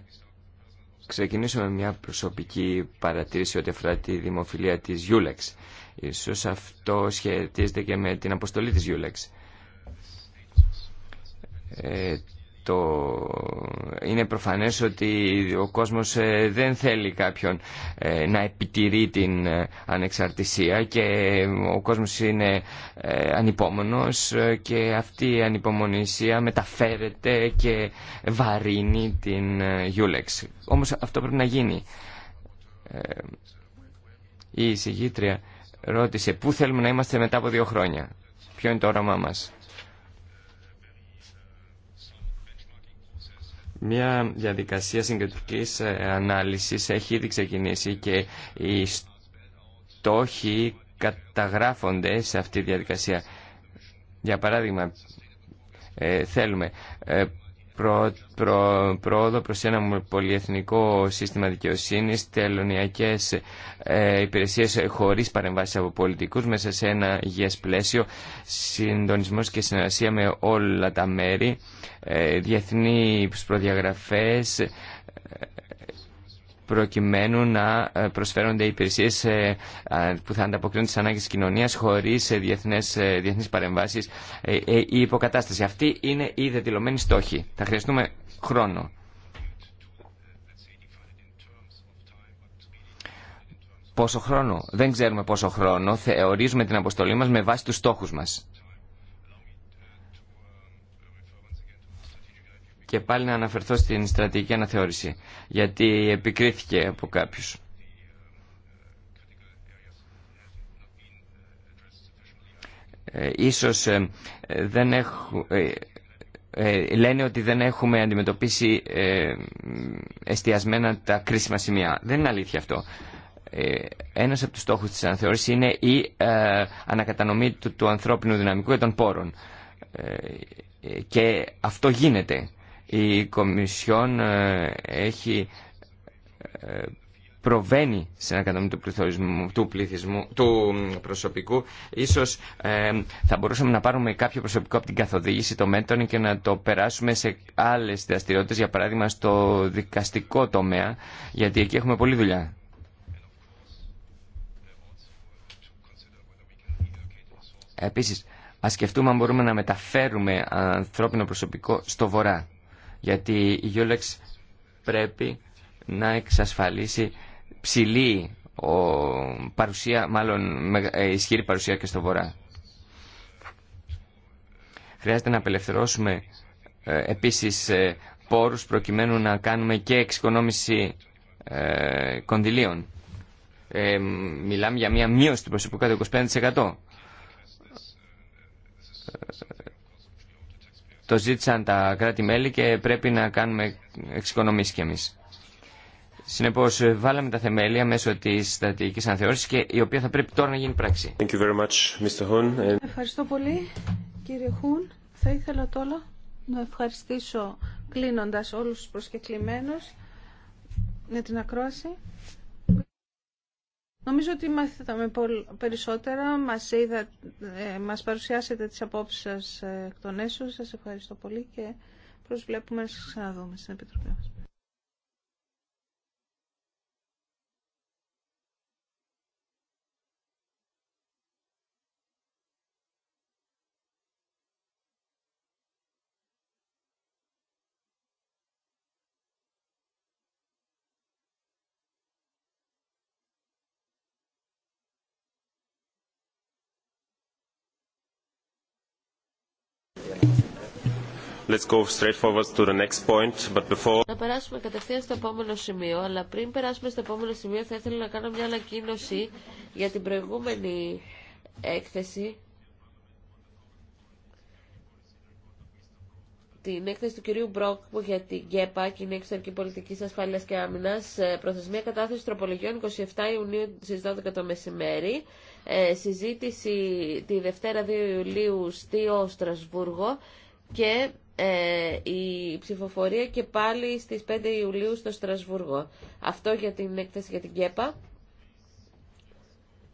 ξεκινήσω με μια προσωπική παρατήρηση ότι αφορά τη δημοφιλία της Γιούλεξ. Ίσως αυτό σχετίζεται και με την αποστολή της Γιούλεξ. Ε, το... Είναι προφανές ότι ο κόσμος ε, δεν θέλει κάποιον ε, να επιτηρεί την ανεξαρτησία και ο κόσμος είναι ανυπόμονος και αυτή η ανυπομονησία μεταφέρεται και βαρύνει την Γιούλεξ. Όμως αυτό πρέπει να γίνει. Η εισηγήτρια ρώτησε πού θέλουμε να είμαστε μετά από δύο χρόνια. Ποιο είναι το όραμά μας. Μια διαδικασία συγκριτικής ε, ανάλυσης έχει ήδη ξεκινήσει και οι στόχοι καταγράφονται σε αυτή τη διαδικασία. Για παράδειγμα, ε, θέλουμε ε, προ, προ, πρόοδο προς ένα πολυεθνικό σύστημα δικαιοσύνης, τελωνιακές ε, υπηρεσίες χωρίς παρεμβάσεις από πολιτικούς μέσα σε ένα υγιές πλαίσιο, συντονισμός και συνεργασία με όλα τα μέρη, ε, διεθνείς προδιαγραφές, προκειμένου να ε, προσφέρονται υπηρεσίε ε, που θα ανταποκρίνουν τι ανάγκε τη κοινωνίας χωρίς ε, διεθνές, διεθνείς παρεμβάσεις ή υποκατάσταση. η δεδηλωμένη στόχη. Θα χρειαστούμε χρόνο. Πόσο χρόνο. Δεν ξέρουμε πόσο χρόνο. Θεωρίζουμε την αποστολή μας με βάση τους στόχους μας. και πάλι να αναφερθώ στην στρατηγική αναθεώρηση, γιατί επικρίθηκε από κάποιους. Ε, ίσως ε, δεν έχω, ε, λένε ότι δεν έχουμε αντιμετωπίσει εστιασμένα τα κρίσιμα σημεία. Δεν είναι αλήθεια αυτό. Ένας από τους στόχους της αναθεώρησης είναι η ανακατανομή του, του ανθρώπινου δυναμικού και των πόρων. Και αυτό γίνεται η Κομισιόν ε, έχει ε, προβαίνει σε ένα του, του, πληθυσμού, του προσωπικού. Ίσως ε, θα μπορούσαμε να πάρουμε κάποιο προσωπικό από την καθοδήγηση των μέτρων και να το περάσουμε σε άλλες δραστηριότητε, για παράδειγμα στο δικαστικό τομέα, γιατί εκεί έχουμε πολλή δουλειά. Επίσης, ας σκεφτούμε αν μπορούμε να μεταφέρουμε ανθρώπινο προσωπικό στο βορρά γιατί η Γιόλεξ πρέπει να εξασφαλίσει ψηλή ο, παρουσία, μάλλον με, ε, ισχύρη παρουσία και στο βορρά. Χρειάζεται να απελευθερώσουμε ε, επίσης ε, πόρους προκειμένου να κάνουμε και εξοικονόμηση ε, κονδυλίων. Ε, μιλάμε για μια μείωση του προσωπικού κατά 25%. Το ζήτησαν τα κράτη-μέλη και πρέπει να κάνουμε εξοικονομήσει κι εμείς. Συνεπώς, βάλαμε τα θεμέλια μέσω τη στρατηγική αναθεώρησης και η οποία θα πρέπει τώρα να γίνει πράξη. much, Mr. Ευχαριστώ πολύ, κύριε Χούν. Θα ήθελα τώρα να ευχαριστήσω κλείνοντα όλου του προσκεκλημένους για την ακρόαση. Νομίζω ότι μάθαμε περισσότερα. Μας, είδα, ε, μας παρουσιάσετε τις απόψεις σας ε, εκ των έσω. Σας ευχαριστώ πολύ και προσβλέπουμε να σας ξαναδούμε στην Επιτροπή μας. Να περάσουμε κατευθείαν στο επόμενο σημείο, αλλά πριν περάσουμε στο επόμενο σημείο θα ήθελα να κάνω μια ανακοίνωση για την προηγούμενη έκθεση. Την έκθεση του κυρίου Μπρόκ για την ΚΕΠΑ, Κοινή Εξωτερική Πολιτική Ασφάλεια και Άμυνα, ε, προθεσμία κατάθεση τροπολογιών 27 Ιουνίου στι 12 το μεσημέρι. Ε, συζήτηση τη Δευτέρα 2 Ιουλίου στη Στρασβούργο και ε, η ψηφοφορία και πάλι στις 5 Ιουλίου στο Στρασβούργο. Αυτό για την έκθεση για την ΚΕΠΑ.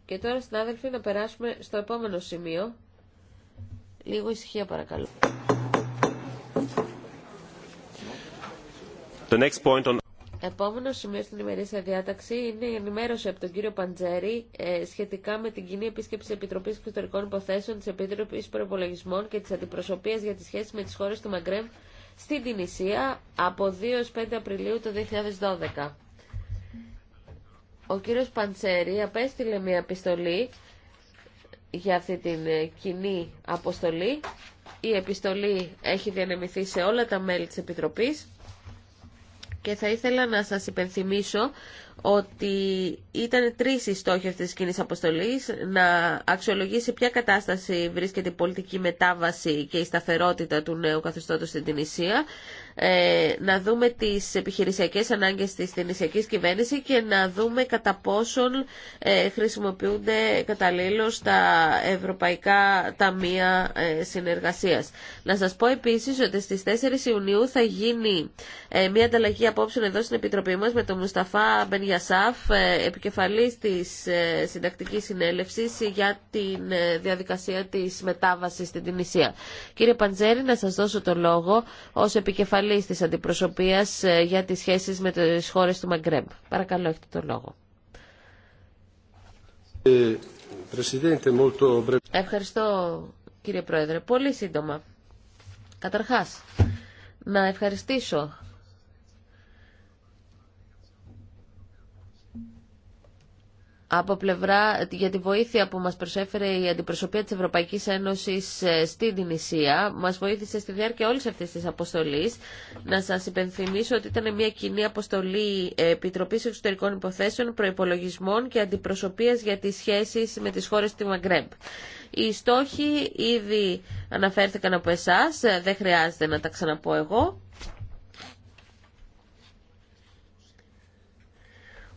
Και τώρα, συνάδελφοι, να περάσουμε στο επόμενο σημείο. Λίγο ησυχία, παρακαλώ. The next point Επόμενο σημείο στην ημερήσια διάταξη είναι η ενημέρωση από τον κύριο Παντζέρη ε, σχετικά με την κοινή επίσκεψη τη Επιτροπή Εξωτερικών Υποθέσεων, τη Επιτροπή Προπολογισμών και τη Αντιπροσωπεία για τη σχέση με τι χώρε του Μαγκρέμ στην Τινησία από 2-5 Απριλίου του 2012. Ο κύριος Παντσέρη απέστειλε μια επιστολή για αυτή την ε, κοινή αποστολή. Η επιστολή έχει διανεμηθεί σε όλα τα μέλη της Επιτροπής και θα ήθελα να σας υπενθυμίσω ότι ήταν τρει οι στόχοι αυτή της κοινή αποστολής να αξιολογήσει ποια κατάσταση βρίσκεται η πολιτική μετάβαση και η σταθερότητα του νέου καθεστώτο στην Τινησία ε, να δούμε τι επιχειρησιακέ ανάγκε τη Τινησιακή κυβέρνηση και να δούμε κατά πόσον ε, χρησιμοποιούνται καταλήλω τα ευρωπαϊκά ταμεία ε, συνεργασία. Να σα πω επίση ότι στι 4 Ιουνίου θα γίνει μια ανταλλαγή απόψεων εδώ στην Επιτροπή μα με τον Μουσταφά Μπεν Γιασάφ, ε, επικεφαλής της ε, συντακτικής συνέλευσης για τη ε, διαδικασία της μετάβασης στην Τινησία. Κύριε Παντζέρη, να σας δώσω το λόγο ως επικεφαλής της αντιπροσωπείας για τις σχέσεις με τις χώρες του Μαγκρέμπ. Παρακαλώ, έχετε το λόγο. Ευχαριστώ, κύριε Πρόεδρε. Πολύ σύντομα. Καταρχάς, να ευχαριστήσω από πλευρά για τη βοήθεια που μας προσέφερε η αντιπροσωπεία της Ευρωπαϊκής Ένωσης ε, στη Δινησία, Μας βοήθησε στη διάρκεια όλης αυτής της αποστολής. Να σας υπενθυμίσω ότι ήταν μια κοινή αποστολή ε, Επιτροπής Εξωτερικών Υποθέσεων, Προϋπολογισμών και Αντιπροσωπείας για τις σχέσεις με τις χώρες του Μαγκρέμπ. Οι στόχοι ήδη αναφέρθηκαν από εσάς, ε, δεν χρειάζεται να τα ξαναπώ εγώ.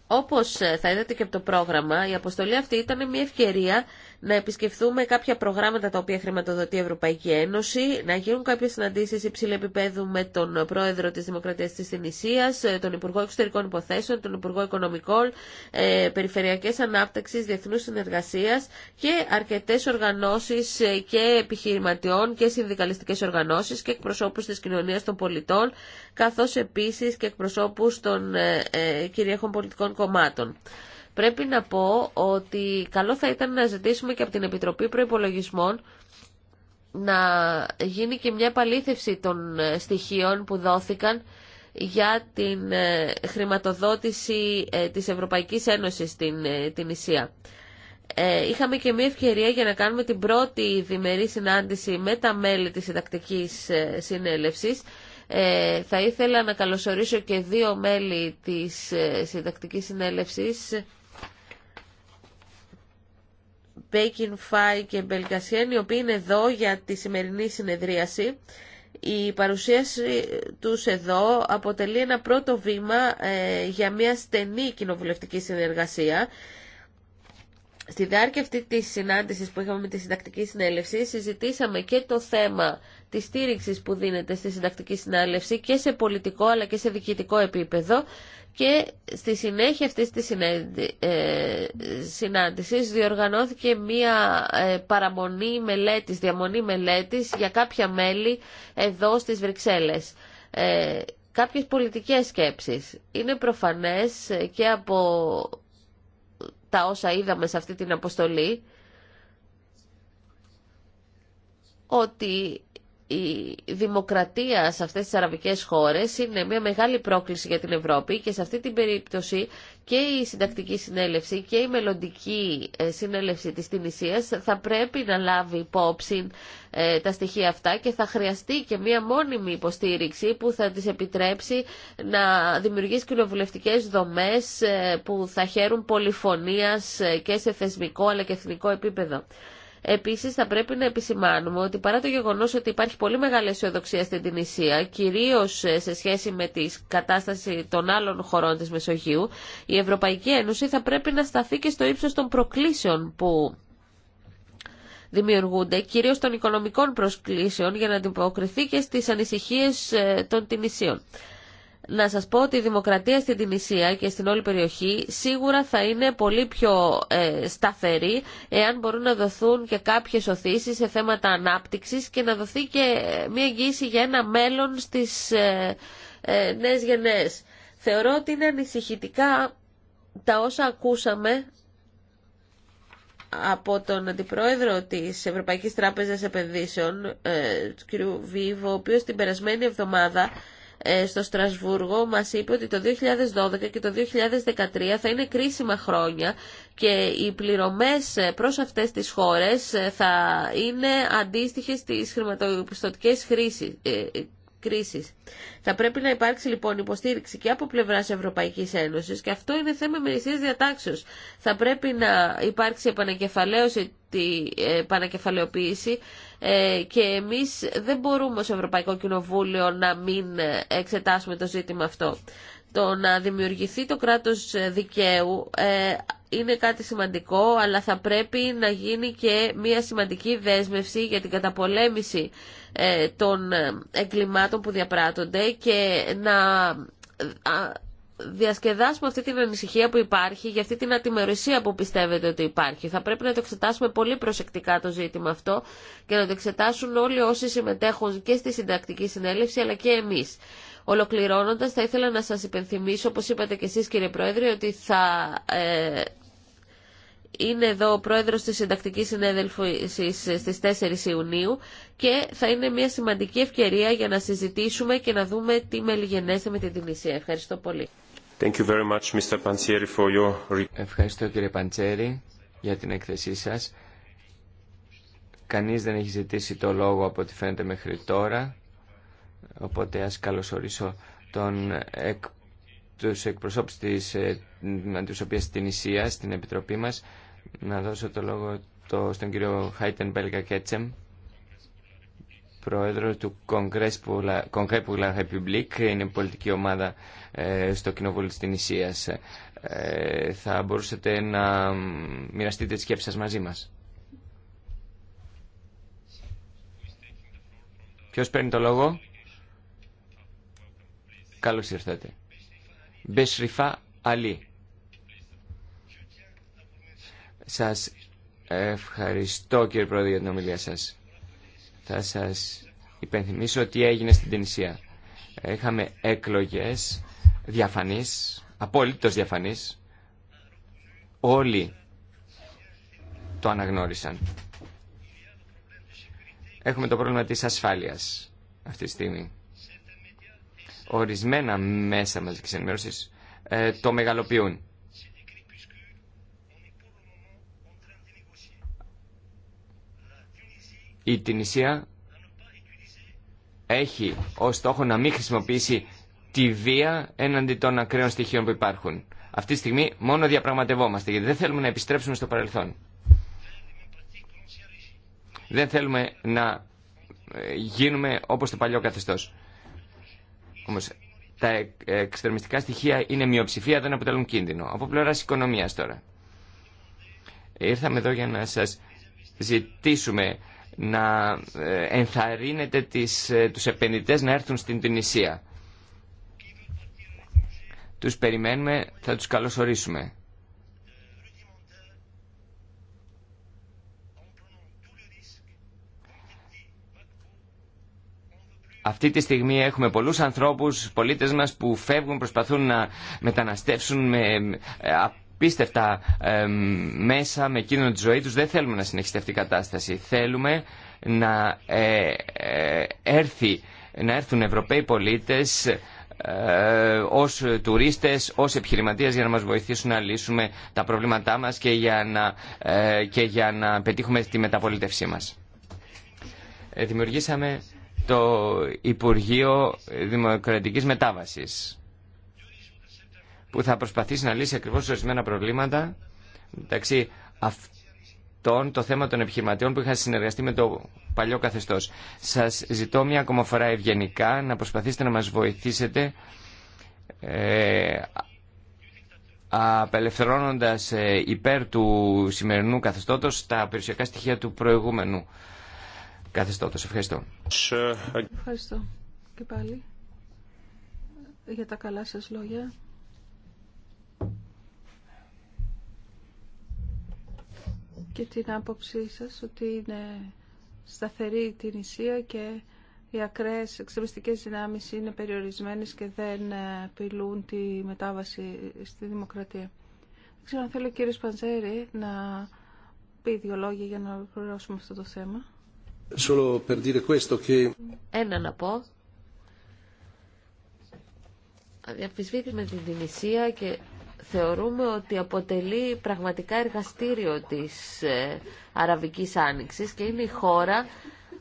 Όπως ε, θα είδατε και από το πρόγραμμα, η αποστολή αυτή ήταν μια ευκαιρία να επισκεφθούμε κάποια προγράμματα τα οποία χρηματοδοτεί η Ευρωπαϊκή Ένωση, να γίνουν κάποιε συναντήσει υψηλού επίπεδου με τον Πρόεδρο τη Δημοκρατία τη Τινησία, ε, τον Υπουργό Εξωτερικών Υποθέσεων, τον Υπουργό Οικονομικών, ε, Περιφερειακές Ανάπτυξης, Διεθνούς Συνεργασίας και αρκετέ οργανώσει ε, και επιχειρηματιών και συνδικαλιστικές οργανώσει, και εκπροσώπους τη Κοινωνία των πολιτών, καθώ επίση και εκπροσώπου των ε, ε, κυριαρχών πολιτικών κομμάτων. Πρέπει να πω ότι καλό θα ήταν να ζητήσουμε και από την Επιτροπή Προϋπολογισμών να γίνει και μια επαλήθευση των ε, στοιχείων που δόθηκαν για την ε, χρηματοδότηση ε, της Ευρωπαϊκής Ένωσης στην την Ισία. Είχαμε και μια ευκαιρία για να κάνουμε την πρώτη διμερή συνάντηση με τα μέλη της συντακτικής συνέλευσης. Θα ήθελα να καλωσορίσω και δύο μέλη της συντακτικής συνέλευσης Μπέικιν Φάι και Μπελκασιέν, οι οποίοι είναι εδώ για τη σημερινή συνεδρίαση. Η παρουσίαση τους εδώ αποτελεί ένα πρώτο βήμα ε, για μια στενή κοινοβουλευτική συνεργασία Στη διάρκεια αυτή της συνάντησης που είχαμε με τη συντακτική συνέλευση συζητήσαμε και το θέμα της στήριξη που δίνεται στη συντακτική συνέλευση και σε πολιτικό αλλά και σε διοικητικό επίπεδο και στη συνέχεια αυτής της ε, συνάντησης διοργανώθηκε μία ε, παραμονή μελέτης, διαμονή μελέτης για κάποια μέλη εδώ στις Βρυξέλλες ε, κάποιες πολιτικές σκέψεις. Είναι προφανές και από τα όσα είδαμε σε αυτή την αποστολή ότι η δημοκρατία σε αυτές τις αραβικές χώρες είναι μια μεγάλη πρόκληση για την Ευρώπη και σε αυτή την περίπτωση και η συντακτική συνέλευση και η μελλοντική ε, συνέλευση της Τινησίας θα πρέπει να λάβει υπόψη ε, τα στοιχεία αυτά και θα χρειαστεί και μια μόνιμη υποστήριξη που θα τις επιτρέψει να δημιουργήσει κοινοβουλευτικέ δομές ε, που θα χαίρουν πολυφωνίας και σε θεσμικό αλλά και εθνικό επίπεδο. Επίσης θα πρέπει να επισημάνουμε ότι παρά το γεγονός ότι υπάρχει πολύ μεγάλη αισιοδοξία στην Τινησία, κυρίως ε, σε σχέση με τη κατάσταση των άλλων χωρών της Μεσογείου, η Ευρωπαϊκή Ένωση θα πρέπει να σταθεί και στο ύψος των προκλήσεων που δημιουργούνται, κυρίως των οικονομικών προσκλήσεων για να αντιποκριθεί και στι ανησυχίε ε, των Τινησίων να σας πω ότι η δημοκρατία στην Τινησία και στην όλη περιοχή σίγουρα θα είναι πολύ πιο ε, σταθερή εάν μπορούν να δοθούν και κάποιες οθήσεις σε θέματα ανάπτυξης και να δοθεί και μια εγγύηση για ένα μέλλον στις ε, ε, νέες γενναίες. Θεωρώ ότι είναι ανησυχητικά τα όσα ακούσαμε από τον Αντιπρόεδρο της Ευρωπαϊκής Τράπεζας Επενδύσεων, ε, του κ. Βίβο, ο οποίος την περασμένη εβδομάδα ε, στο Στρασβούργο μας είπε ότι το 2012 και το 2013 θα είναι κρίσιμα χρόνια και οι πληρωμές ε, προς αυτές τις χώρες ε, θα είναι αντίστοιχες στις χρηματοπιστωτικές θα πρέπει να υπάρξει λοιπόν υποστήριξη και από πλευράς Ευρωπαϊκής Ένωση και αυτό είναι θέμα μεριστής διατάξεως. Θα πρέπει να υπάρξει επανακεφαλαίωση τη ε, επανακεφαλαιοποίηση ε, και εμείς δεν μπορούμε ως Ευρωπαϊκό Κοινοβούλιο να μην ε, εξετάσουμε το ζήτημα αυτό. Το να δημιουργηθεί το κράτος ε, δικαίου ε, είναι κάτι σημαντικό, αλλά θα πρέπει να γίνει και μια σημαντική δέσμευση για την καταπολέμηση ε, των εγκλημάτων που διαπράττονται και να διασκεδάσουμε αυτή την ανησυχία που υπάρχει για αυτή την ατιμερουσία που πιστεύετε ότι υπάρχει. Θα πρέπει να το εξετάσουμε πολύ προσεκτικά το ζήτημα αυτό και να το εξετάσουν όλοι όσοι συμμετέχουν και στη συντακτική συνέλευση αλλά και εμείς. Ολοκληρώνοντας, θα ήθελα να σας υπενθυμίσω, όπως είπατε και εσείς κύριε Πρόεδρε, ότι θα ε, είναι εδώ ο πρόεδρος της συντακτικής συνέδελφης στις 4 Ιουνίου και θα είναι μια σημαντική ευκαιρία για να συζητήσουμε και να δούμε τι μελιγενέστε με την Τινησία. Ευχαριστώ πολύ. Thank you very much, Mr. for your... Ευχαριστώ κύριε Παντσέρη για την έκθεσή σας. Κανείς δεν έχει ζητήσει το λόγο από ό,τι φαίνεται μέχρι τώρα. Οπότε ας καλωσορίσω τον εκ, τους εκπροσώπους της ε, οποίες στην Ισία, στην Επιτροπή μας. Να δώσω το λόγο το, στον κύριο Χάιτεν Πέλγα Κέτσεμ, πρόεδρο του Κογκρέπου Πουλα είναι πολιτική ομάδα ε, στο Κοινοβούλιο της Τινησίας. Ε, θα μπορούσατε να μοιραστείτε τις σκέψεις σας μαζί μας. Ποιος παίρνει το λόγο? Καλώς ήρθατε. Μπεσριφά Αλή. Σας ευχαριστώ κύριε Πρόεδρε για την ομιλία σας. Θα σας υπενθυμίσω τι έγινε στην Τινησία. Είχαμε εκλογές διαφανείς, απόλυτος διαφανείς. Όλοι το αναγνώρισαν. Έχουμε το πρόβλημα της ασφάλειας αυτή τη στιγμή ορισμένα μέσα μας ενημέρωση ε, το μεγαλοποιούν. Η Τινησία έχει ως στόχο να μην χρησιμοποιήσει τη βία έναντι των ακραίων στοιχείων που υπάρχουν. Αυτή τη στιγμή μόνο διαπραγματευόμαστε γιατί δεν θέλουμε να επιστρέψουμε στο παρελθόν. Δεν θέλουμε να ε, γίνουμε όπως το παλιό καθεστώς. Όμω, τα εξτρεμιστικά στοιχεία είναι μειοψηφία, δεν αποτελούν κίνδυνο. Από πλευράς οικονομία τώρα. Ήρθαμε εδώ για να σας ζητήσουμε να ε, ενθαρρύνετε τις, ε, τους επενδυτές να έρθουν στην Τινησία. Τους περιμένουμε, θα τους καλωσορίσουμε. Αυτή τη στιγμή έχουμε πολλούς ανθρώπους, πολίτες μας που φεύγουν, προσπαθούν να μεταναστεύσουν με ε, απίστευτα μέσα, με κίνδυνο τη ζωή τους. Δεν θέλουμε να συνεχιστεί αυτή η κατάσταση. Θέλουμε να, ε, ε, έρθει, να έρθουν Ευρωπαίοι πολίτες ως τουρίστες, ως επιχειρηματίες για να μας βοηθήσουν να λύσουμε τα προβλήματά μας και για να, και για να πετύχουμε τη μεταπολίτευσή μας. Δημιουργήσαμε το Υπουργείο Δημοκρατικής Μετάβασης που θα προσπαθήσει να λύσει ακριβώς ορισμένα προβλήματα μεταξύ αυτών το θέμα των επιχειρηματιών που είχαν συνεργαστεί με το παλιό καθεστώς. Σας ζητώ μια ακόμα φορά ευγενικά να προσπαθήσετε να μας βοηθήσετε ε, απελευθερώνοντας ε, υπέρ του σημερινού καθεστώτος τα περιουσιακά στοιχεία του προηγούμενου καθεστώτος. Ευχαριστώ. Ευχαριστώ και πάλι για τα καλά σας λόγια. και την άποψή σας ότι είναι σταθερή την Ισία και οι ακραίες εξεμιστικές δυνάμεις είναι περιορισμένες και δεν απειλούν τη μετάβαση στη δημοκρατία. Δεν ξέρω αν θέλω ο κύριος Παντζέρη να πει δύο λόγια για να ολοκληρώσουμε αυτό το θέμα. Solo per dire questo, Ένα να πω. την Τινησία και θεωρούμε ότι αποτελεί πραγματικά εργαστήριο της ε, Αραβικής Άνοιξης και είναι η χώρα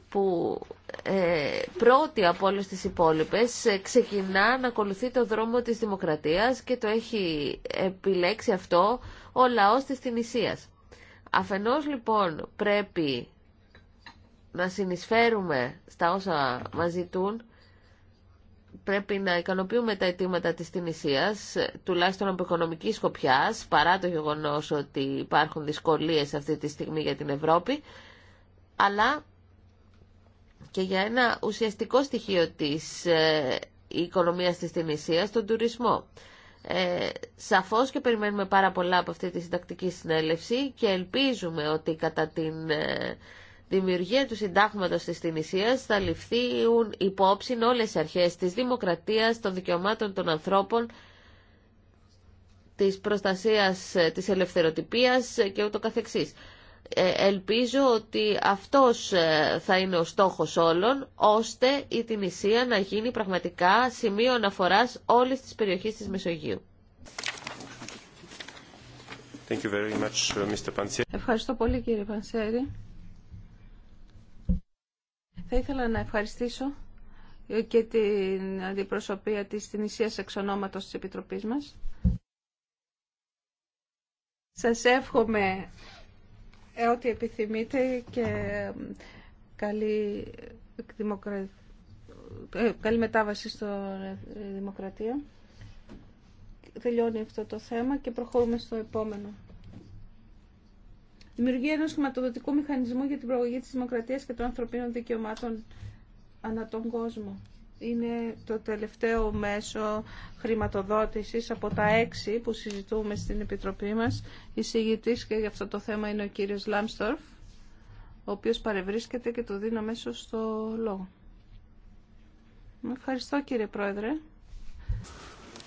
που ε, πρώτη από όλες τις υπόλοιπες ε, ξεκινά να ακολουθεί το δρόμο της δημοκρατίας και το έχει επιλέξει αυτό ο λαός της Τινησίας. Αφενός λοιπόν πρέπει να συνεισφέρουμε στα όσα μας ζητούν, πρέπει να ικανοποιούμε τα αιτήματα της Τινησίας, τουλάχιστον από οικονομική σκοπιά, παρά το γεγονός ότι υπάρχουν δυσκολίες αυτή τη στιγμή για την Ευρώπη, αλλά και για ένα ουσιαστικό στοιχείο της ε, οικονομίας της Τινησίας, τον τουρισμό. Ε, σαφώς και περιμένουμε πάρα πολλά από αυτή τη συντακτική συνέλευση και ελπίζουμε ότι κατά την... Ε, δημιουργία του συντάγματο της Τινησία θα ληφθούν υπόψη όλες οι αρχές της δημοκρατίας, των δικαιωμάτων των ανθρώπων, της προστασίας ε, της ελευθεροτυπίας ε, και ούτω ε, Ελπίζω ότι αυτός θα είναι ο στόχος όλων, ώστε η Τινησία να γίνει πραγματικά σημείο αναφοράς όλης της περιοχή της Μεσογείου. Thank you very much, uh, Mr. Ευχαριστώ πολύ κύριε Πανσέρη. Θα ήθελα να ευχαριστήσω ε, και την αντιπροσωπεία της στην Ισίας Εξονόματος της Επιτροπής μας. Σας εύχομαι ε, ό,τι επιθυμείτε και ε, καλή, δημοκρα... καλή μετάβαση στο δημοκρατία. Τελειώνει αυτό το θέμα και προχωρούμε στο επόμενο δημιουργία ενό χρηματοδοτικού μηχανισμού για την προαγωγή της δημοκρατίας και των ανθρωπίνων δικαιωμάτων ανά τον κόσμο. Είναι το τελευταίο μέσο χρηματοδότησης από τα έξι που συζητούμε στην Επιτροπή μας. Η συγγετής και για αυτό το θέμα είναι ο κύριος Λάμστορφ, ο οποίος παρευρίσκεται και το δίνω μέσω στο λόγο. Ευχαριστώ κύριε Πρόεδρε.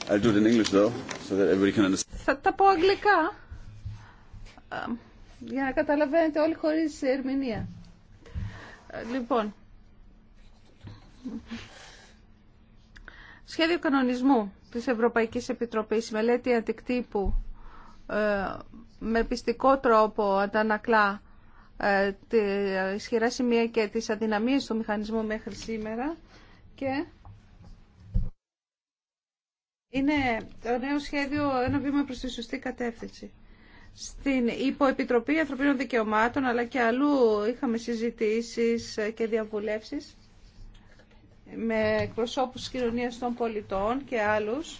I'll do in English, though, so everybody can understand. Θα τα πω αγγλικά για να καταλαβαίνετε όλοι χωρίς ερμηνεία. Λοιπόν, σχέδιο κανονισμού της Ευρωπαϊκής Επιτροπής, μελέτη αντικτύπου ε, με πιστικό τρόπο αντανακλά ε, τη ισχυρά σημεία και τις αδυναμίες του μηχανισμού μέχρι σήμερα και είναι το νέο σχέδιο ένα βήμα προς τη σωστή κατεύθυνση. Στην Υποεπιτροπή Ανθρωπίνων Δικαιωμάτων αλλά και αλλού είχαμε συζητήσεις και διαβουλεύσεις με εκπροσώπους της κοινωνίας των πολιτών και άλλους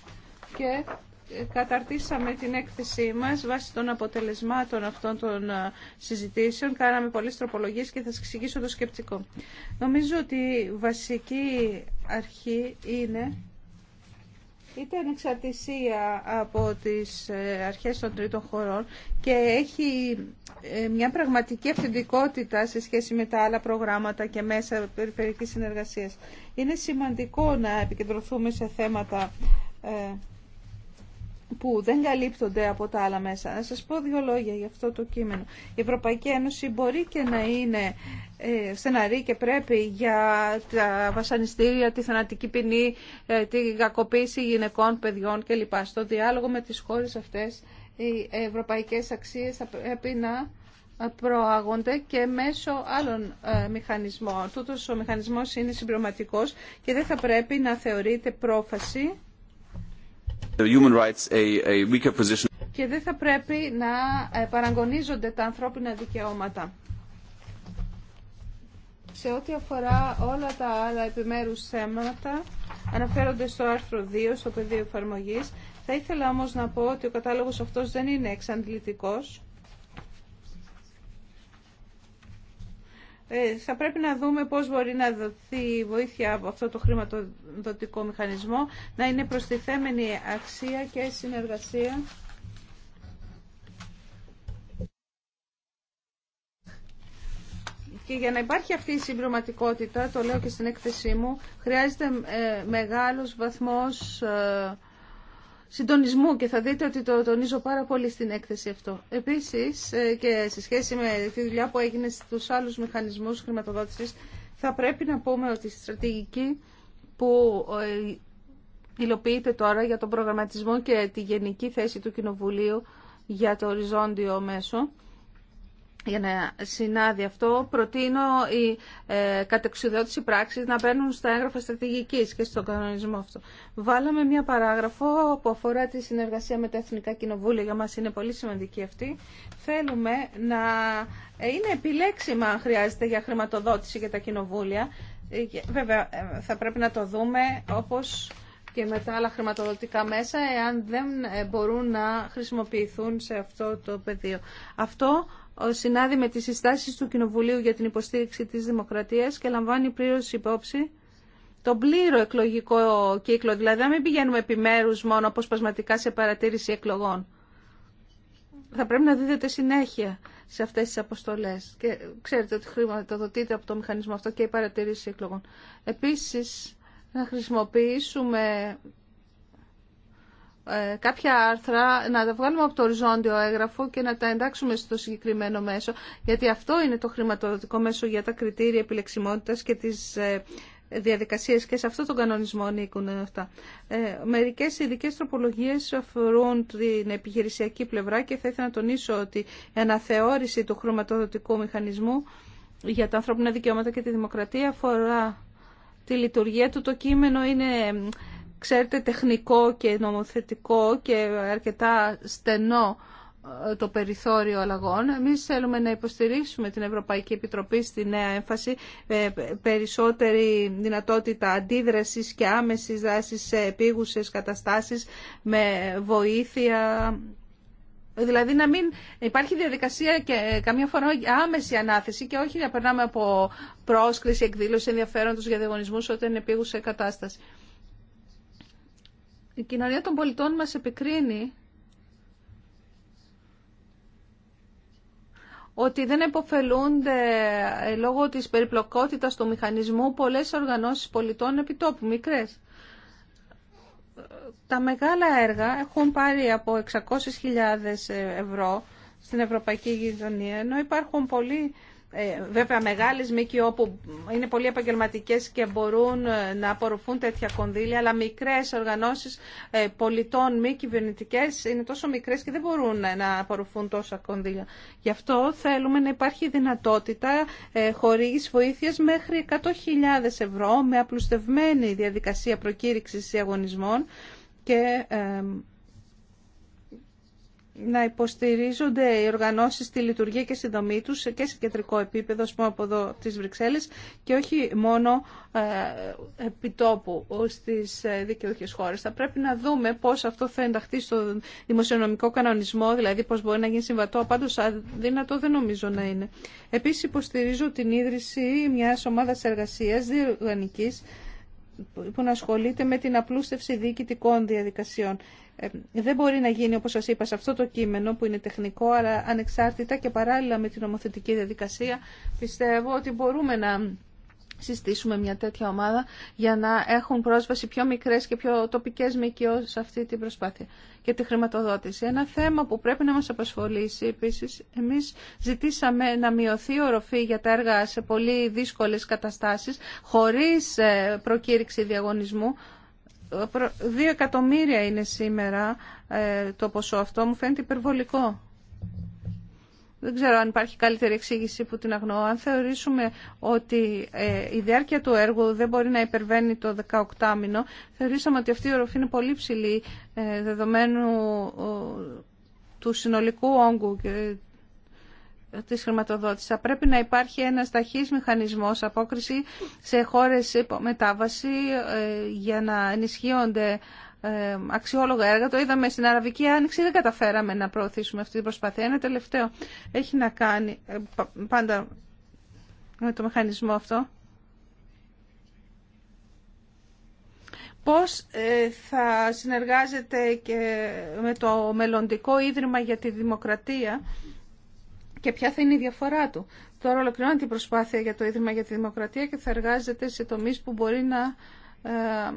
και καταρτήσαμε την έκθεσή μας βάσει των αποτελεσμάτων αυτών των ε, συζητήσεων. Κάναμε πολλές τροπολογίες και θα σας εξηγήσω το σκεπτικό. Νομίζω ότι η βασική αρχή είναι είτε ανεξαρτησία από τις ε, αρχές των τρίτων χωρών και έχει ε, μια πραγματική αυθεντικότητα σε σχέση με τα άλλα προγράμματα και μέσα περιφερειακής συνεργασίας. Είναι σημαντικό να επικεντρωθούμε σε θέματα ε, που δεν καλύπτονται από τα άλλα μέσα. Να σας πω δύο λόγια για αυτό το κείμενο. Η Ευρωπαϊκή Ένωση μπορεί και να είναι ε, στεναρή και πρέπει για τα βασανιστήρια, τη θανατική ποινή, ε, τη κακοποίηση γυναικών, παιδιών κλπ. Στο διάλογο με τις χώρες αυτές οι ευρωπαϊκές αξίες θα πρέπει να προάγονται και μέσω άλλων ε, μηχανισμών. Τούτος ο μηχανισμός είναι συμπληρωματικός και δεν θα πρέπει να θεωρείται πρόφαση και δεν θα πρέπει να ε, παραγωνίζονται τα ανθρώπινα δικαιώματα. Σε ό,τι αφορά όλα τα άλλα επιμέρους θέματα, αναφέρονται στο άρθρο 2, στο πεδίο εφαρμογή. Θα ήθελα όμως να πω ότι ο κατάλογος αυτός δεν είναι εξαντλητικός. Ε, θα πρέπει να δούμε πώς μπορεί να δοθεί βοήθεια από αυτό το χρηματοδοτικό μηχανισμό, να είναι προστιθέμενη αξία και συνεργασία. Και για να υπάρχει αυτή η συμπληρωματικότητα, το λέω και στην έκθεσή μου, χρειάζεται ε, μεγάλος βαθμός ε, συντονισμού και θα δείτε ότι το τονίζω πάρα πολύ στην έκθεση αυτό. Επίσης ε, και σε σχέση με τη δουλειά που έγινε στους άλλους μηχανισμούς χρηματοδότησης θα πρέπει να πούμε ότι η στρατηγική που ε, υλοποιείται τώρα για τον προγραμματισμό και τη γενική θέση του Κοινοβουλίου για το οριζόντιο μέσο για να συνάδει αυτό, προτείνω η ε, κατεξουδότηση πράξη να μπαίνουν στα έγγραφα στρατηγική και στον κανονισμό αυτό. Βάλαμε μια παράγραφο που αφορά τη συνεργασία με τα Εθνικά Κοινοβούλια. Για μα είναι πολύ σημαντική αυτή. Θέλουμε να ε, είναι επιλέξιμα αν χρειάζεται για χρηματοδότηση για τα κοινοβούλια. Ε, βέβαια, ε, θα πρέπει να το δούμε όπω και με τα άλλα χρηματοδοτικά μέσα, εάν δεν μπορούν να χρησιμοποιηθούν σε αυτό το πεδίο. Αυτό συνάδει με τις συστάσεις του Κοινοβουλίου για την υποστήριξη της δημοκρατίας και λαμβάνει πλήρως υπόψη το πλήρω εκλογικό κύκλο, δηλαδή να μην πηγαίνουμε επιμέρους μόνο αποσπασματικά σε παρατήρηση εκλογών. Θα πρέπει να δίδεται συνέχεια σε αυτές τις αποστολές. Και ξέρετε ότι χρηματοδοτείται από το μηχανισμό αυτό και η παρατήρηση εκλογών. Επίσης, να χρησιμοποιήσουμε ε, κάποια άρθρα να τα βγάλουμε από το οριζόντιο έγγραφο και να τα εντάξουμε στο συγκεκριμένο μέσο, γιατί αυτό είναι το χρηματοδοτικό μέσο για τα κριτήρια επιλεξιμότητας και τις ε, διαδικασίες και σε αυτό τον κανονισμό ανήκουν αυτά. Ε, μερικές ειδικέ τροπολογίες αφορούν την επιχειρησιακή πλευρά και θα ήθελα να τονίσω ότι η αναθεώρηση του χρηματοδοτικού μηχανισμού για τα ανθρώπινα δικαιώματα και τη δημοκρατία αφορά τη λειτουργία του. Το κείμενο είναι ξέρετε, τεχνικό και νομοθετικό και αρκετά στενό ε, το περιθώριο αλλαγών. Εμείς θέλουμε να υποστηρίξουμε την Ευρωπαϊκή Επιτροπή στη νέα έμφαση, ε, περισσότερη δυνατότητα αντίδρασης και άμεσης δράσης σε επίγουσες καταστάσεις με βοήθεια Δηλαδή να μην υπάρχει διαδικασία και ε, καμιά φορά άμεση ανάθεση και όχι να περνάμε από πρόσκληση, εκδήλωση ενδιαφέροντος για διαγωνισμούς όταν είναι επίγουσα κατάσταση. Η κοινωνία των πολιτών μας επικρίνει ότι δεν επωφελούνται λόγω της περιπλοκότητας του μηχανισμού πολλές οργανώσεις πολιτών επιτόπου, μικρές. Τα μεγάλα έργα έχουν πάρει από 600.000 ευρώ στην Ευρωπαϊκή Γειτονία, ενώ υπάρχουν πολλοί ε, βέβαια μεγάλες ΜΚΟ που είναι πολύ επαγγελματικέ και μπορούν ε, να απορροφούν τέτοια κονδύλια, αλλά μικρές οργανώσεις ε, πολιτών μη κυβερνητικέ είναι τόσο μικρές και δεν μπορούν να απορροφούν τόσα κονδύλια. Γι' αυτό θέλουμε να υπάρχει δυνατότητα χορήγηση βοήθεια μέχρι 100.000 ευρώ με απλουστευμένη διαδικασία προκήρυξης διαγωνισμών και να υποστηρίζονται οι οργανώσει στη λειτουργία και στη δομή του και σε κεντρικό επίπεδο, α πούμε από εδώ της Βρυξέλλη, και όχι μόνο ε, επιτόπου στις ε, δικαιούχε χώρε. Θα πρέπει να δούμε πώ αυτό θα ενταχθεί στο δημοσιονομικό κανονισμό, δηλαδή πώ μπορεί να γίνει συμβατό, Πάντω, αδύνατο δεν νομίζω να είναι. Επίση, υποστηρίζω την ίδρυση μιας ομάδας εργασίας διοργανική που να ασχολείται με την απλούστευση διοικητικών διαδικασιών ε, δεν μπορεί να γίνει, όπως σας είπα, σε αυτό το κείμενο που είναι τεχνικό, αλλά ανεξάρτητα και παράλληλα με την νομοθετική διαδικασία, πιστεύω ότι μπορούμε να συστήσουμε μια τέτοια ομάδα για να έχουν πρόσβαση πιο μικρές και πιο τοπικές ΜΚΟ σε αυτή την προσπάθεια και τη χρηματοδότηση. Ένα θέμα που πρέπει να μας απασχολήσει επίσης, εμείς ζητήσαμε να μειωθεί οροφή για τα έργα σε πολύ δύσκολες καταστάσεις χωρίς ε, προκήρυξη διαγωνισμού Δύο εκατομμύρια είναι σήμερα ε, το ποσό αυτό. Μου φαίνεται υπερβολικό. Δεν ξέρω αν υπάρχει καλύτερη εξήγηση που την αγνοώ. Αν θεωρήσουμε ότι ε, η διάρκεια του έργου δεν μπορεί να υπερβαίνει το 18 μήνο, θεωρήσαμε ότι αυτή η οροφή είναι πολύ ψηλή ε, δεδομένου του συνολικού όγκου της χρηματοδότησης. Θα πρέπει να υπάρχει ένας ταχύς μηχανισμός απόκριση σε χώρες μετάβαση ε, για να ενισχύονται ε, αξιόλογα έργα. Το είδαμε στην Αραβική Άνοιξη, δεν καταφέραμε να προωθήσουμε αυτή την προσπάθεια. Ένα τελευταίο έχει να κάνει ε, πάντα με το μηχανισμό αυτό. Πώς θα συνεργάζεται και με το Μελλοντικό Ίδρυμα για τη Δημοκρατία και ποια θα είναι η διαφορά του. Τώρα ολοκληρώνεται την προσπάθεια για το Ίδρυμα για τη Δημοκρατία και θα εργάζεται σε τομείς που μπορεί να ε,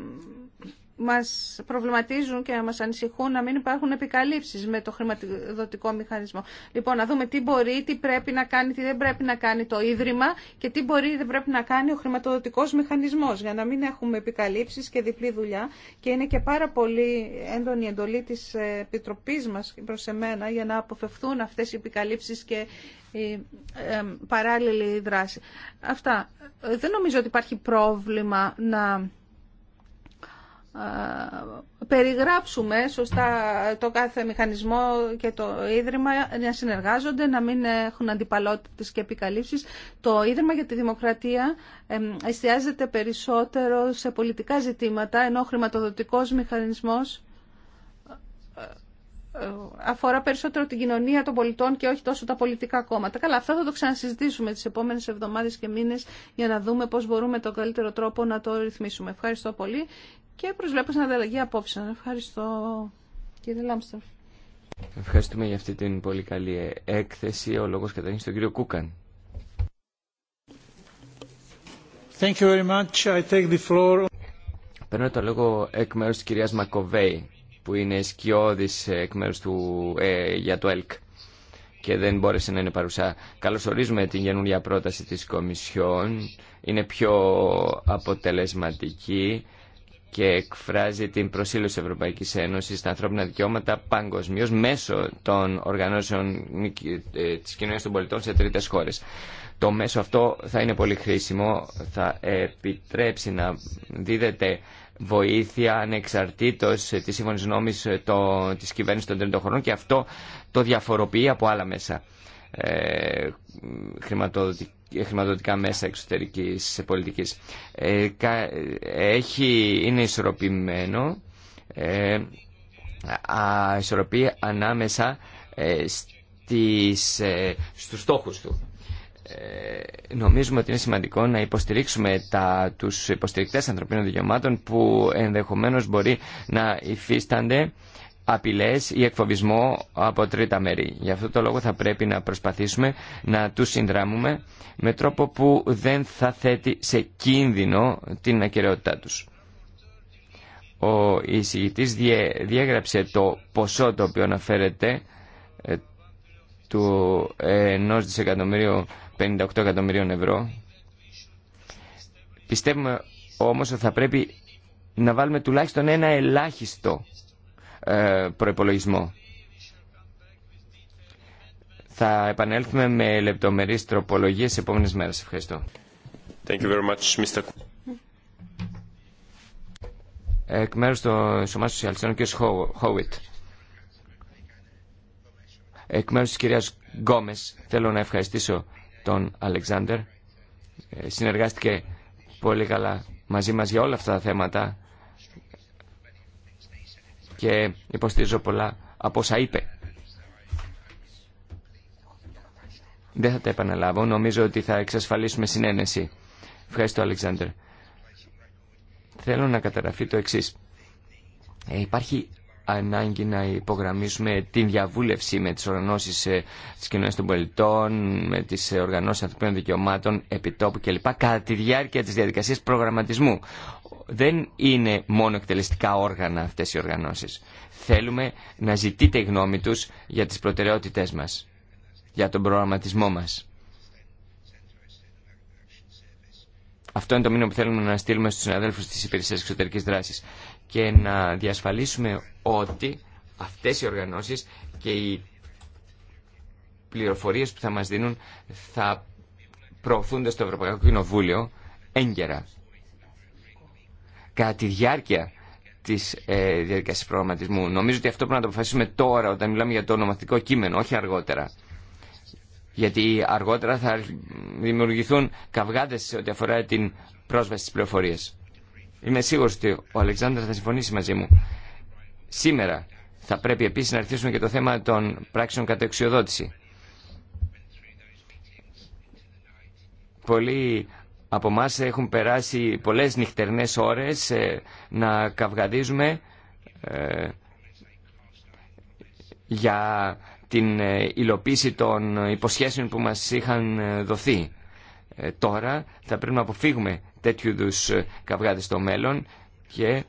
μας προβληματίζουν και μας ανησυχούν να μην υπάρχουν επικαλύψεις με το χρηματοδοτικό μηχανισμό. Λοιπόν, να δούμε τι μπορεί, τι πρέπει να κάνει, τι δεν πρέπει να κάνει το Ίδρυμα και τι μπορεί, δεν πρέπει να κάνει ο χρηματοδοτικός μηχανισμός για να μην έχουμε επικαλύψεις και διπλή δουλειά και είναι και πάρα πολύ έντονη η εντολή της Επιτροπής μας προς εμένα για να αποφευθούν αυτές οι επικαλύψεις και η παράλληλη δράση. Αυτά. Δεν νομίζω ότι υπάρχει πρόβλημα να ε, περιγράψουμε σωστά το κάθε μηχανισμό και το Ίδρυμα να συνεργάζονται, να μην έχουν αντιπαλότητες και επικαλύψεις. Το Ίδρυμα για τη Δημοκρατία ε, εστιάζεται περισσότερο σε πολιτικά ζητήματα, ενώ ο χρηματοδοτικός μηχανισμός ε, αφορά περισσότερο την κοινωνία των πολιτών και όχι τόσο τα πολιτικά κόμματα. Καλά, αυτά θα το ξανασυζητήσουμε τις επόμενες εβδομάδες και μήνες για να δούμε πώς μπορούμε τον καλύτερο τρόπο να το ρυθμίσουμε. Ευχαριστώ πολύ και προσβλέπω στην ανταλλαγή απόψε. Ευχαριστώ κύριε Λάμστορφ. Ευχαριστούμε για αυτή την πολύ καλή έκθεση. Ο λόγος καταρχήν στον κύριο Κούκαν. Thank Παίρνω το λόγο εκ μέρου τη κυρία Μακοβέη, που είναι σκιώδη εκ μέρου του, ε, για το ΕΛΚ και δεν μπόρεσε να είναι παρουσά. Καλωσορίζουμε την καινούργια πρόταση της Κομισιόν. Είναι πιο αποτελεσματική και εκφράζει την προσήλωση Ευρωπαϊκής Ένωσης στα ανθρώπινα δικαιώματα παγκοσμίω μέσω των οργανώσεων ε, της κοινωνίας των πολιτών σε τρίτες χώρες. Το μέσο αυτό θα είναι πολύ χρήσιμο, θα επιτρέψει να δίδεται βοήθεια ανεξαρτήτως ε, της σύμφωνης νόμης ε, το, της κυβέρνησης των τρίτων χωρών και αυτό το διαφοροποιεί από άλλα μέσα. Ε, χρηματοδοτικά χρηματοδοτικά μέσα εξωτερικής πολιτικής. Ε, έχει, είναι ισορροπημένο, ε, ανάμεσα ε, στις, ε, στους στόχους του. Νομίζουμε ότι είναι σημαντικό να υποστηρίξουμε τα, τους υποστηρικτές ανθρωπίνων δικαιωμάτων που ενδεχομένως μπορεί να υφίστανται Απειλέ ή εκφοβισμό από τρίτα μέρη. Γι' αυτό το λόγο θα πρέπει να προσπαθήσουμε να τους συνδράμουμε με τρόπο που δεν θα θέτει σε κίνδυνο την ακαιρεότητά τους. Ο εισηγητής διέγραψε το ποσό το οποίο αναφέρεται ε, του 1 δισεκατομμυρίου 58 εκατομμυρίων ευρώ. Πιστεύουμε όμως ότι θα πρέπει να βάλουμε τουλάχιστον ένα ελάχιστο ε, προπολογισμό. Θα επανέλθουμε με λεπτομερείς τροπολογίες σε επόμενες μέρες. Ευχαριστώ. Thank you very much, Mr. Εκ μέρους του Σωμάτου Σοσιαλιστών, κ. Χόουιτ. Εκ μέρους της κυρίας Γκόμες, θέλω να ευχαριστήσω τον Αλεξάνδερ. Ε, συνεργάστηκε πολύ καλά μαζί μας για όλα αυτά τα θέματα και υποστηρίζω πολλά από όσα είπε. Δεν θα τα επαναλάβω. Νομίζω ότι θα εξασφαλίσουμε συνένεση. Ευχαριστώ, Αλεξάνδρ. Θέλω να καταγραφεί το εξή. Ε, υπάρχει ανάγκη να υπογραμμίσουμε την διαβούλευση με τις οργανώσεις ε, της κοινωνίας των πολιτών, με τις ε, οργανώσεις ανθρωπίνων δικαιωμάτων, επιτόπου κλπ. κατά τη διάρκεια της διαδικασίας προγραμματισμού δεν είναι μόνο εκτελεστικά όργανα αυτές οι οργανώσεις. Θέλουμε να ζητείτε η γνώμη τους για τις προτεραιότητές μας, για τον προγραμματισμό μας. Αυτό είναι το μήνυμα που θέλουμε να στείλουμε στους συναδέλφους της Υπηρεσίας Εξωτερικής Δράσης και να διασφαλίσουμε ότι αυτές οι οργανώσεις και οι πληροφορίες που θα μας δίνουν θα προωθούνται στο Ευρωπαϊκό Κοινοβούλιο έγκαιρα κατά τη διάρκεια τη ε, διαδικασία προγραμματισμού. Νομίζω ότι αυτό πρέπει να το αποφασίσουμε τώρα, όταν μιλάμε για το ονομαστικό κείμενο, όχι αργότερα. Γιατί αργότερα θα δημιουργηθούν καυγάδε σε ό,τι αφορά την πρόσβαση στι πληροφορίε. Είμαι σίγουρο ότι ο Αλεξάνδρας θα συμφωνήσει μαζί μου. Σήμερα θα πρέπει επίση να αρχίσουμε και το θέμα των πράξεων κατά εξοδότηση. Πολλοί από εμά έχουν περάσει πολλές νυχτερινές ώρες ε, να καυγαδίζουμε ε, για την ε, υλοποίηση των υποσχέσεων που μας είχαν δοθεί. Τώρα θα πρέπει να αποφύγουμε τέτοιου είδου καυγάδες στο μέλλον και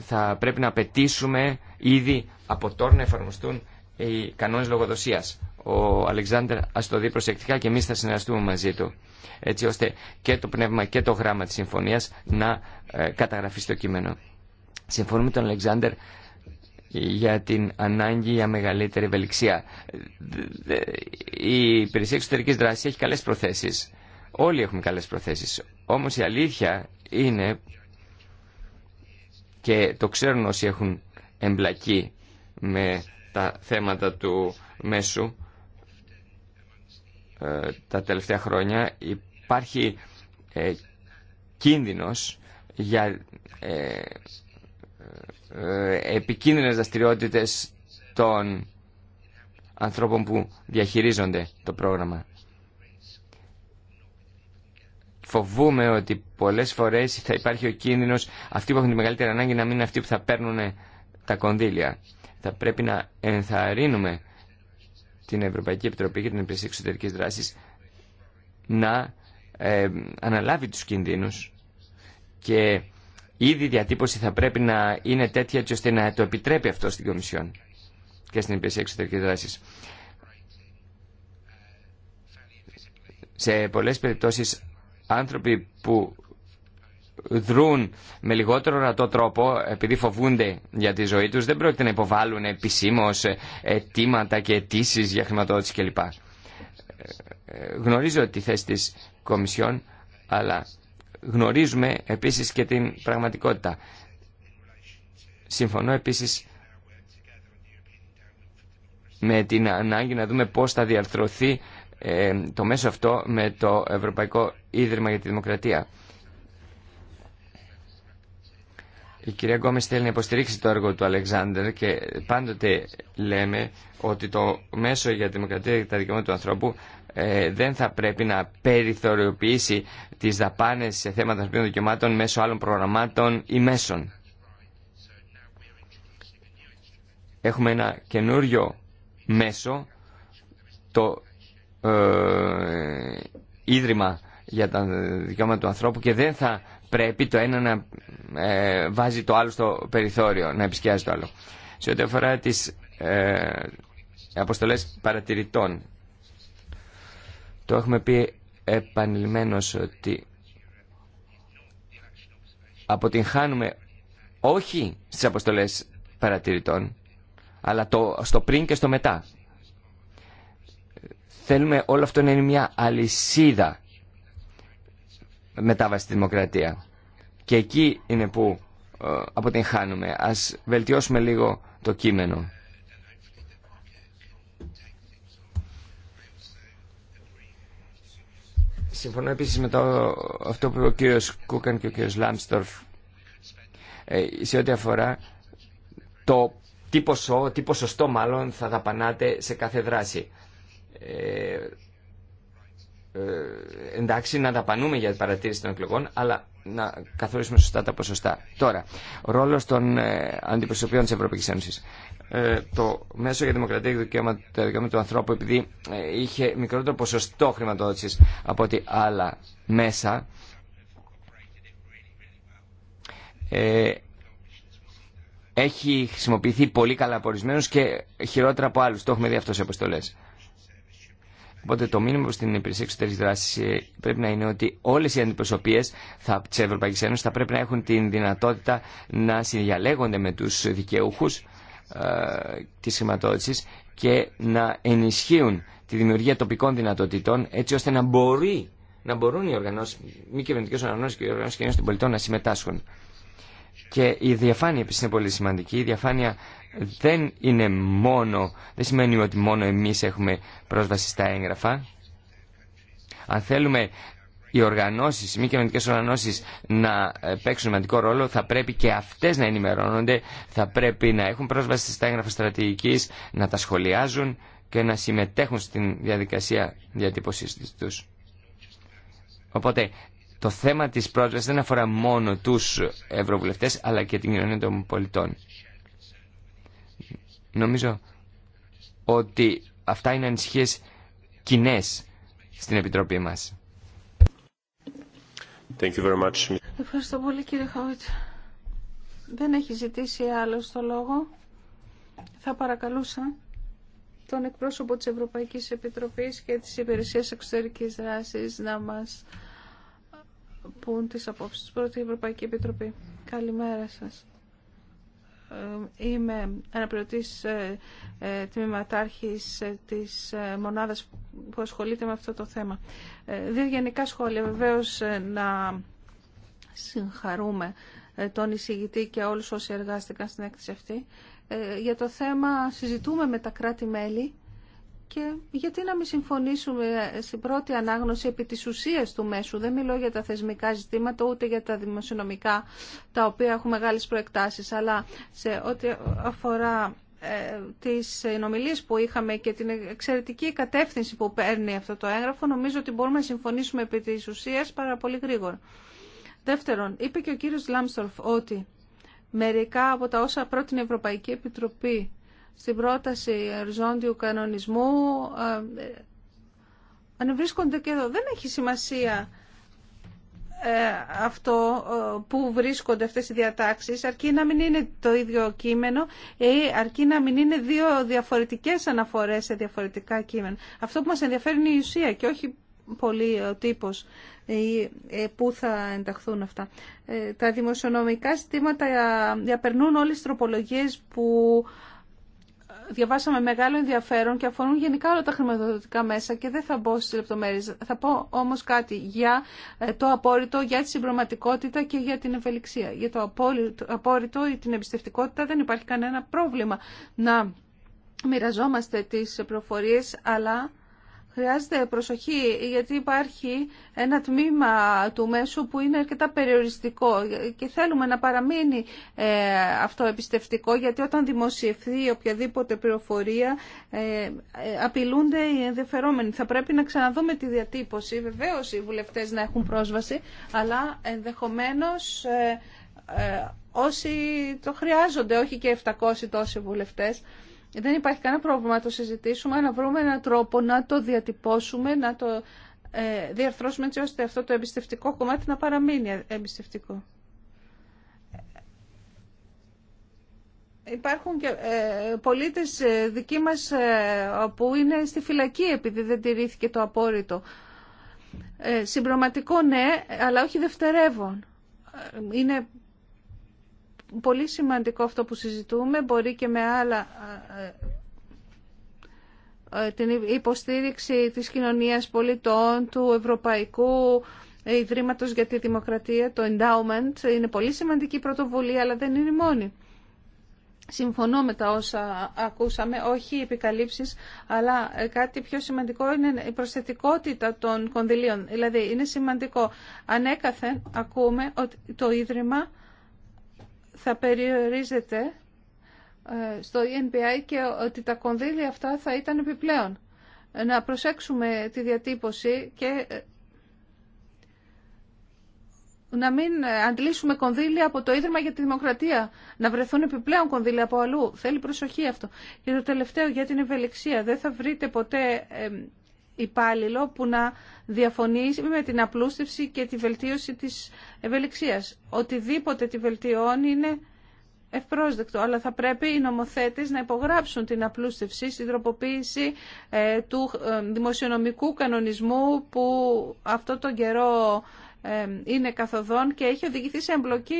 θα πρέπει να απαιτήσουμε ήδη από τώρα να εφαρμοστούν οι κανόνε λογοδοσία. Ο Αλεξάνδρ α το δει προσεκτικά και εμεί θα συνεργαστούμε μαζί του έτσι ώστε και το πνεύμα και το γράμμα τη συμφωνία να ε, καταγραφεί στο κείμενο. Συμφωνούμε με τον Αλεξάνδρ για την ανάγκη για μεγαλύτερη ευελιξία. Η υπηρεσία εξωτερική δράση έχει καλές προθέσει. Όλοι έχουμε καλέ προθέσει. Όμω η αλήθεια είναι και το ξέρουν όσοι έχουν εμπλακεί με τα θέματα του μέσου ε, τα τελευταία χρόνια υπάρχει ε, κίνδυνος για ε, ε επικίνδυνες δραστηριότητε των ανθρώπων που διαχειρίζονται το πρόγραμμα. Φοβούμε ότι πολλές φορές θα υπάρχει ο κίνδυνος αυτοί που έχουν τη μεγαλύτερη ανάγκη να μην είναι αυτοί που θα παίρνουν τα κονδύλια. Θα πρέπει να ενθαρρύνουμε την Ευρωπαϊκή Επιτροπή και την Υπηρεσία Εξωτερικής Δράσης να ε, αναλάβει τους κινδύνους και ήδη η διατύπωση θα πρέπει να είναι τέτοια έτσι ώστε να το επιτρέπει αυτό στην Κομισιόν και στην Υπηρεσία Εξωτερικής Δράσης. Σε πολλές περιπτώσεις άνθρωποι που δρούν με λιγότερο ορατό τρόπο επειδή φοβούνται για τη ζωή τους δεν πρόκειται να υποβάλουν επισήμω αιτήματα και αιτήσει για χρηματοδότηση κλπ. Ε, γνωρίζω τη θέση της Κομισιόν αλλά γνωρίζουμε επίσης και την πραγματικότητα. Συμφωνώ επίσης με την ανάγκη να δούμε πώς θα διαρθρωθεί ε, το μέσο αυτό με το Ευρωπαϊκό Ίδρυμα για τη Δημοκρατία. Η κυρία Γκόμες θέλει να υποστηρίξει το έργο του Αλεξάνδρ και πάντοτε λέμε ότι το μέσο για τη δημοκρατία και τα δικαιώματα του ανθρώπου ε, δεν θα πρέπει να περιθωριοποιήσει τις δαπάνες σε θέματα των δικαιωμάτων μέσω άλλων προγραμμάτων ή μέσων. Έχουμε ένα καινούριο μέσο, το ε, Ίδρυμα για τα δικαιώματα του ανθρώπου και δεν θα πρέπει το ένα να ε, βάζει το άλλο στο περιθώριο, να επισκιάζει το άλλο. Σε ό,τι αφορά τι ε, αποστολές παρατηρητών, το έχουμε πει επανειλημμένως ότι αποτυγχάνουμε όχι στι αποστολές παρατηρητών, αλλά το, στο πριν και στο μετά. Θέλουμε όλο αυτό να είναι μια αλυσίδα μετάβαση στη δημοκρατία. Και εκεί είναι που ε, από την Ας βελτιώσουμε λίγο το κείμενο. Συμφωνώ επίσης με το, αυτό που είπε ο κύριος Κούκαν και ο κύριος Λάμστορφ ε, σε ό,τι αφορά το τι ποσό, τι ποσοστό μάλλον θα δαπανάτε σε κάθε δράση. Ε, ε, εντάξει να δαπανούμε για την παρατήρηση των εκλογών, αλλά να καθορίσουμε σωστά τα ποσοστά. Τώρα, ρόλος των ε, αντιπροσωπείων της Ευρωπαϊκής Ένωσης. Ε, το μέσο για δημοκρατία και δικαίωμα, του ανθρώπου, επειδή ε, είχε μικρότερο ποσοστό χρηματοδότησης από ότι άλλα μέσα, ε, έχει χρησιμοποιηθεί πολύ καλά από και χειρότερα από άλλους. Το έχουμε δει αυτό σε αποστολές. Οπότε το μήνυμα προ την υπηρεσία εξωτερική δράση ε, πρέπει να είναι ότι όλε οι αντιπροσωπείε τη Ευρωπαϊκή Ένωση θα πρέπει να έχουν την δυνατότητα να συνδιαλέγονται με του δικαιούχου ε, τη χρηματοδότηση και να ενισχύουν τη δημιουργία τοπικών δυνατοτήτων έτσι ώστε να μπορεί να μπορούν οι οργανώσεις, μη κυβερνητικέ οργανώσει και οι οργανώσει κοινωνία των πολιτών να συμμετάσχουν. Και η διαφάνεια επίση είναι πολύ σημαντική. Η διαφάνεια δεν είναι μόνο, δεν σημαίνει ότι μόνο εμείς έχουμε πρόσβαση στα έγγραφα. Αν θέλουμε οι οργανώσεις, οι μη κοινωνικές οργανώσεις να ε, παίξουν σημαντικό ρόλο, θα πρέπει και αυτές να ενημερώνονται, θα πρέπει να έχουν πρόσβαση στα έγγραφα στρατηγικής, να τα σχολιάζουν και να συμμετέχουν στην διαδικασία διατύπωσής τους. Οπότε το θέμα της πρόσβασης δεν αφορά μόνο τους ευρωβουλευτές αλλά και την κοινωνία των πολιτών. Νομίζω ότι αυτά είναι ανησυχίε κοινέ στην Επιτροπή μας. Ευχαριστώ πολύ κύριε Χαουτ. Δεν έχει ζητήσει άλλος το λόγο. Θα παρακαλούσα τον εκπρόσωπο της Ευρωπαϊκής Επιτροπής και της υπηρεσία Εξωτερικής Δράσης να μας πούν τις απόψεις Πρώτη Ευρωπαϊκή Επιτροπή. Καλημέρα σας. Ε, είμαι αναπληρωτής ε, ε, τμήματάρχης της μονάδας που ασχολείται με αυτό το θέμα. Δύο γενικά σχόλια. Βεβαίως να συγχαρούμε τον εισηγητή και όλους όσοι εργάστηκαν στην έκθεση αυτή. Για το θέμα συζητούμε με τα κράτη-μέλη και γιατί να μην συμφωνήσουμε στην πρώτη ανάγνωση επί της ουσίας του μέσου. Δεν μιλώ για τα θεσμικά ζητήματα, ούτε για τα δημοσιονομικά, τα οποία έχουν μεγάλες προεκτάσεις, αλλά σε ό,τι αφορά ε, τις συνομιλίες που είχαμε και την εξαιρετική κατεύθυνση που παίρνει αυτό το έγγραφο, νομίζω ότι μπορούμε να συμφωνήσουμε επί της ουσίας πάρα πολύ γρήγορα. Δεύτερον, είπε και ο κύριος Λάμστορφ ότι μερικά από τα όσα πρότεινε η Ευρωπαϊκή Επιτροπή στην πρόταση οριζόντιου κανονισμού ε, ανεβρίσκονται και εδώ. Δεν έχει σημασία ε, αυτό ε, που βρίσκονται αυτές οι διατάξεις αρκεί να μην είναι το ίδιο κείμενο ή αρκεί να μην είναι δύο διαφορετικές αναφορές σε διαφορετικά κείμενα. Αυτό που μας ενδιαφέρει είναι η ουσία και όχι πολύ ο τύπος που θα ενταχθούν αυτά. Τα δημοσιονομικά συστήματα διαπερνούν όλες τις τροπολογίες που διαβάσαμε μεγάλο ενδιαφέρον και αφορούν γενικά όλα τα χρηματοδοτικά μέσα και δεν θα μπω στι λεπτομέρειε. Θα πω όμως κάτι για ε, το απόρριτο, για τη συμπροματικότητα και για την ευελιξία. Για το απόρριτο ή την εμπιστευτικότητα δεν υπάρχει κανένα πρόβλημα να μοιραζόμαστε τις προφορίες, αλλά Χρειάζεται προσοχή γιατί υπάρχει ένα τμήμα του μέσου που είναι αρκετά περιοριστικό και θέλουμε να παραμείνει ε, αυτό επιστευτικό γιατί όταν δημοσιευθεί οποιαδήποτε πληροφορία ε, ε, απειλούνται οι ενδιαφερόμενοι. Θα πρέπει να ξαναδούμε τη διατύπωση. Βεβαίως οι βουλευτές να έχουν πρόσβαση αλλά ενδεχομένως όσοι το χρειάζονται, όχι και 700 τόσοι βουλευτές δεν υπάρχει κανένα πρόβλημα να το συζητήσουμε, να βρούμε έναν τρόπο να το διατυπώσουμε, να το ε, διαρθρώσουμε έτσι ώστε αυτό το εμπιστευτικό κομμάτι να παραμείνει εμπιστευτικό. Υπάρχουν και ε, πολίτες ε, δικοί μας ε, που είναι στη φυλακή επειδή δεν τηρήθηκε το απόρριτο. Συμπροματικό ναι, αλλά όχι δευτερεύον. Είναι πολύ σημαντικό αυτό που συζητούμε, μπορεί και με άλλα ε, ε, ε, την υποστήριξη της κοινωνίας πολιτών, του Ευρωπαϊκού Ιδρύματος για τη Δημοκρατία, το Endowment. Είναι πολύ σημαντική πρωτοβουλία, αλλά δεν είναι μόνη. Συμφωνώ με τα όσα ακούσαμε, όχι οι επικαλύψεις, αλλά κάτι πιο σημαντικό είναι η προσθετικότητα των κονδυλίων. Δηλαδή, είναι σημαντικό. Ανέκαθεν ακούμε ότι το Ίδρυμα θα περιορίζεται ε, στο ENPI και ότι τα κονδύλια αυτά θα ήταν επιπλέον. Να προσέξουμε τη διατύπωση και ε, να μην αντλήσουμε κονδύλια από το Ίδρυμα για τη Δημοκρατία, να βρεθούν επιπλέον κονδύλια από αλλού. Θέλει προσοχή αυτό. Και το τελευταίο για την ευελιξία. Δεν θα βρείτε ποτέ ε, υπάλληλο που να διαφωνήσει με την απλούστευση και τη βελτίωση της ευελιξίας. Οτιδήποτε τη βελτιώνει είναι ευπρόσδεκτο, αλλά θα πρέπει οι νομοθέτες να υπογράψουν την απλούστευση στην τροποποίηση ε, του ε, δημοσιονομικού κανονισμού που αυτό τον καιρό ε, είναι καθοδόν και έχει οδηγηθεί σε εμπλοκή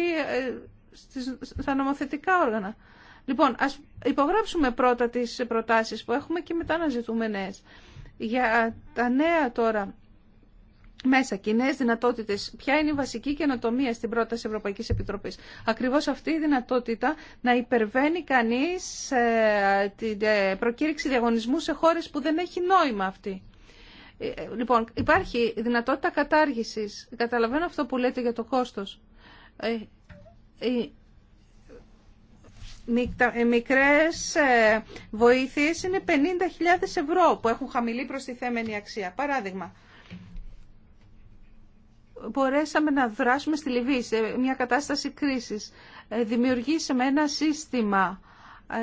στα νομοθετικά όργανα. Λοιπόν, ας υπογράψουμε πρώτα τις προτάσεις που έχουμε και μετά να ζητούμε νέες. Για τα νέα τώρα μέσα, κοινέ δυνατότητε. Ποια είναι η βασική καινοτομία στην πρόταση Ευρωπαϊκή Επιτροπή. Ακριβώ αυτή η δυνατότητα να υπερβαίνει κανεί ε, την ε, προκήρυξη διαγωνισμού σε χώρε που δεν έχει νόημα αυτή. Ε, λοιπόν, υπάρχει δυνατότητα κατάργησης. Καταλαβαίνω αυτό που λέτε για το κόστος. Ε, μικρές ε, βοήθειες είναι 50.000 ευρώ που έχουν χαμηλή προστιθέμενη αξία. Παράδειγμα, μπορέσαμε να δράσουμε στη Λιβύη σε μια κατάσταση κρίσης. Ε, δημιουργήσαμε ένα σύστημα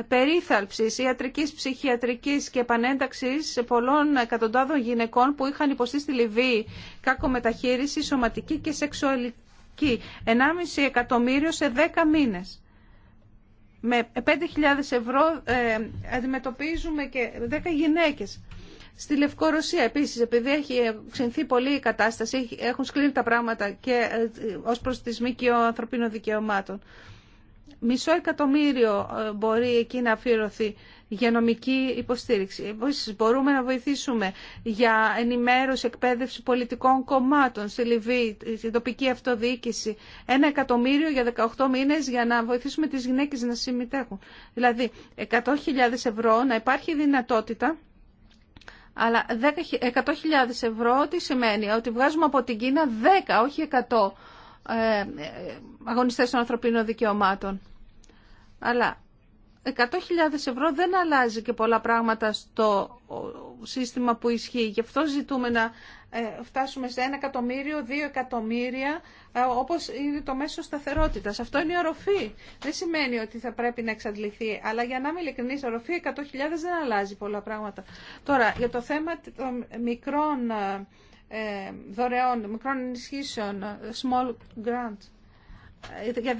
περίθαλψης ιατρικής, ψυχιατρικής και επανένταξης πολλών εκατοντάδων γυναικών που είχαν υποστεί στη Λιβύη κάκο μεταχείριση σωματική και σεξουαλική. 1,5 εκατομμύριο σε 10 μήνες με 5.000 ευρώ ε, αντιμετωπίζουμε και 10 γυναίκες. Στη Λευκορωσία επίσης, επειδή έχει ξενθεί πολύ η κατάσταση, έχουν σκλίνει τα πράγματα και ε, ως προς τις ΜΚΟ ανθρωπίνων δικαιωμάτων. Μισό εκατομμύριο ε, μπορεί εκεί να αφιερωθεί νομική υποστήριξη. μπορούμε να βοηθήσουμε για ενημέρωση, εκπαίδευση πολιτικών κομμάτων στη Λιβύη, στην τοπική αυτοδιοίκηση. Ένα εκατομμύριο για 18 μήνες για να βοηθήσουμε τις γυναίκες να συμμετέχουν. Δηλαδή, 100.000 ευρώ να υπάρχει δυνατότητα αλλά 100.000 ευρώ τι σημαίνει, ότι βγάζουμε από την Κίνα 10, όχι 100 ε, ε, ε, αγωνιστές των ανθρωπίνων δικαιωμάτων. Αλλά 100.000 ευρώ δεν αλλάζει και πολλά πράγματα στο σύστημα που ισχύει. Γι' αυτό ζητούμε να ε, φτάσουμε σε 1 εκατομμύριο, 2 εκατομμύρια, ε, όπως είναι το μέσο σταθερότητας. Αυτό είναι η οροφή. Δεν σημαίνει ότι θα πρέπει να εξαντληθεί, αλλά για να είμαι ειλικρινής, η οροφή 100.000 δεν αλλάζει πολλά πράγματα. Τώρα, για το θέμα των μικρών ε, δωρεών, μικρών ενισχύσεων, small grants, για 10.000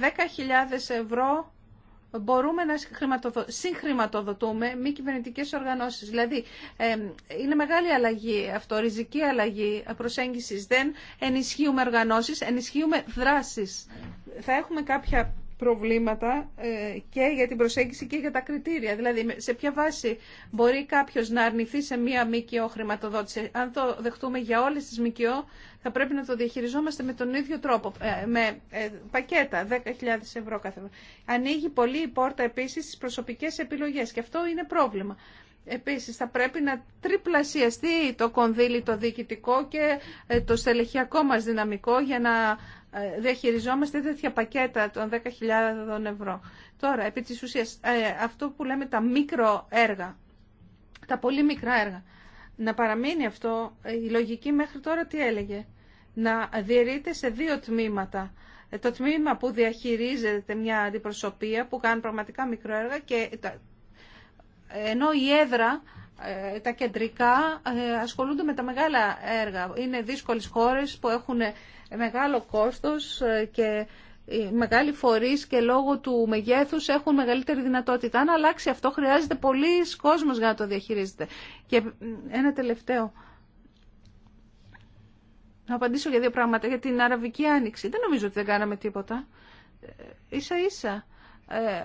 ευρώ μπορούμε να συγχρηματοδοτούμε μη κυβερνητικέ οργανώσεις. Δηλαδή, είναι μεγάλη αλλαγή αυτό, ριζική αλλαγή προσέγγισης. Δεν ενισχύουμε οργανώσεις, ενισχύουμε δράσεις. Θα έχουμε κάποια προβλήματα ε, και για την προσέγγιση και για τα κριτήρια. Δηλαδή, σε ποια βάση μπορεί κάποιο να αρνηθεί σε μία ΜΚΟ χρηματοδότηση. Αν το δεχτούμε για όλε τι ΜΚΟ, θα πρέπει να το διαχειριζόμαστε με τον ίδιο τρόπο, ε, με ε, πακέτα 10.000 ευρώ κάθε φορά. Ανοίγει πολύ η πόρτα επίσης στις προσωπικές επιλογές και αυτό είναι πρόβλημα. Επίσης θα πρέπει να τριπλασιαστεί το κονδύλι το διοικητικό και ε, το στελεχειακό μας δυναμικό για να διαχειριζόμαστε τέτοια πακέτα των 10.000 ευρώ. Τώρα, επί της ουσίας, αυτό που λέμε τα μικροέργα, τα πολύ μικρά έργα. Να παραμείνει αυτό, η λογική μέχρι τώρα τι έλεγε να διαιρείται σε δύο τμήματα. Ε, το τμήμα που διαχειρίζεται μια αντιπροσωπεία που κάνει πραγματικά μικροέργα και ενώ η έδρα ε, τα κεντρικά ε, ασχολούνται με τα μεγάλα έργα. Είναι δύσκολες χώρες που έχουν μεγάλο κόστος και μεγάλοι φορείς και λόγω του μεγέθους έχουν μεγαλύτερη δυνατότητα. Αν αλλάξει αυτό χρειάζεται πολλοί κόσμος για να το διαχειρίζεται. Και ένα τελευταίο να απαντήσω για δύο πράγματα. Για την Αραβική Άνοιξη. Δεν νομίζω ότι δεν κάναμε τίποτα. Ε, ίσα ίσα. Ε,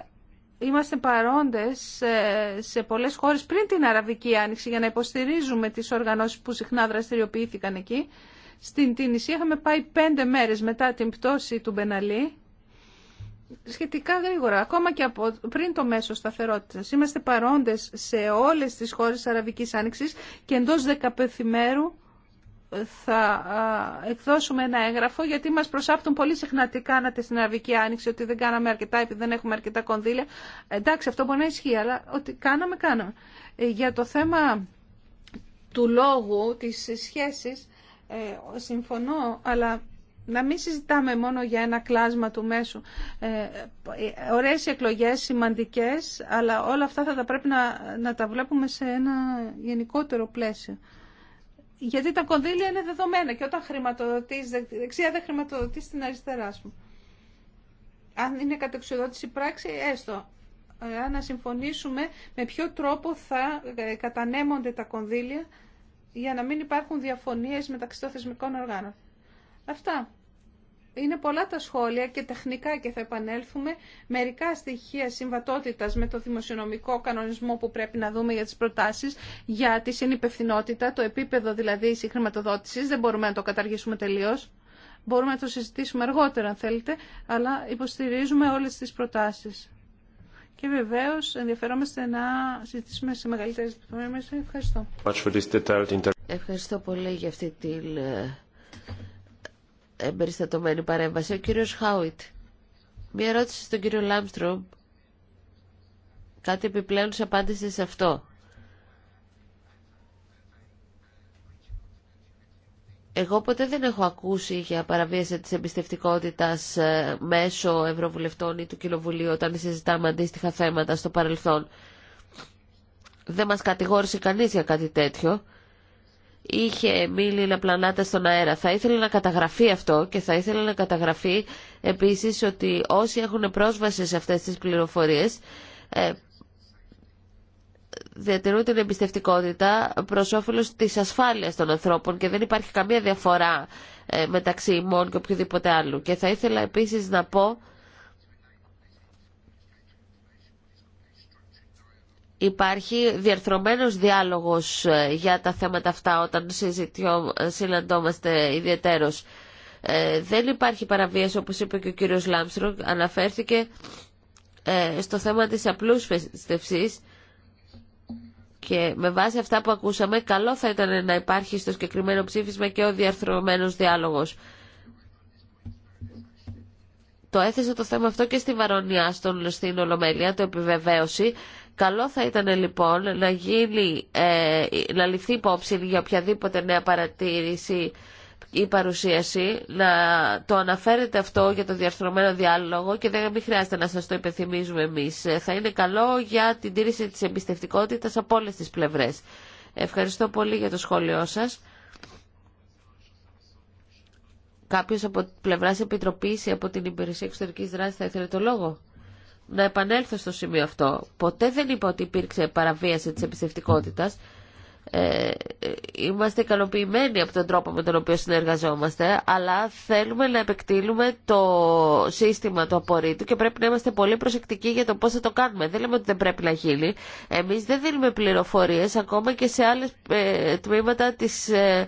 είμαστε παρόντες ε, σε πολλές χώρες πριν την Αραβική Άνοιξη για να υποστηρίζουμε τις οργανώσεις που συχνά δραστηριοποιήθηκαν εκεί. Στην Τινησία είχαμε πάει πέντε μέρες μετά την πτώση του Μπεναλή σχετικά γρήγορα, ακόμα και από πριν το μέσο σταθερότητας. Είμαστε παρόντες σε όλες τις χώρες Αραβικής Άνοιξης και εντό δεκαπεθημέρου θα εκδώσουμε ένα έγγραφο γιατί μας προσάπτουν πολύ συχνά τι κάνατε στην Αραβική Άνοιξη ότι δεν κάναμε αρκετά επειδή δεν έχουμε αρκετά κονδύλια εντάξει αυτό μπορεί να ισχύει αλλά ότι κάναμε κάναμε ε, για το θέμα του λόγου της σχέσης ε, συμφωνώ αλλά να μην συζητάμε μόνο για ένα κλάσμα του μέσου. Ε, ε, ωραίες εκλογές, σημαντικές, αλλά όλα αυτά θα τα πρέπει να, να τα βλέπουμε σε ένα γενικότερο πλαίσιο γιατί τα κονδύλια είναι δεδομένα και όταν χρηματοδοτείς δεξιά δεν χρηματοδοτείς την αριστερά σου. Αν είναι κατεξοδότηση πράξη, έστω. να συμφωνήσουμε με ποιο τρόπο θα ε, κατανέμονται τα κονδύλια για να μην υπάρχουν διαφωνίες μεταξύ των θεσμικών οργάνων. Αυτά. Είναι πολλά τα σχόλια και τεχνικά και θα επανέλθουμε. Μερικά στοιχεία συμβατότητα με το δημοσιονομικό κανονισμό που πρέπει να δούμε για τι προτάσει για τη συνυπευθυνότητα, το επίπεδο δηλαδή η χρηματοδότησης. Δεν μπορούμε να το καταργήσουμε τελειώ. Μπορούμε να το συζητήσουμε αργότερα αν θέλετε, αλλά υποστηρίζουμε όλε τι προτάσει. Και βεβαίω ενδιαφερόμαστε να συζητήσουμε σε μεγαλύτερε λεπτομέρειε. Ευχαριστώ. Ευχαριστώ πολύ για αυτή τη ε, εμπεριστατωμένη παρέμβαση. Ο κύριος Χάουιτ. Μία ερώτηση στον κύριο Λάμστρομ. Κάτι επιπλέον σε απάντηση σε αυτό. Εγώ ποτέ δεν έχω ακούσει για παραβίαση της εμπιστευτικότητας ε, μέσω Ευρωβουλευτών ή του Κοινοβουλίου όταν συζητάμε αντίστοιχα θέματα στο παρελθόν. Δεν μας κατηγόρησε κανείς για κάτι τέτοιο είχε μείνει να πλανάται στον αέρα. Θα ήθελα να καταγραφεί αυτό και θα ήθελα να καταγραφεί επίσης ότι όσοι έχουν πρόσβαση σε αυτές τις πληροφορίες ε, διατηρούν την εμπιστευτικότητα προς όφελος της ασφάλειας των ανθρώπων και δεν υπάρχει καμία διαφορά ε, μεταξύ ημών και οποιοδήποτε άλλου. Και θα ήθελα επίσης να πω υπάρχει διαρθρωμένος διάλογος ε, για τα θέματα αυτά όταν ε, συναντώμαστε ιδιαίτερος. Ε, δεν υπάρχει παραβίαση όπως είπε και ο κύριος Λάμστρουγκ αναφέρθηκε στο θέμα της απλούς φεστευσής και με βάση αυτά που ακούσαμε καλό θα ήταν να υπάρχει στο συγκεκριμένο ψήφισμα και ο διαρθρωμένος διάλογος. Το έθεσα το θέμα αυτό και στη Βαρονιά στην Ολομέλεια, το επιβεβαίωση Καλό θα ήταν λοιπόν να, γίνει, ε, να ληφθεί υπόψη για οποιαδήποτε νέα παρατήρηση ή παρουσίαση, να το αναφέρετε αυτό για το διαρθρωμένο διάλογο και δεν μην χρειάζεται να σας το υπενθυμίζουμε εμείς. Ε, θα είναι καλό για την τήρηση της εμπιστευτικότητας από όλες τις πλευρές. Ευχαριστώ πολύ για το σχόλιο σας. Κάποιος από πλευράς Επιτροπής ή από την Υπηρεσία Εξωτερικής Δράσης θα ήθελε το λόγο να επανέλθω στο σημείο αυτό. Ποτέ δεν είπα ότι υπήρξε παραβίαση της εμπιστευτικότητας. Ε, είμαστε ικανοποιημένοι από τον τρόπο με τον οποίο συνεργαζόμαστε, αλλά θέλουμε να επεκτείλουμε το σύστημα του απορρίτου και πρέπει να είμαστε πολύ προσεκτικοί για το πώς θα το κάνουμε. Δεν λέμε ότι δεν πρέπει να γίνει. Εμείς δεν δίνουμε πληροφορίες ακόμα και σε άλλες ε, τμήματα της... Ε,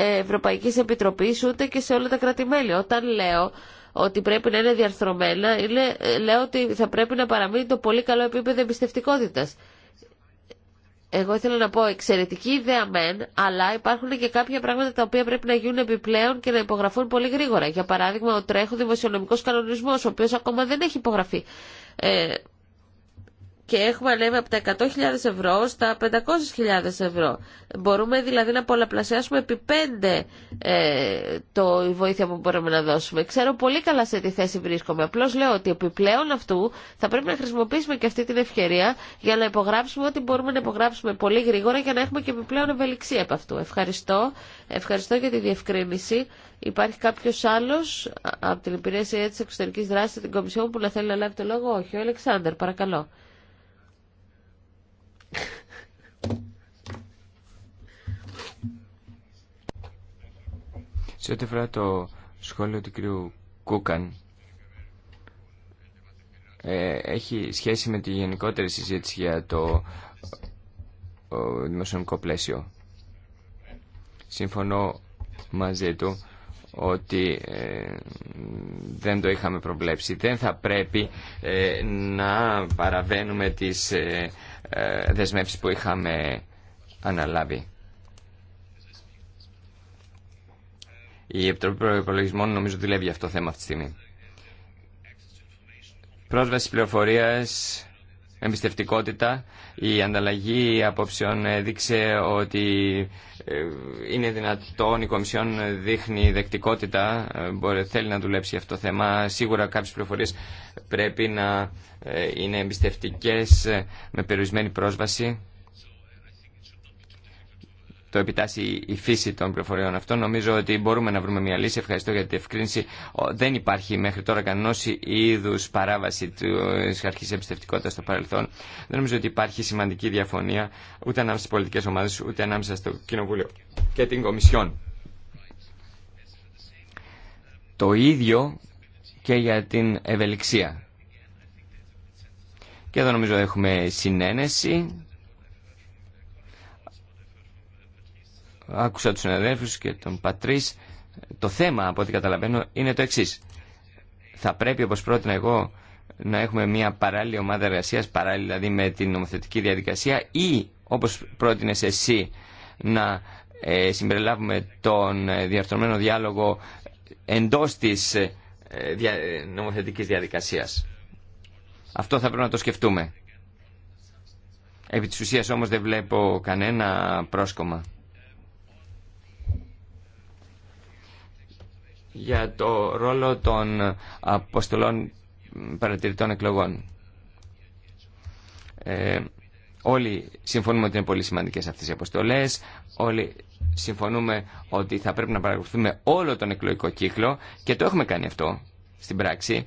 Ευρωπαϊκής Επιτροπής ούτε και σε όλα τα κρατημέλη. Όταν λέω ότι πρέπει να είναι διαρθρωμένα, ε, λέω ότι θα πρέπει να παραμείνει το πολύ καλό επίπεδο εμπιστευτικότητας. Εγώ ήθελα να πω εξαιρετική ιδέα μεν, αλλά υπάρχουν και κάποια πράγματα τα οποία πρέπει να γίνουν επιπλέον και να υπογραφούν πολύ γρήγορα. Για παράδειγμα, ο τρέχον δημοσιονομικό κανονισμό, ο οποίο ακόμα δεν έχει υπογραφεί. Ε, και έχουμε ανέβει από τα 100.000 ευρώ στα 500.000 ευρώ. Μπορούμε δηλαδή να πολλαπλασιάσουμε επί 5 ε, το, η βοήθεια που μπορούμε να δώσουμε. Ξέρω πολύ καλά σε τι θέση βρίσκομαι. Απλώ λέω ότι επιπλέον αυτού θα πρέπει να χρησιμοποιήσουμε και αυτή την ευκαιρία για να υπογράψουμε ό,τι μπορούμε να υπογράψουμε πολύ γρήγορα για να έχουμε και επιπλέον ευελιξία από αυτού. Ευχαριστώ. Ευχαριστώ για τη διευκρίνηση. Υπάρχει κάποιο άλλο από την υπηρεσία τη εξωτερική δράση, την Κομισιόν, που να θέλει να λάβει το λόγο. Όχι, ο Αλεξάνδρ, παρακαλώ. Σε ό,τι αφορά το σχόλιο του κ. Κούκαν, ε, έχει σχέση με τη γενικότερη συζήτηση για το δημοσιονομικό πλαίσιο. Συμφωνώ μαζί του ότι ε, δεν το είχαμε προβλέψει. Δεν θα πρέπει ε, να παραβαίνουμε τις ε, δεσμεύσεις που είχαμε αναλάβει. Η Επιτροπή Προπολογισμών νομίζω δουλεύει για αυτό το θέμα αυτή τη στιγμή. Πρόσβαση πληροφορίας εμπιστευτικότητα. Η ανταλλαγή απόψεων έδειξε ότι ε, είναι δυνατόν η Κομισιόν δείχνει δεκτικότητα, ε, μπορεί, θέλει να δουλέψει αυτό το θέμα. Σίγουρα κάποιες πληροφορίες πρέπει να ε, είναι εμπιστευτικές με περιορισμένη πρόσβαση το επιτάσσει η φύση των πληροφοριών αυτών. Νομίζω ότι μπορούμε να βρούμε μια λύση. Ευχαριστώ για την ευκρίνηση. Δεν υπάρχει μέχρι τώρα κανένα είδου παράβαση τη αρχή εμπιστευτικότητα στο παρελθόν. Δεν νομίζω ότι υπάρχει σημαντική διαφωνία ούτε ανάμεσα στι πολιτικέ ομάδε, ούτε ανάμεσα στο Κοινοβούλιο και την Κομισιόν. Το ίδιο και για την ευελιξία. Και εδώ νομίζω έχουμε συνένεση άκουσα τους συναδέλφους και τον Πατρίς, το θέμα από ό,τι καταλαβαίνω είναι το εξής. Θα πρέπει όπως πρότεινα εγώ να έχουμε μια παράλληλη ομάδα εργασίας, παράλληλη δηλαδή με την νομοθετική διαδικασία ή όπως πρότεινε εσύ να ε, συμπεριλάβουμε τον ε, διαρθρωμένο διάλογο εντός της ε, δια, ε, νομοθετικής διαδικασίας. Αυτό θα πρέπει να το σκεφτούμε. Επί της ουσίας όμως δεν βλέπω κανένα πρόσκομα. για το ρόλο των αποστολών παρατηρητών εκλογών. Ε, όλοι συμφωνούμε ότι είναι πολύ σημαντικές αυτές οι αποστολές, όλοι συμφωνούμε ότι θα πρέπει να παρακολουθούμε όλο τον εκλογικό κύκλο και το έχουμε κάνει αυτό στην πράξη.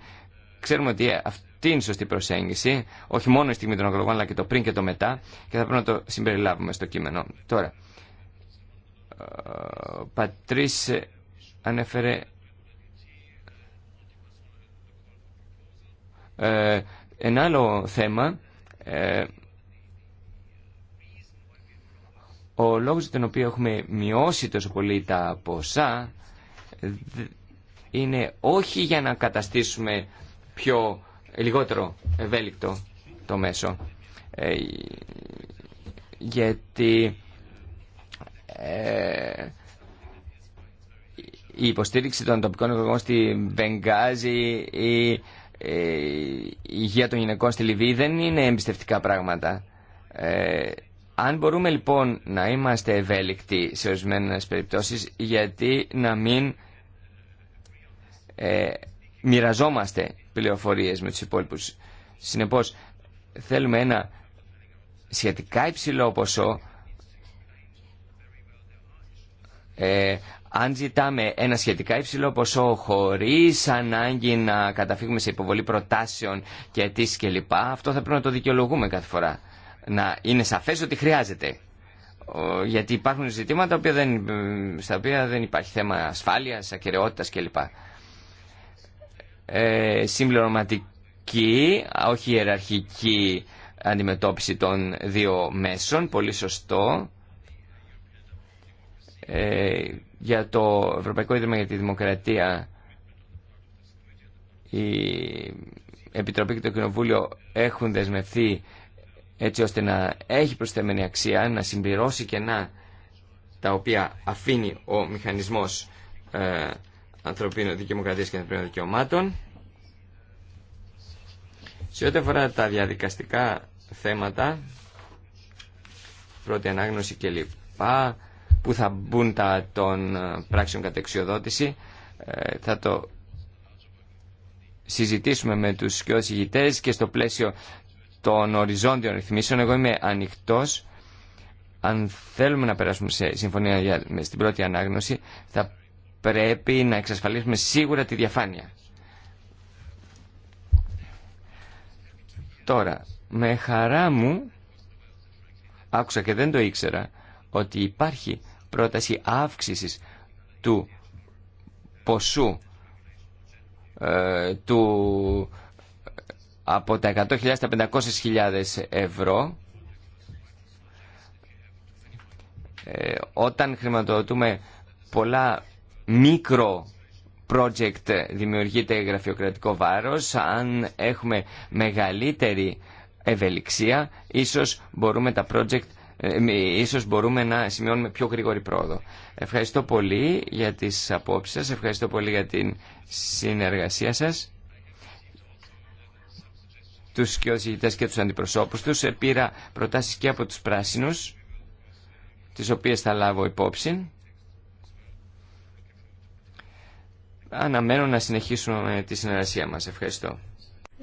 Ξέρουμε ότι αυτή είναι η σωστή προσέγγιση, όχι μόνο η στιγμή των εκλογών αλλά και το πριν και το μετά και θα πρέπει να το συμπεριλάβουμε στο κείμενο. Τώρα, ε, ο Πατρίς ανέφερε Ε, ένα άλλο θέμα, ε, ο λόγος για τον οποίο έχουμε μειώσει τόσο πολύ τα ποσά είναι όχι για να καταστήσουμε πιο λιγότερο ευέλικτο το μέσο ε, γιατί ε, η υποστήριξη των τοπικών οικογένειων στη Βενγκάζι. ή ε, υγεία των γυναικών στη Λιβύη δεν είναι εμπιστευτικά πράγματα. Ε, αν μπορούμε λοιπόν να είμαστε ευέλικτοι σε ορισμένε περιπτώσεις, γιατί να μην ε, μοιραζόμαστε πληροφορίες με τους υπόλοιπους. Συνεπώς, θέλουμε ένα σχετικά υψηλό ποσό, αν ζητάμε ένα σχετικά υψηλό ποσό χωρίς ανάγκη να καταφύγουμε σε υποβολή προτάσεων και αιτήσει κλπ, αυτό θα πρέπει να το δικαιολογούμε κάθε φορά. Να είναι σαφές ότι χρειάζεται. Γιατί υπάρχουν ζητήματα δεν, στα οποία δεν υπάρχει θέμα ασφάλειας, ακαιρεότητας κλπ. Ε, συμπληρωματική, όχι ιεραρχική αντιμετώπιση των δύο μέσων, πολύ σωστό. Ε, για το Ευρωπαϊκό Ίδρυμα για τη Δημοκρατία η Επιτροπή και το Κοινοβούλιο έχουν δεσμευθεί έτσι ώστε να έχει προσθεμένη αξία, να συμπληρώσει κενά τα οποία αφήνει ο μηχανισμός ε, ανθρωπίνων και ανθρωπίνων δικαιωμάτων. Σε ό,τι αφορά τα διαδικαστικά θέματα, πρώτη ανάγνωση κλπ που θα μπουν τα των ε, πράξεων κατεξιοδότηση. Ε, θα το συζητήσουμε με τους σκιώδους και στο πλαίσιο των οριζόντιων ρυθμίσεων. Εγώ είμαι ανοιχτός. Αν θέλουμε να περάσουμε σε συμφωνία με στην πρώτη ανάγνωση, θα πρέπει να εξασφαλίσουμε σίγουρα τη διαφάνεια. Τώρα, με χαρά μου άκουσα και δεν το ήξερα ότι υπάρχει πρόταση αύξησης του ποσού ε, του, από τα 100.000 στα 500.000 ευρώ ε, όταν χρηματοδοτούμε πολλά μικρο project δημιουργείται γραφειοκρατικό βάρος αν έχουμε μεγαλύτερη ευελιξία ίσως μπορούμε τα project ε, ίσως μπορούμε να σημειώνουμε πιο γρήγορη πρόοδο. Ευχαριστώ πολύ για τις απόψεις σας, ευχαριστώ πολύ για την συνεργασία σας τους ηγητές και τους αντιπροσώπους τους. Επίρα προτάσεις και από τους πράσινους, τις οποίες θα λάβω υπόψη. Αναμένω να συνεχίσουμε τη συνεργασία μας. Ευχαριστώ.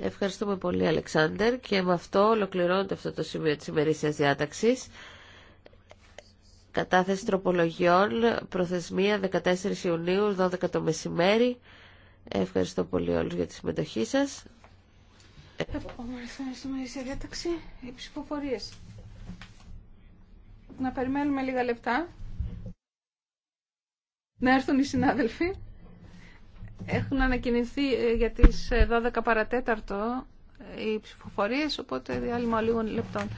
Ευχαριστούμε πολύ Αλεξάνδερ και με αυτό ολοκληρώνεται αυτό το σημείο της ημερήσιας διάταξης. Κατάθεση τροπολογιών, προθεσμία 14 Ιουνίου, 12 το μεσημέρι. Ευχαριστώ πολύ όλους για τη συμμετοχή σας. Επόμενη ημερήσια διάταξη, οι ψηφοφορίες. Να περιμένουμε λίγα λεπτά. Να έρθουν οι συνάδελφοι. Έχουν ανακοινηθεί ε, για τις 12 ε, παρατέταρτο ε, οι ψηφοφορίες, οπότε διάλειμμα λίγων λεπτών.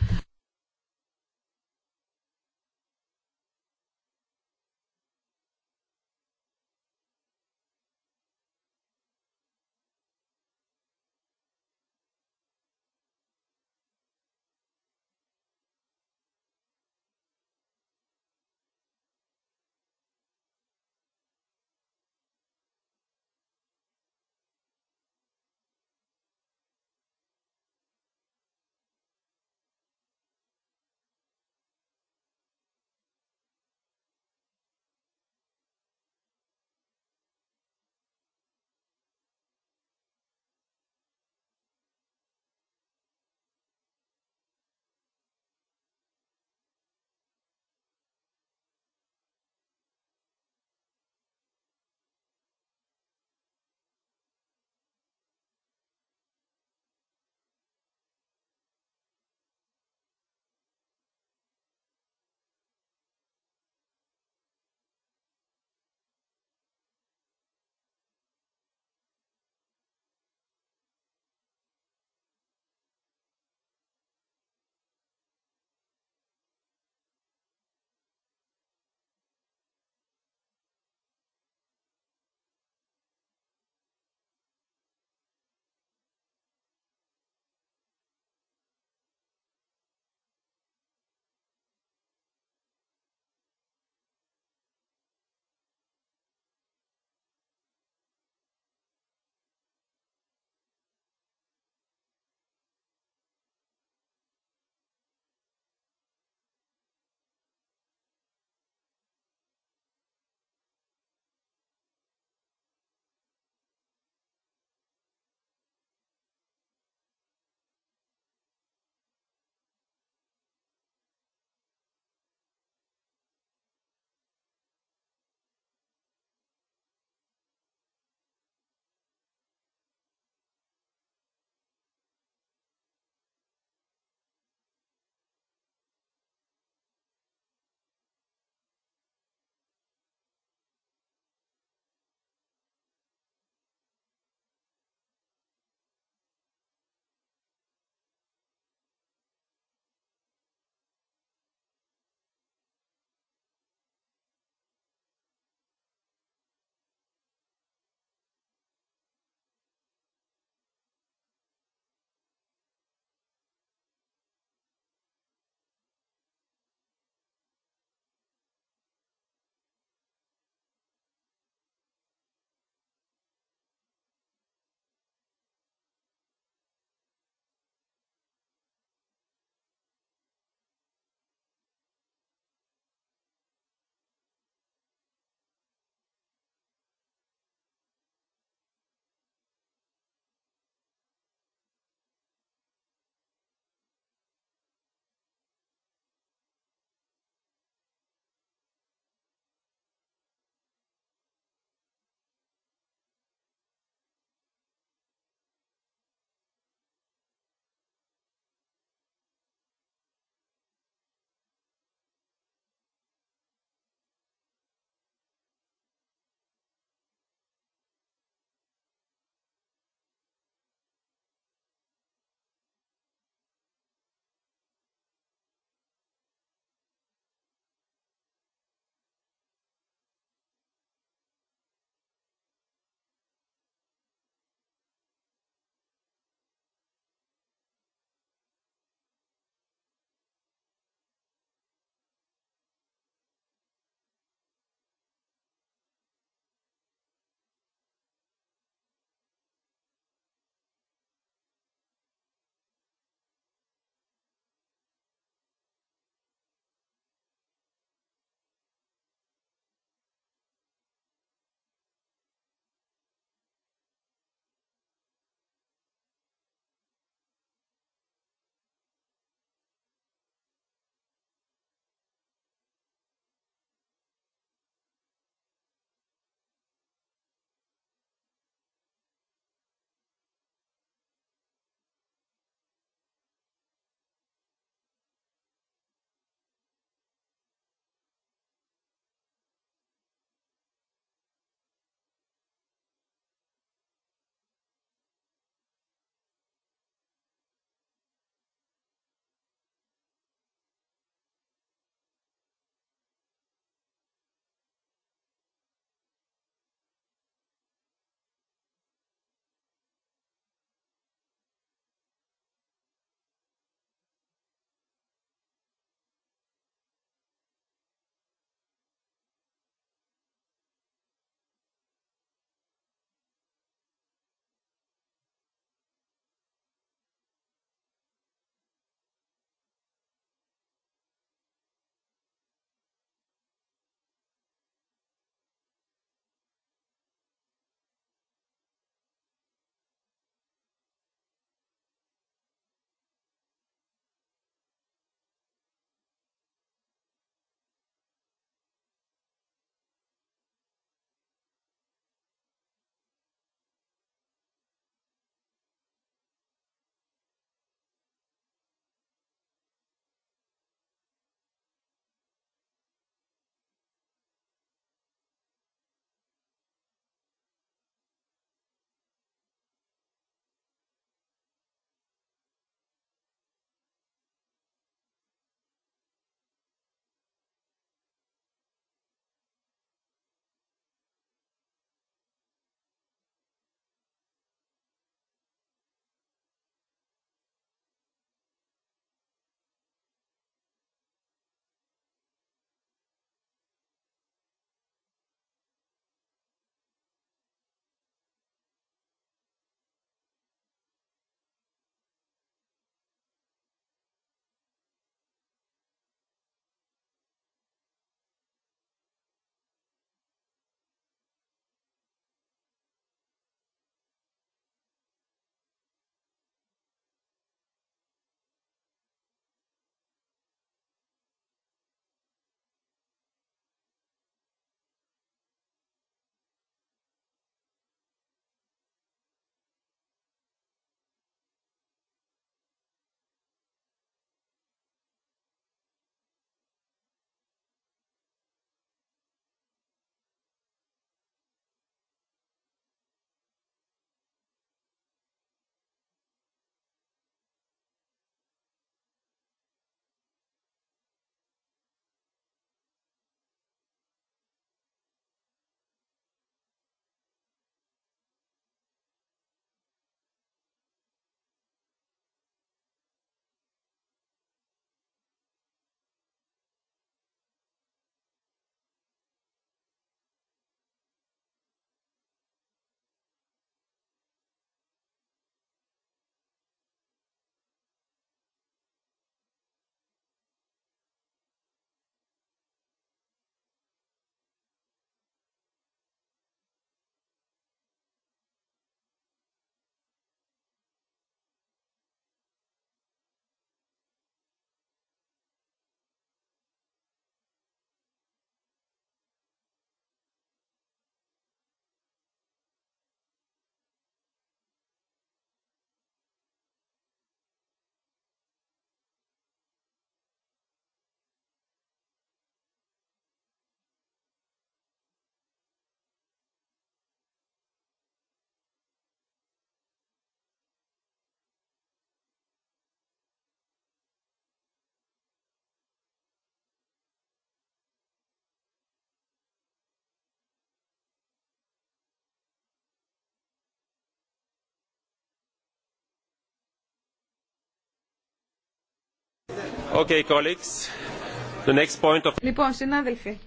Λοιπόν, συνάδελφοι.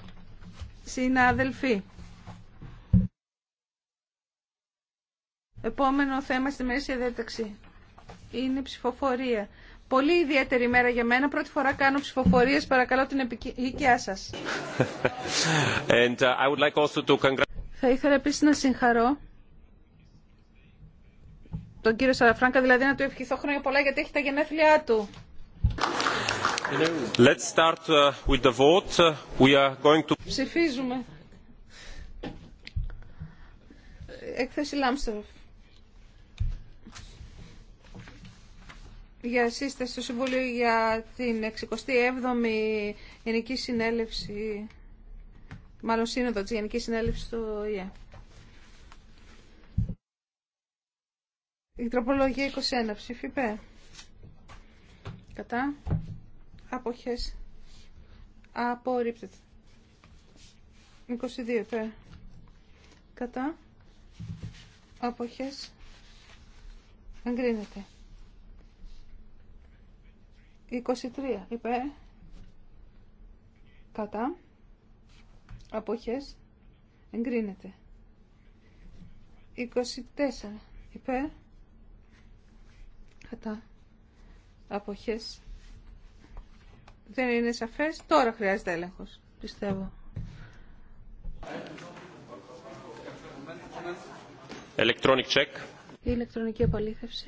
Συνάδελφοι. Επόμενο θέμα στη μέση διάταξη είναι ψηφοφορία. Πολύ ιδιαίτερη ημέρα για μένα. Πρώτη φορά κάνω ψηφοφορίε. Παρακαλώ την επικοινωνία σα. Uh, Θα ήθελα επίση να συγχαρώ τον κύριο Σαραφράγκα, δηλαδή να του ευχηθώ χρόνια πολλά γιατί έχει τα γενέθλιά του. Let's start uh, with the vote. Uh, we are going to... Ψηφίζουμε. Έκθεση για σύσταση στο Συμβούλιο για την 67η Γενική Συνέλευση, μάλλον σύνοδο της Γενικής συνέλευση του ΙΕ. Η τροπολογία 21 ψήφι Κατά αποχές απορρίπτεται. 22 υπέρ κατά αποχές εγκρίνεται. 23 υπέρ κατά αποχές εγκρίνεται. 24 υπέρ κατά αποχές δεν είναι σαφές. Τώρα χρειάζεται έλεγχος, πιστεύω. Electronic check. Η ηλεκτρονική απολύθευση.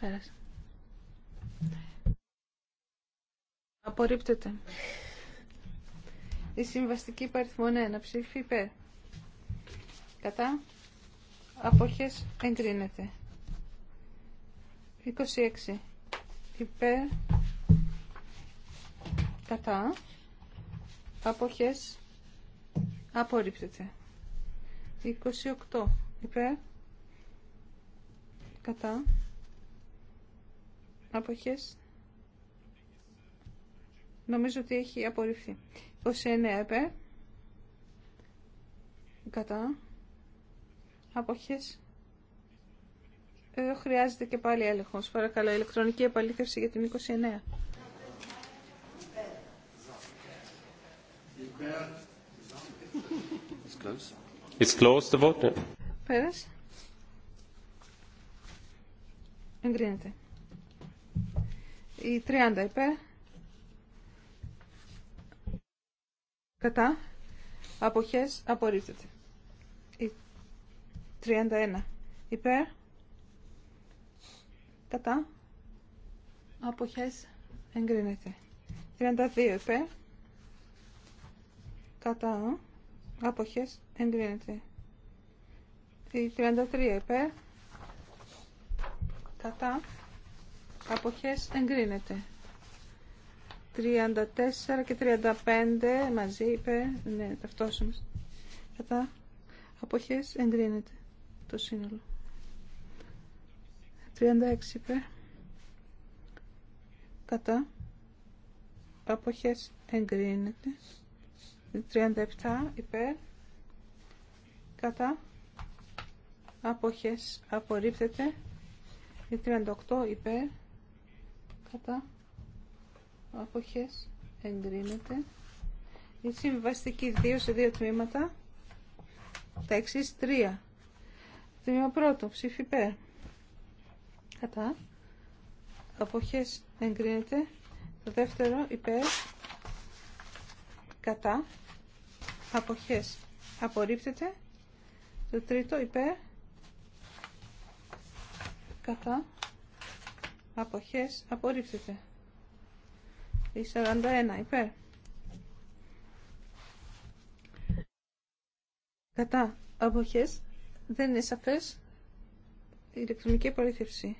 Πέρασε. Απορρίπτεται. Η συμβαστική παριθμόν 1 ψήφι υπέρ. Κατά. Αποχές εγκρίνεται. 26. Υπέρ. Κατά. Αποχές απορρίπτεται. 28. Υπέρ. Κατά. Αποχές. Νομίζω ότι έχει απορριφθεί. 29 υπέρ. Κατά. Αποχές. Εδώ χρειάζεται και πάλι έλεγχος. Παρακαλώ, ηλεκτρονική επαλήθευση για την 29. It's closed. the vote. Πέρασε. Εγκρίνεται. Η 30 υπέρ. Κατά. Αποχές απορρίπτεται. 31. Υπέρ. Κατά. Αποχές. Εγκρίνεται. 32. Υπέρ. Κατά. Αποχές. Εγκρίνεται. 33. Υπέρ. Κατά. Αποχές. Εγκρίνεται. 34 και 35 μαζί είπε Ναι, ταυτόσιμες. Κατά. Αποχές εγκρίνεται το σύνολο. 36 υπέρ. Κατά. Αποχές εγκρίνεται. 37 υπέρ. Κατά. Αποχές απορρίπτεται. 38 υπέρ. Κατά. Αποχές εγκρίνεται. Η συμβαστική 2 σε 2 τμήματα. Τα εξής 3 Τμήμα πρώτο, ψήφι υπέρ. Κατά. Αποχές εγκρίνεται. Το δεύτερο υπέρ. Κατά. Αποχές απορρίπτεται. Το τρίτο υπέρ. Κατά. Αποχές απορρίπτεται. Η 41 υπέρ. Κατά. Αποχές δεν είναι σαφές. Η ηλεκτρονική απορρίθευση.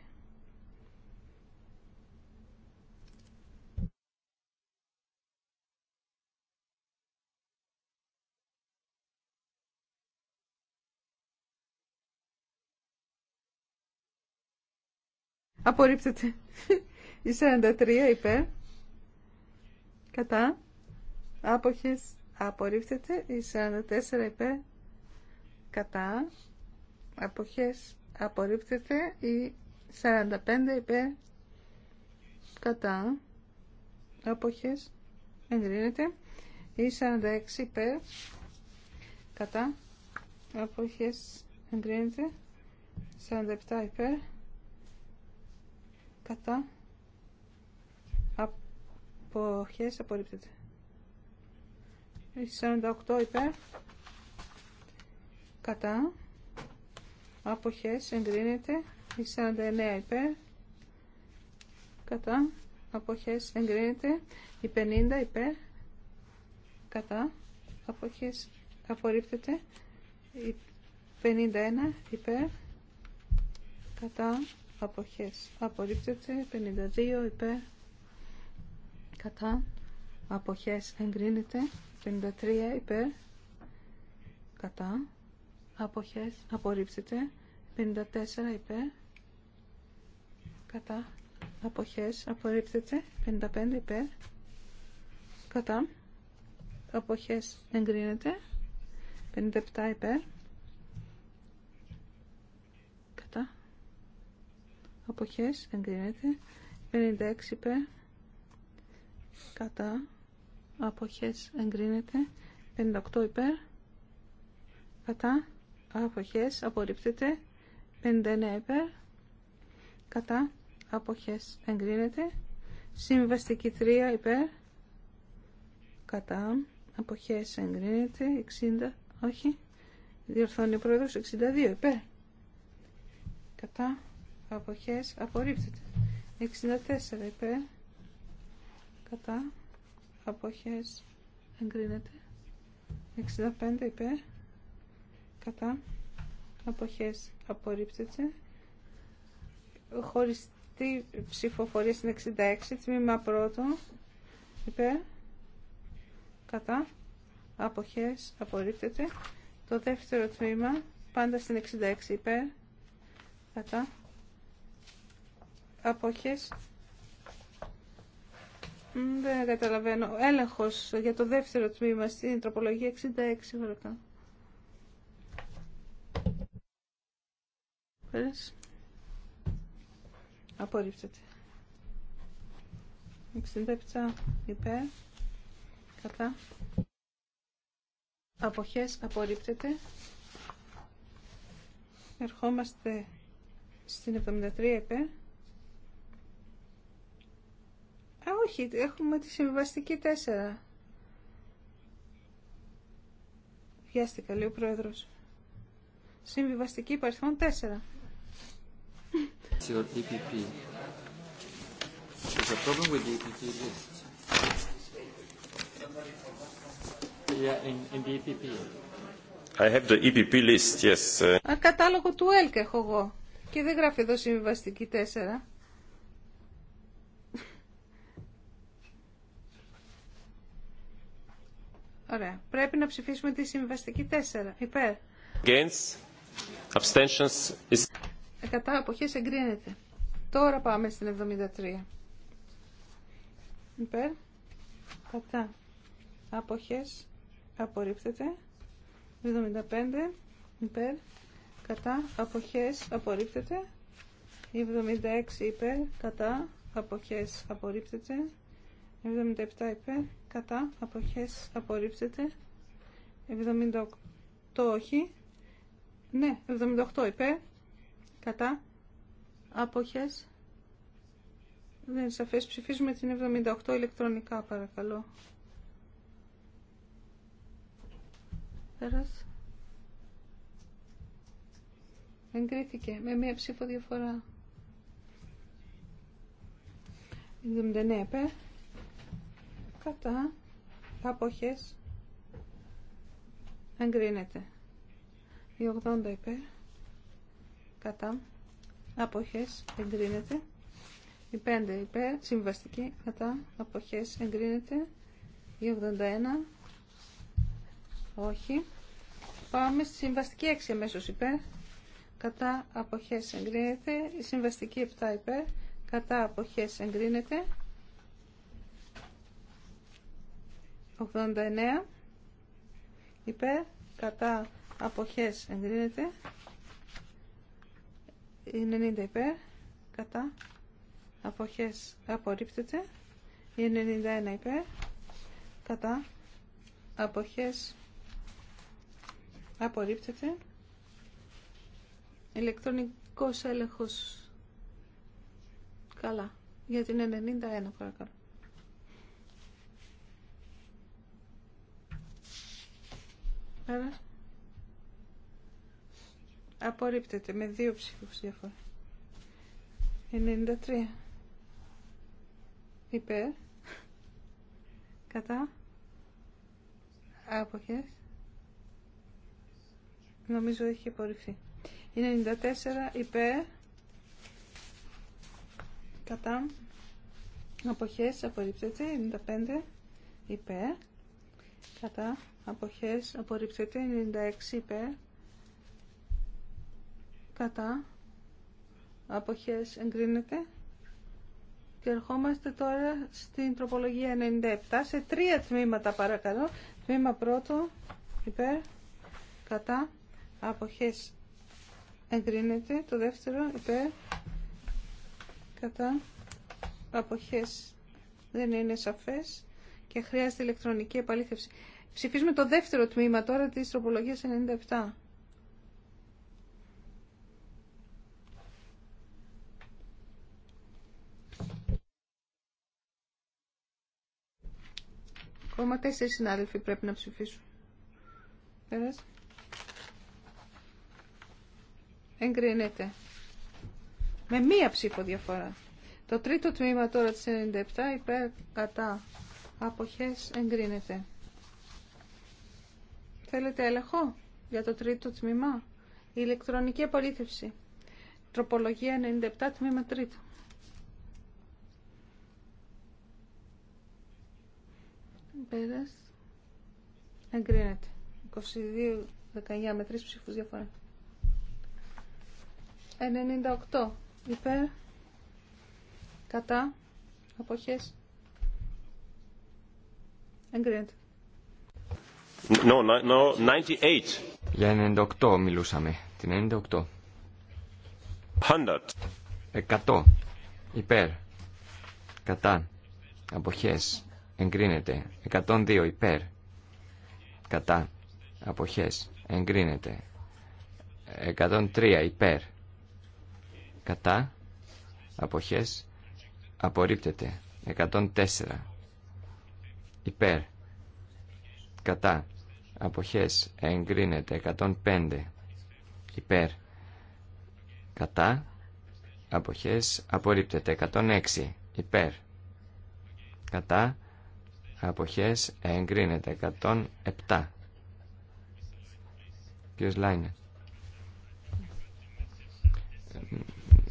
Απορρίπτεται. Η 43 υπέρ. Κατά. Άποχες. Απορρίπτεται. Η 44 υπέρ. Κατά αποχές απορρίπτεται η 45 υπέρ κατά αποχές εγκρίνεται ή 46 υπέρ κατά αποχές εγκρίνεται 47 υπέρ κατά αποχές απορρίπτεται 48 υπέρ κατά αποχές εγκρίνεται η 49 υπέρ κατά αποχές εγκρίνεται η 50 υπέρ κατά αποχές απορρίπτεται η 51 υπέρ κατά αποχές απορρίπτεται 52 υπέρ κατά αποχές εγκρίνεται 53 υπέρ κατά αποχές απορρίψετε 54 υπέρ κατά αποχές απορρίψετε 55 υπέρ κατά αποχές εγκρίνεται 57 υπέρ κατά αποχές εγκρίνεται 56 υπέρ κατά αποχές εγκρίνεται 58 υπέρ κατά αποχές απορρίπτεται 59 υπέρ κατά αποχές εγκρίνεται συμβαστική 3 υπέρ κατά αποχές εγκρίνεται 60 όχι διορθώνει ο πρόεδρος 62 υπέρ κατά αποχές απορρίπτεται 64 υπέρ κατά αποχές εγκρίνεται 65 υπέρ κατά αποχές απορρίπτεται χωριστή ψηφοφορία στην 66 τμήμα πρώτο υπέρ κατά αποχές απορρίπτεται το δεύτερο τμήμα πάντα στην 66 υπέρ κατά αποχές δεν καταλαβαίνω. Έλεγχος για το δεύτερο τμήμα στην τροπολογία 66 βρετά. Πέρας. Απορρίπτεται. 67 υπέρ. Κατά. Αποχές απορρίπτεται. Ερχόμαστε στην 73 υπέρ. Α, όχι, έχουμε τη συμβιβαστική 4. Βιάστηκα, λέει ο πρόεδρος. Συμβιβαστική υπαριθμών 4. Your EPP. There's a problem with the EPP list. Yeah, in, in the EPP. I have the EPP list, yes. Α, κατάλογο του ΕΛΚ έχω εγώ. Και δεν γράφει εδώ συμβιβαστική 4. Ωραία. Πρέπει να ψηφίσουμε τη συμβαστική 4. Υπέρ. Against. Abstentions is... Ε, κατά αποχές εγκρίνεται. Τώρα πάμε στην 73. Υπέρ. Κατά αποχές απορρίπτεται. 75. Υπέρ. Κατά αποχές απορρίπτεται. 76 υπέρ, κατά, αποχές απορρίπτεται. 77 υπέρ, κατά, αποχές απορρίπτεται. 78 όχι. Ναι, 78 υπέρ, κατά αποχές δεν είναι σαφές ψηφίζουμε την 78 ηλεκτρονικά παρακαλώ πέρας εγκρίθηκε με μία ψήφο διαφορά 79 επέ κατά αποχές εγκρίνεται Η 80 υπέρ κατά αποχές εγκρίνεται. Η 5 υπέρ, συμβαστική, κατά αποχές εγκρίνεται. Η 81, όχι. Πάμε στη συμβαστική 6 αμέσω υπέρ, κατά αποχές εγκρίνεται. Η συμβαστική 7 υπέρ, κατά αποχές εγκρίνεται. 89 υπέρ, κατά αποχές εγκρίνεται. Η 90 υπέρ, κατά, αποχές απορρίπτεται. Η 91 υπέρ, κατά, αποχές απορρίπτεται. Ηλεκτρονικός έλεγχος καλά. Για την 91 παρακαλώ. Απορρίπτεται με δύο ψήφους διαφορά. 93. Υπέρ. Κατά. Άποχες. Νομίζω έχει απορριφθεί. 94. Υπέρ. Κατά. Αποχές απορρίπτεται. 95. Υπέρ. Κατά. Αποχές απορρίπτεται. 96. Υπέρ κατά αποχές εγκρίνεται και ερχόμαστε τώρα στην τροπολογία 97 σε τρία τμήματα παρακαλώ τμήμα πρώτο υπέρ κατά αποχές εγκρίνεται το δεύτερο υπέρ κατά αποχές δεν είναι σαφές και χρειάζεται ηλεκτρονική επαλήθευση ψηφίζουμε το δεύτερο τμήμα τώρα της τροπολογίας 97 Ακόμα τέσσερις συνάδελφοι πρέπει να ψηφίσουν. Πέρας. Εγκρίνεται. Με μία ψήφο διαφορά. Το τρίτο τμήμα τώρα της 97 υπέρ κατά αποχές εγκρίνεται. Θέλετε έλεγχο για το τρίτο τμήμα. Η ηλεκτρονική απολύθευση. Τροπολογία 97 τμήμα τρίτο. Πέρας. Εγκρίνεται. 22-19 με 3 ψήφους διαφορά. 98 υπέρ. Κατά. Αποχές. Εγκρίνεται. No, no, 98. Για 98 μιλούσαμε. Την 98. 100. 100. Υπέρ. Κατά. Αποχές εγκρίνεται. 102 υπέρ, κατά, Αποχέ. εγκρίνεται. 103 υπέρ, κατά, απόχέ. απορρίπτεται. 104 υπέρ, κατά, Αποχέ. εγκρίνεται. 105 υπέρ, κατά, αποχές, απορρίπτεται. 106 υπέρ, κατά, Αποχές εγκρίνεται 107. Ποιος Λάινε.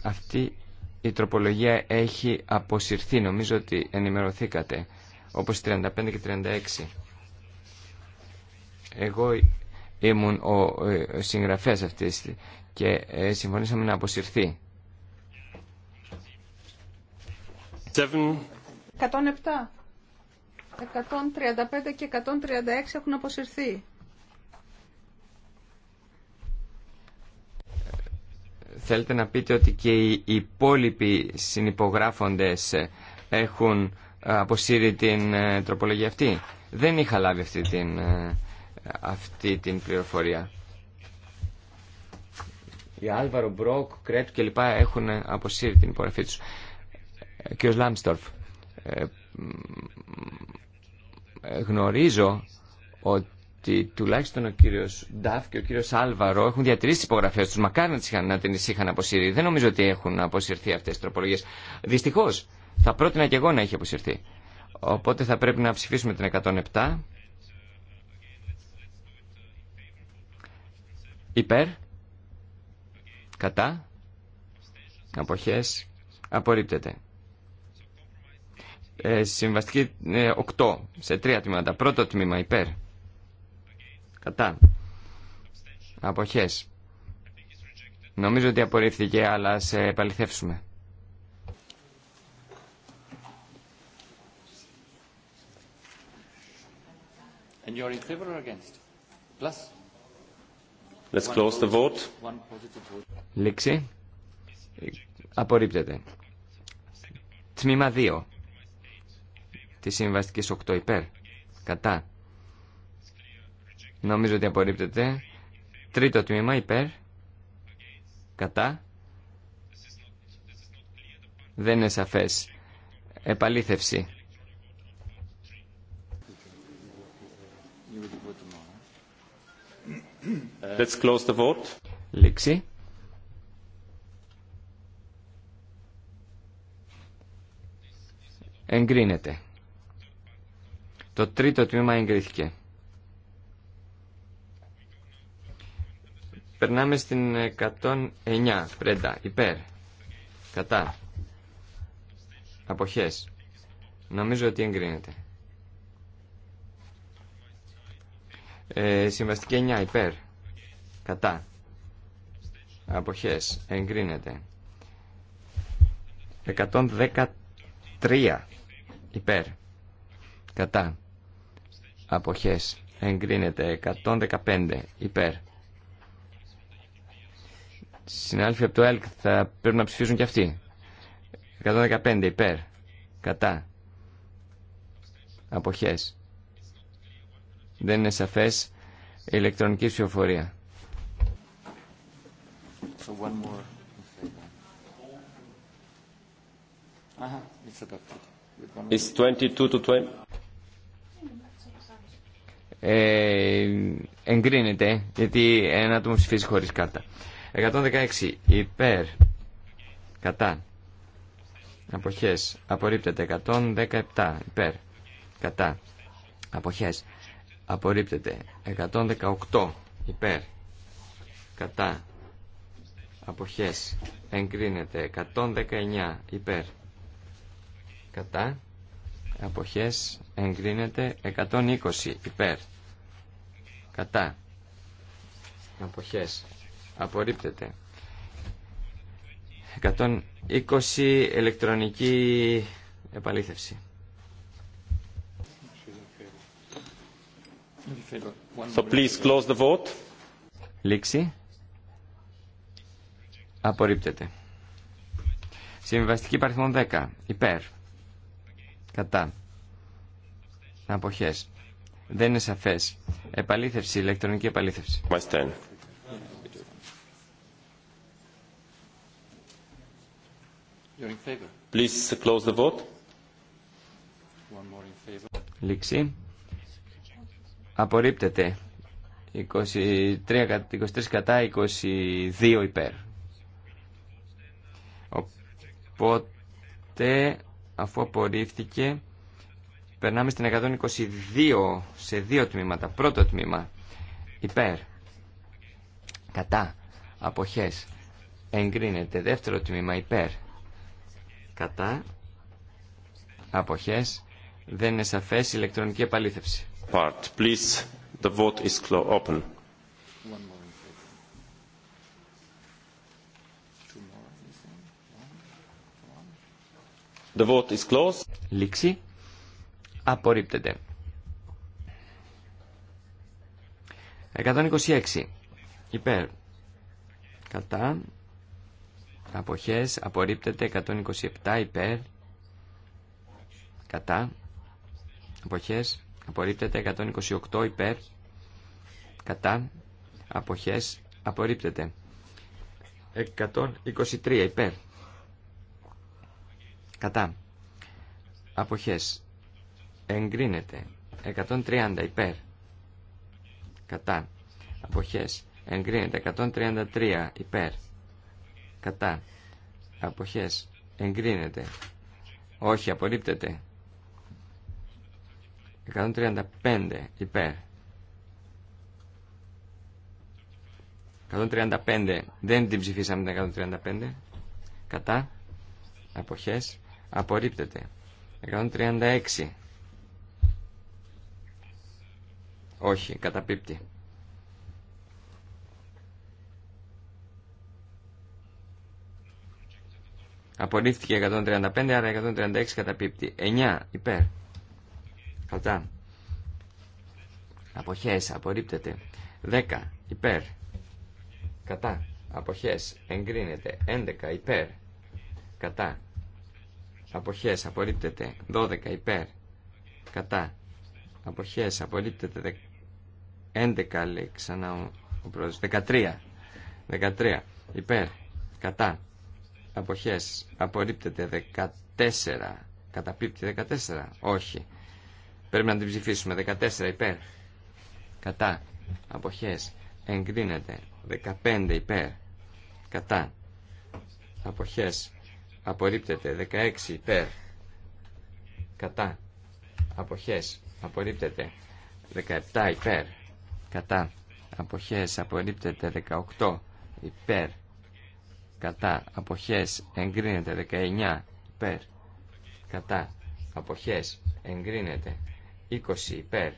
Αυτή η τροπολογία έχει αποσυρθεί. Νομίζω ότι ενημερωθήκατε. Όπως 35 και 36. Εγώ ήμουν ο ε, συγγραφέας αυτής και ε, συμφωνήσαμε να αποσυρθεί. 107. 135 και 136 έχουν αποσυρθεί. Θέλετε να πείτε ότι και οι υπόλοιποι συνυπογράφοντες έχουν ε, αποσύρει την ε, τροπολογία αυτή. Δεν είχα λάβει αυτή την, ε, αυτή την πληροφορία. Οι Άλβαρο, Μπρόκ, Κρέτ και λοιπά έχουν αποσύρει την υπογραφή τους. ο Λάμστορφ, γνωρίζω ότι τουλάχιστον ο κύριος Νταφ και ο κύριος Άλβαρο έχουν διατηρήσει τι υπογραφέ τους. Μακάρι να είχαν, να την είχαν αποσύρει. Δεν νομίζω ότι έχουν αποσυρθεί αυτές τι τροπολογίε. Δυστυχώ, θα πρότεινα και εγώ να έχει αποσυρθεί. Οπότε θα πρέπει να ψηφίσουμε την 107. Υπέρ. Κατά. Αποχές. Απορρίπτεται. Ε, συμβαστική 8 ε, σε τρία τμήματα. Πρώτο τμήμα υπέρ. Κατά. Αποχές. Νομίζω ότι απορρίφθηκε, αλλά σε επαληθεύσουμε. And you're in favor against? Plus. Let's close the vote. Λήξη. Απορρίπτεται. Τμήμα 2 τη συμβαστική 8 υπέρ. Κατά. Νομίζω ότι απορρίπτεται. Τρίτο τμήμα υπέρ. Κατά. Δεν είναι σαφές. Επαλήθευση. Let's close the vote. Λήξη. Εγκρίνεται. Το τρίτο τμήμα εγκρίθηκε. Περνάμε στην 109. Πρέντα. Υπέρ. Κατά. Αποχές. Νομίζω ότι εγκρίνεται. Ε, συμβαστική 9. Υπέρ. Κατά. Αποχές. Εγκρίνεται. 113. Υπέρ. Κατά αποχές εγκρίνεται 115 υπέρ συνάλφοι από το ΕΛΚ θα πρέπει να ψηφίσουν και αυτοί 115 υπέρ κατά αποχές δεν είναι σαφές ηλεκτρονική ψηφοφορία so Uh 22 to 20 ε, εγκρίνεται γιατί ένα άτομο ψηφίζει χωρίς κάρτα 116 υπέρ κατά αποχές απορρίπτεται 117 υπέρ κατά αποχές απορρίπτεται 118 υπέρ κατά αποχές εγκρίνεται 119 υπέρ κατά αποχές εγκρίνεται 120 υπέρ κατά αποχές απορρίπτεται 120 ηλεκτρονική επαλήθευση So please close the vote. Λήξη. Απορρίπτεται. Συμβιβαστική παριθμόν 10. Υπέρ. Κατά. Αποχές. Δεν είναι σαφέ. Επαλήθευση, ηλεκτρονική επαλήθευση. Please close the vote. One more in Λήξη. Απορρίπτεται. 23, 23 κατά, 22 υπέρ. Οπότε, αφού απορρίφθηκε, Περνάμε στην 122 σε δύο τμήματα. Πρώτο τμήμα υπέρ, κατά, αποχές, εγκρίνεται. Δεύτερο τμήμα υπέρ, κατά, αποχές, δεν είναι σαφές ηλεκτρονική επαλήθευση. Part, please. The vote is open. The vote is closed. Λήξη. Απορρίπτεται. 126. Υπέρ. Κατά. Αποχές. Απορρίπτεται. 127. Υπέρ. Κατά. Αποχές. Απορρίπτεται. 128. Υπέρ. Κατά. Αποχές. Απορρίπτεται. 123. Υπέρ. Κατά. Αποχές εγκρίνεται 130 υπέρ κατά αποχές εγκρίνεται 133 υπέρ κατά αποχές εγκρίνεται όχι απορρίπτεται 135 υπέρ 135 δεν την ψηφίσαμε την 135 κατά αποχές απορρίπτεται 136 Όχι, καταπίπτει. Απορρίφθηκε 135, άρα 136 καταπίπτει. 9 υπέρ. Κατά. Αποχές, απορρίπτεται. 10 υπέρ. Κατά. Αποχές, εγκρίνεται. 11 υπέρ. Κατά. Αποχές, απορρίπτεται. 12 υπέρ. Κατά. Αποχές, απορρίπτεται. 11 λέει ξανά ο, ο πρόεδρος. 13. 13. Υπέρ. Κατά. Αποχές. Απορρίπτεται. 14. Καταπίπτει 14. Όχι. Πρέπει να την ψηφίσουμε. 14 υπέρ. Κατά. Αποχές. Εγκρίνεται. 15 υπέρ. Κατά. Αποχές. Απορρίπτεται. 16 υπέρ. Κατά. Αποχές. Απορρίπτεται. 17 υπέρ κατά αποχές απορρίπτεται 18 υπέρ κατά αποχές εγκρίνεται 19 υπέρ κατά αποχές εγκρίνεται 20 υπέρ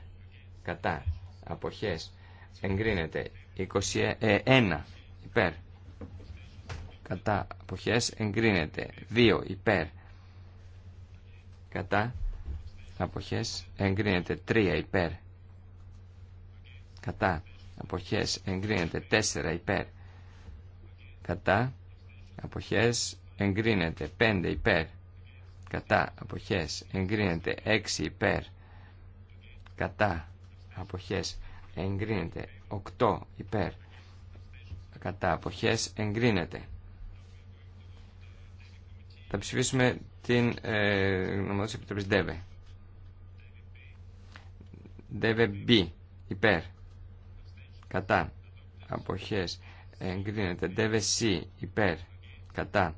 κατά αποχές εγκρίνεται 21 ε, υπέρ κατά αποχές εγκρίνεται 2 υπέρ κατά αποχές εγκρίνεται 3 υπέρ κατά αποχές εγκρίνεται 4 υπέρ κατά αποχές εγκρίνεται 5 υπέρ κατά αποχές εγκρίνεται 6 υπέρ κατά αποχές εγκρίνεται 8 υπέρ κατά αποχές εγκρίνεται θα ψηφίσουμε την ε, γνωμοδότηση επιτροπής ΔΕΒΕ ΔΕΒΕ B υπέρ κατά αποχές εγκρίνεται DVC υπέρ κατά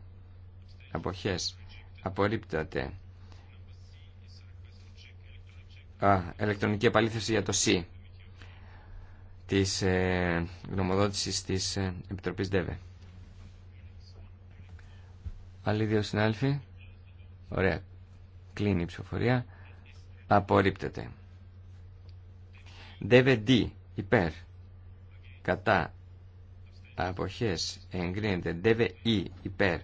αποχές απορρίπτεται Α, ηλεκτρονική επαλήθευση για το ΣΥ της ε, γνωμοδότησης της ε, Επιτροπής ΔΕΒΕ. Άλλοι δύο συνάλφοι. Ωραία. Κλείνει η ψηφοφορία. Απορρίπτεται. ΔΕΒΕ Υπέρ κατά αποχές εγκρίνεται δεβε υπέρ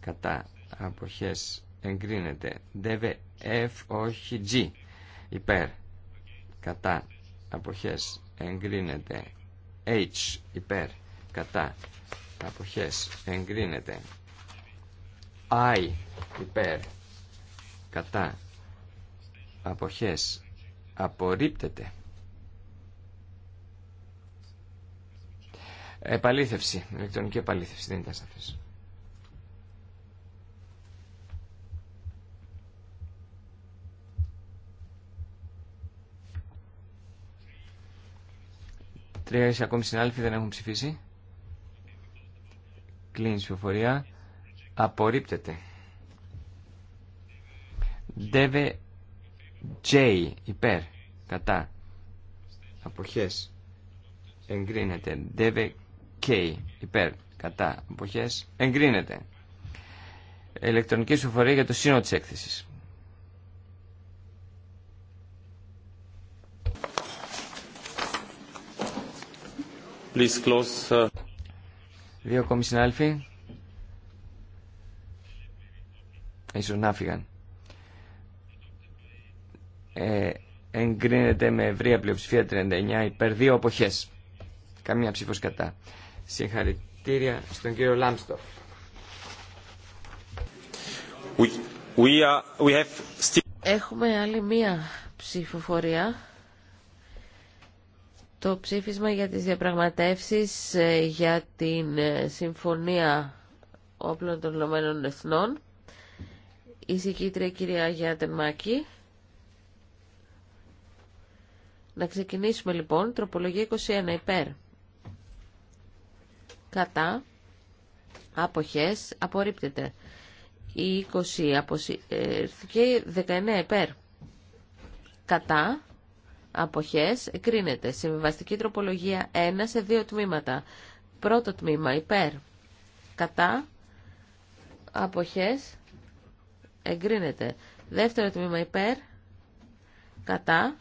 κατά αποχές εγκρίνεται δεβε όχι υπέρ κατά αποχές εγκρίνεται H υπέρ κατά αποχές εγκρίνεται I υπέρ κατά αποχές απορρίπτεται Επαλήθευση, ηλεκτρονική επαλήθευση, δεν ήταν σαφές. Τρία ακόμη συνάλφοι δεν έχουν ψηφίσει. Κλείνει η ψηφοφορία. Απορρίπτεται. Δεβε ΤΖΕΙ υπέρ κατά αποχές εγκρίνεται. Δεβε καίει Υπέρ. Κατά. εποχές, Εγκρίνεται. Ηλεκτρονική ψηφοφορία για το σύνολο της έκθεσης. Please close. Δύο ακόμη συνάλφοι. Ίσως να φύγαν. Ε, εγκρίνεται με ευρία πλειοψηφία 39 υπέρ δύο αποχές. Καμία ψήφος κατά. Συγχαρητήρια στον κύριο Λάμστοφ. Έχουμε άλλη μία ψηφοφορία. Το ψήφισμα για τις διαπραγματεύσεις ε, για την ε, Συμφωνία Όπλων των Ηνωμένων Εθνών. Η συγκήτρια κυρία Τερμάκη. Να ξεκινήσουμε λοιπόν. Τροπολογία 21 υπέρ κατά, αποχές, απορρίπτεται. Η 20 αποσύρθηκε, 19 υπέρ, κατά, αποχές, εκρίνεται. Συμβιβαστική τροπολογία 1 σε δύο τμήματα. Πρώτο τμήμα υπέρ, κατά, αποχές, εγκρίνεται. Δεύτερο τμήμα υπέρ, κατά,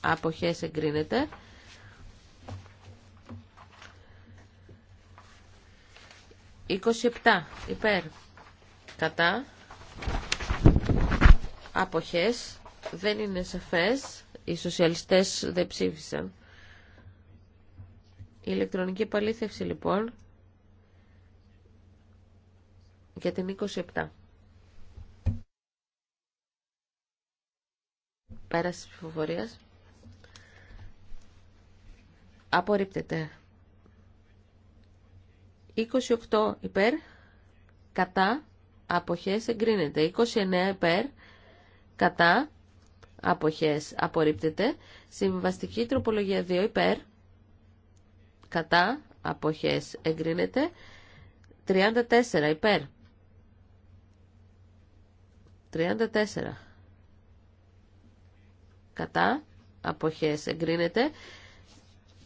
αποχές εγκρίνεται. 27 υπέρ κατά αποχές δεν είναι σαφές οι σοσιαλιστές δεν ψήφισαν η ηλεκτρονική επαλήθευση λοιπόν για την 27 πέραση της ψηφοφορίας απορρίπτεται 28 υπέρ, κατά, αποχές εγκρίνεται. 29 υπέρ, κατά, αποχές απορρίπτεται. Συμβαστική τροπολογία 2 υπέρ, κατά, αποχές εγκρίνεται. 34 υπέρ. 34. Κατά, αποχές εγκρίνεται.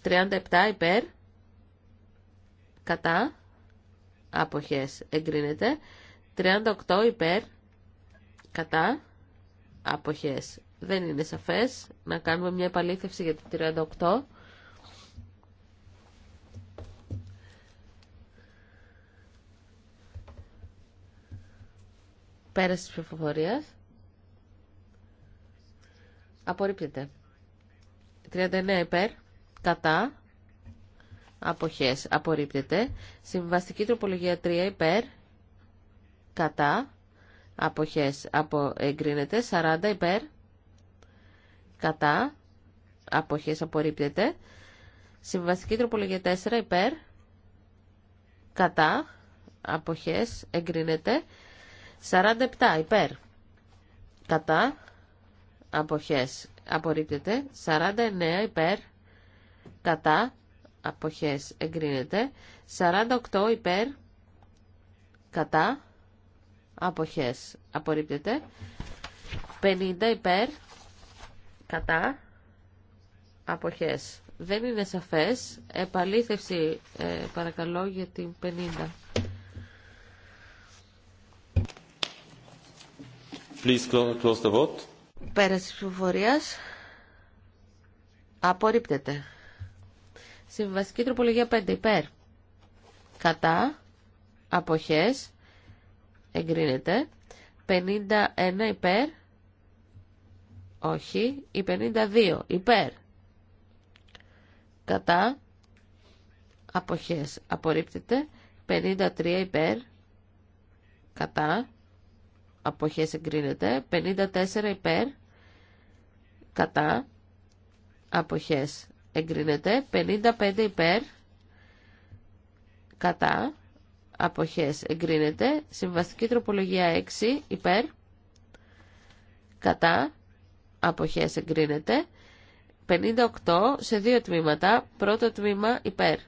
37 υπέρ, κατά, άποχες εγκρίνεται, 38 υπέρ, κατά, άποχες δεν είναι σαφές, να κάνουμε μια επαλήθευση για το 38. Πέραση της ψηφοφορίας. Απορρίπτεται. 39 υπέρ, κατά, αποχές απορρίπτεται. Συμβαστική τροπολογία 3 υπέρ, κατά, αποχές απο, εγκρίνεται. 40 υπέρ, κατά, αποχές απορρίπτεται. Συμβαστική τροπολογία 4 υπέρ, κατά, αποχές εγκρίνεται. 47 υπέρ, κατά, αποχές απορρίπτεται. 49 υπέρ, κατά, αποχές εγκρίνεται 48 υπέρ κατά αποχές απορρίπτεται 50 υπέρ κατά αποχές δεν είναι σαφές επαλήθευση ε, παρακαλώ για την 50 Please close the vote. Πέραση ψηφοφορίας απορρίπτεται. Συμβαστική τροπολογία 5 υπέρ. Κατά. Αποχές. Εγκρίνεται. 51 υπέρ. Όχι. Η 52 υπέρ. Κατά. Αποχές. Απορρίπτεται. 53 υπέρ. Κατά. Αποχές εγκρίνεται. 54 υπέρ. Κατά. Αποχές εγκρίνεται 55 υπέρ κατά αποχές εγκρίνεται συμβαστική τροπολογία 6 υπέρ κατά αποχές εγκρίνεται 58 σε δύο τμήματα πρώτο τμήμα υπέρ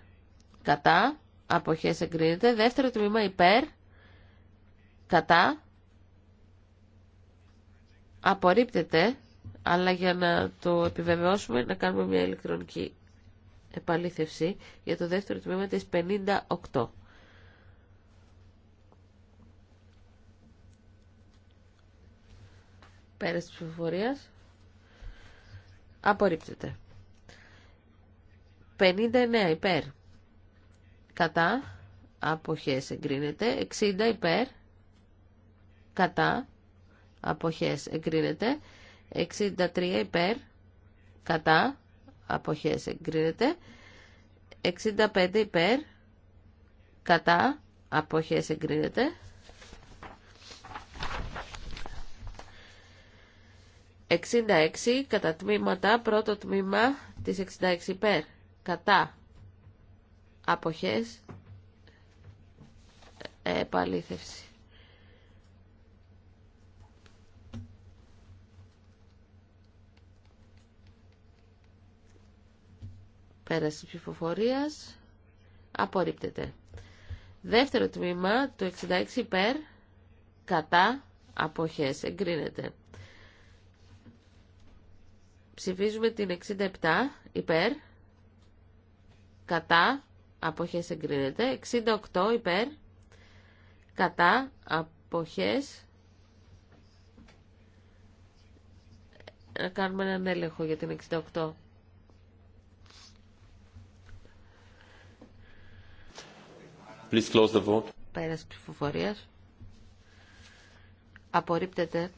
κατά αποχές εγκρίνεται δεύτερο τμήμα υπέρ κατά απορρίπτεται αλλά για να το επιβεβαιώσουμε να κάνουμε μια ηλεκτρονική επαλήθευση για το δεύτερο τμήμα της 58. Πέρας της ψηφοφορίας απορρίπτεται. 59 υπέρ κατά αποχές εγκρίνεται. 60 υπέρ κατά αποχές εγκρίνεται. 63 υπέρ, κατά, αποχές εγκρίνεται. 65 υπέρ, κατά, αποχές εγκρίνεται. 66 κατά τμήματα, πρώτο τμήμα της 66 υπέρ, κατά, αποχές, ε, επαλήθευση. Πέραση ψηφοφορία, Απορρίπτεται. Δεύτερο τμήμα του 66 υπέρ. Κατά. Αποχές. Εγκρίνεται. Ψηφίζουμε την 67 υπέρ. Κατά. Αποχές εγκρίνεται. 68 υπέρ. Κατά. Αποχές. Να κάνουμε έναν έλεγχο για την 68. Please close the vote. Πέρας ψηφοφορίας. Απορρίπτεται.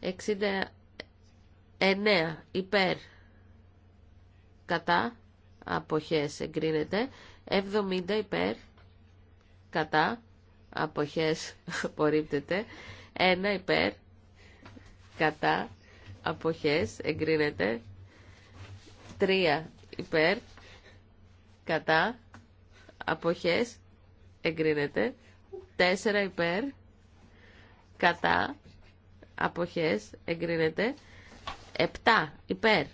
69 υπέρ κατά αποχές εγκρίνεται. 70 υπέρ κατά αποχές απορρίπτεται. 1 υπέρ κατά αποχές εγκρίνεται. 3 υπέρ κατά αποχές εγκρίνεται. 4 υπέρ, κατά, αποχές, εγκρίνεται. 7 υπέρ,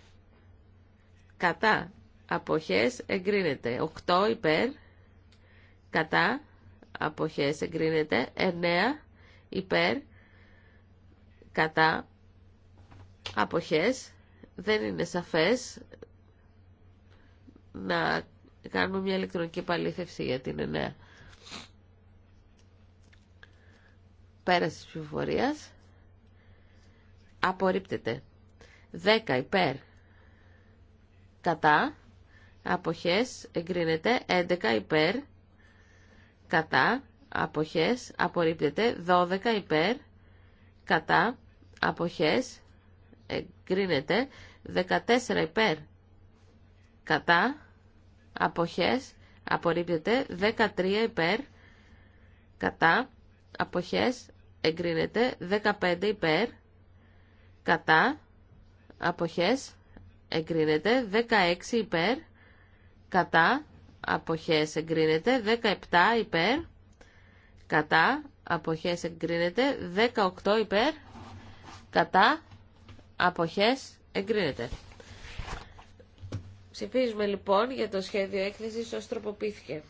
κατά, αποχές, εγκρίνεται. 8 υπέρ, κατά, αποχές, εγκρίνεται. 9 υπέρ, κατά, αποχές, δεν είναι σαφές να κάνουμε μια ηλεκτρονική παλήθευση για την 9. Πέραση της ψηφοφορίας. Απορρίπτεται. 10 υπέρ. Κατά. Αποχές εγκρίνεται. 11 υπέρ. Κατά. Αποχές απορρίπτεται. 12 υπέρ. Κατά. Αποχές εγκρίνεται. 14 υπέρ. Κατά. Αποχές απορρίπτεται. 13 υπέρ. Κατά. Αποχές εγκρίνεται 15 υπέρ κατά αποχές εγκρίνεται 16 υπέρ κατά αποχές εγκρίνεται 17 υπέρ κατά αποχές εγκρίνεται 18 υπέρ κατά αποχές εγκρίνεται Ψηφίζουμε λοιπόν για το σχέδιο έκθεσης ως τροποποιήθηκε.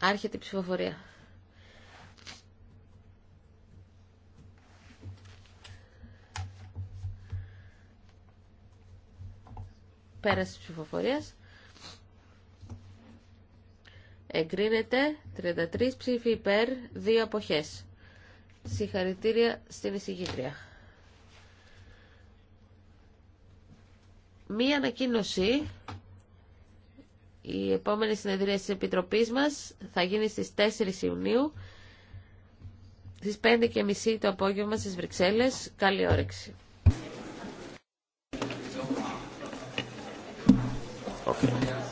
Άρχεται η ψηφοφορία. Πέραση ψηφοφορία. ψηφοφορίας. Εγκρίνεται 33 ψήφοι υπέρ, 2 αποχές. Συγχαρητήρια στην εισηγήτρια. Μία ανακοίνωση. Η επόμενη συνεδρία της Επιτροπής μας θα γίνει στις 4 Ιουνίου στις 5.30 το απόγευμα στις Βρυξέλλες. Καλή όρεξη. Okay.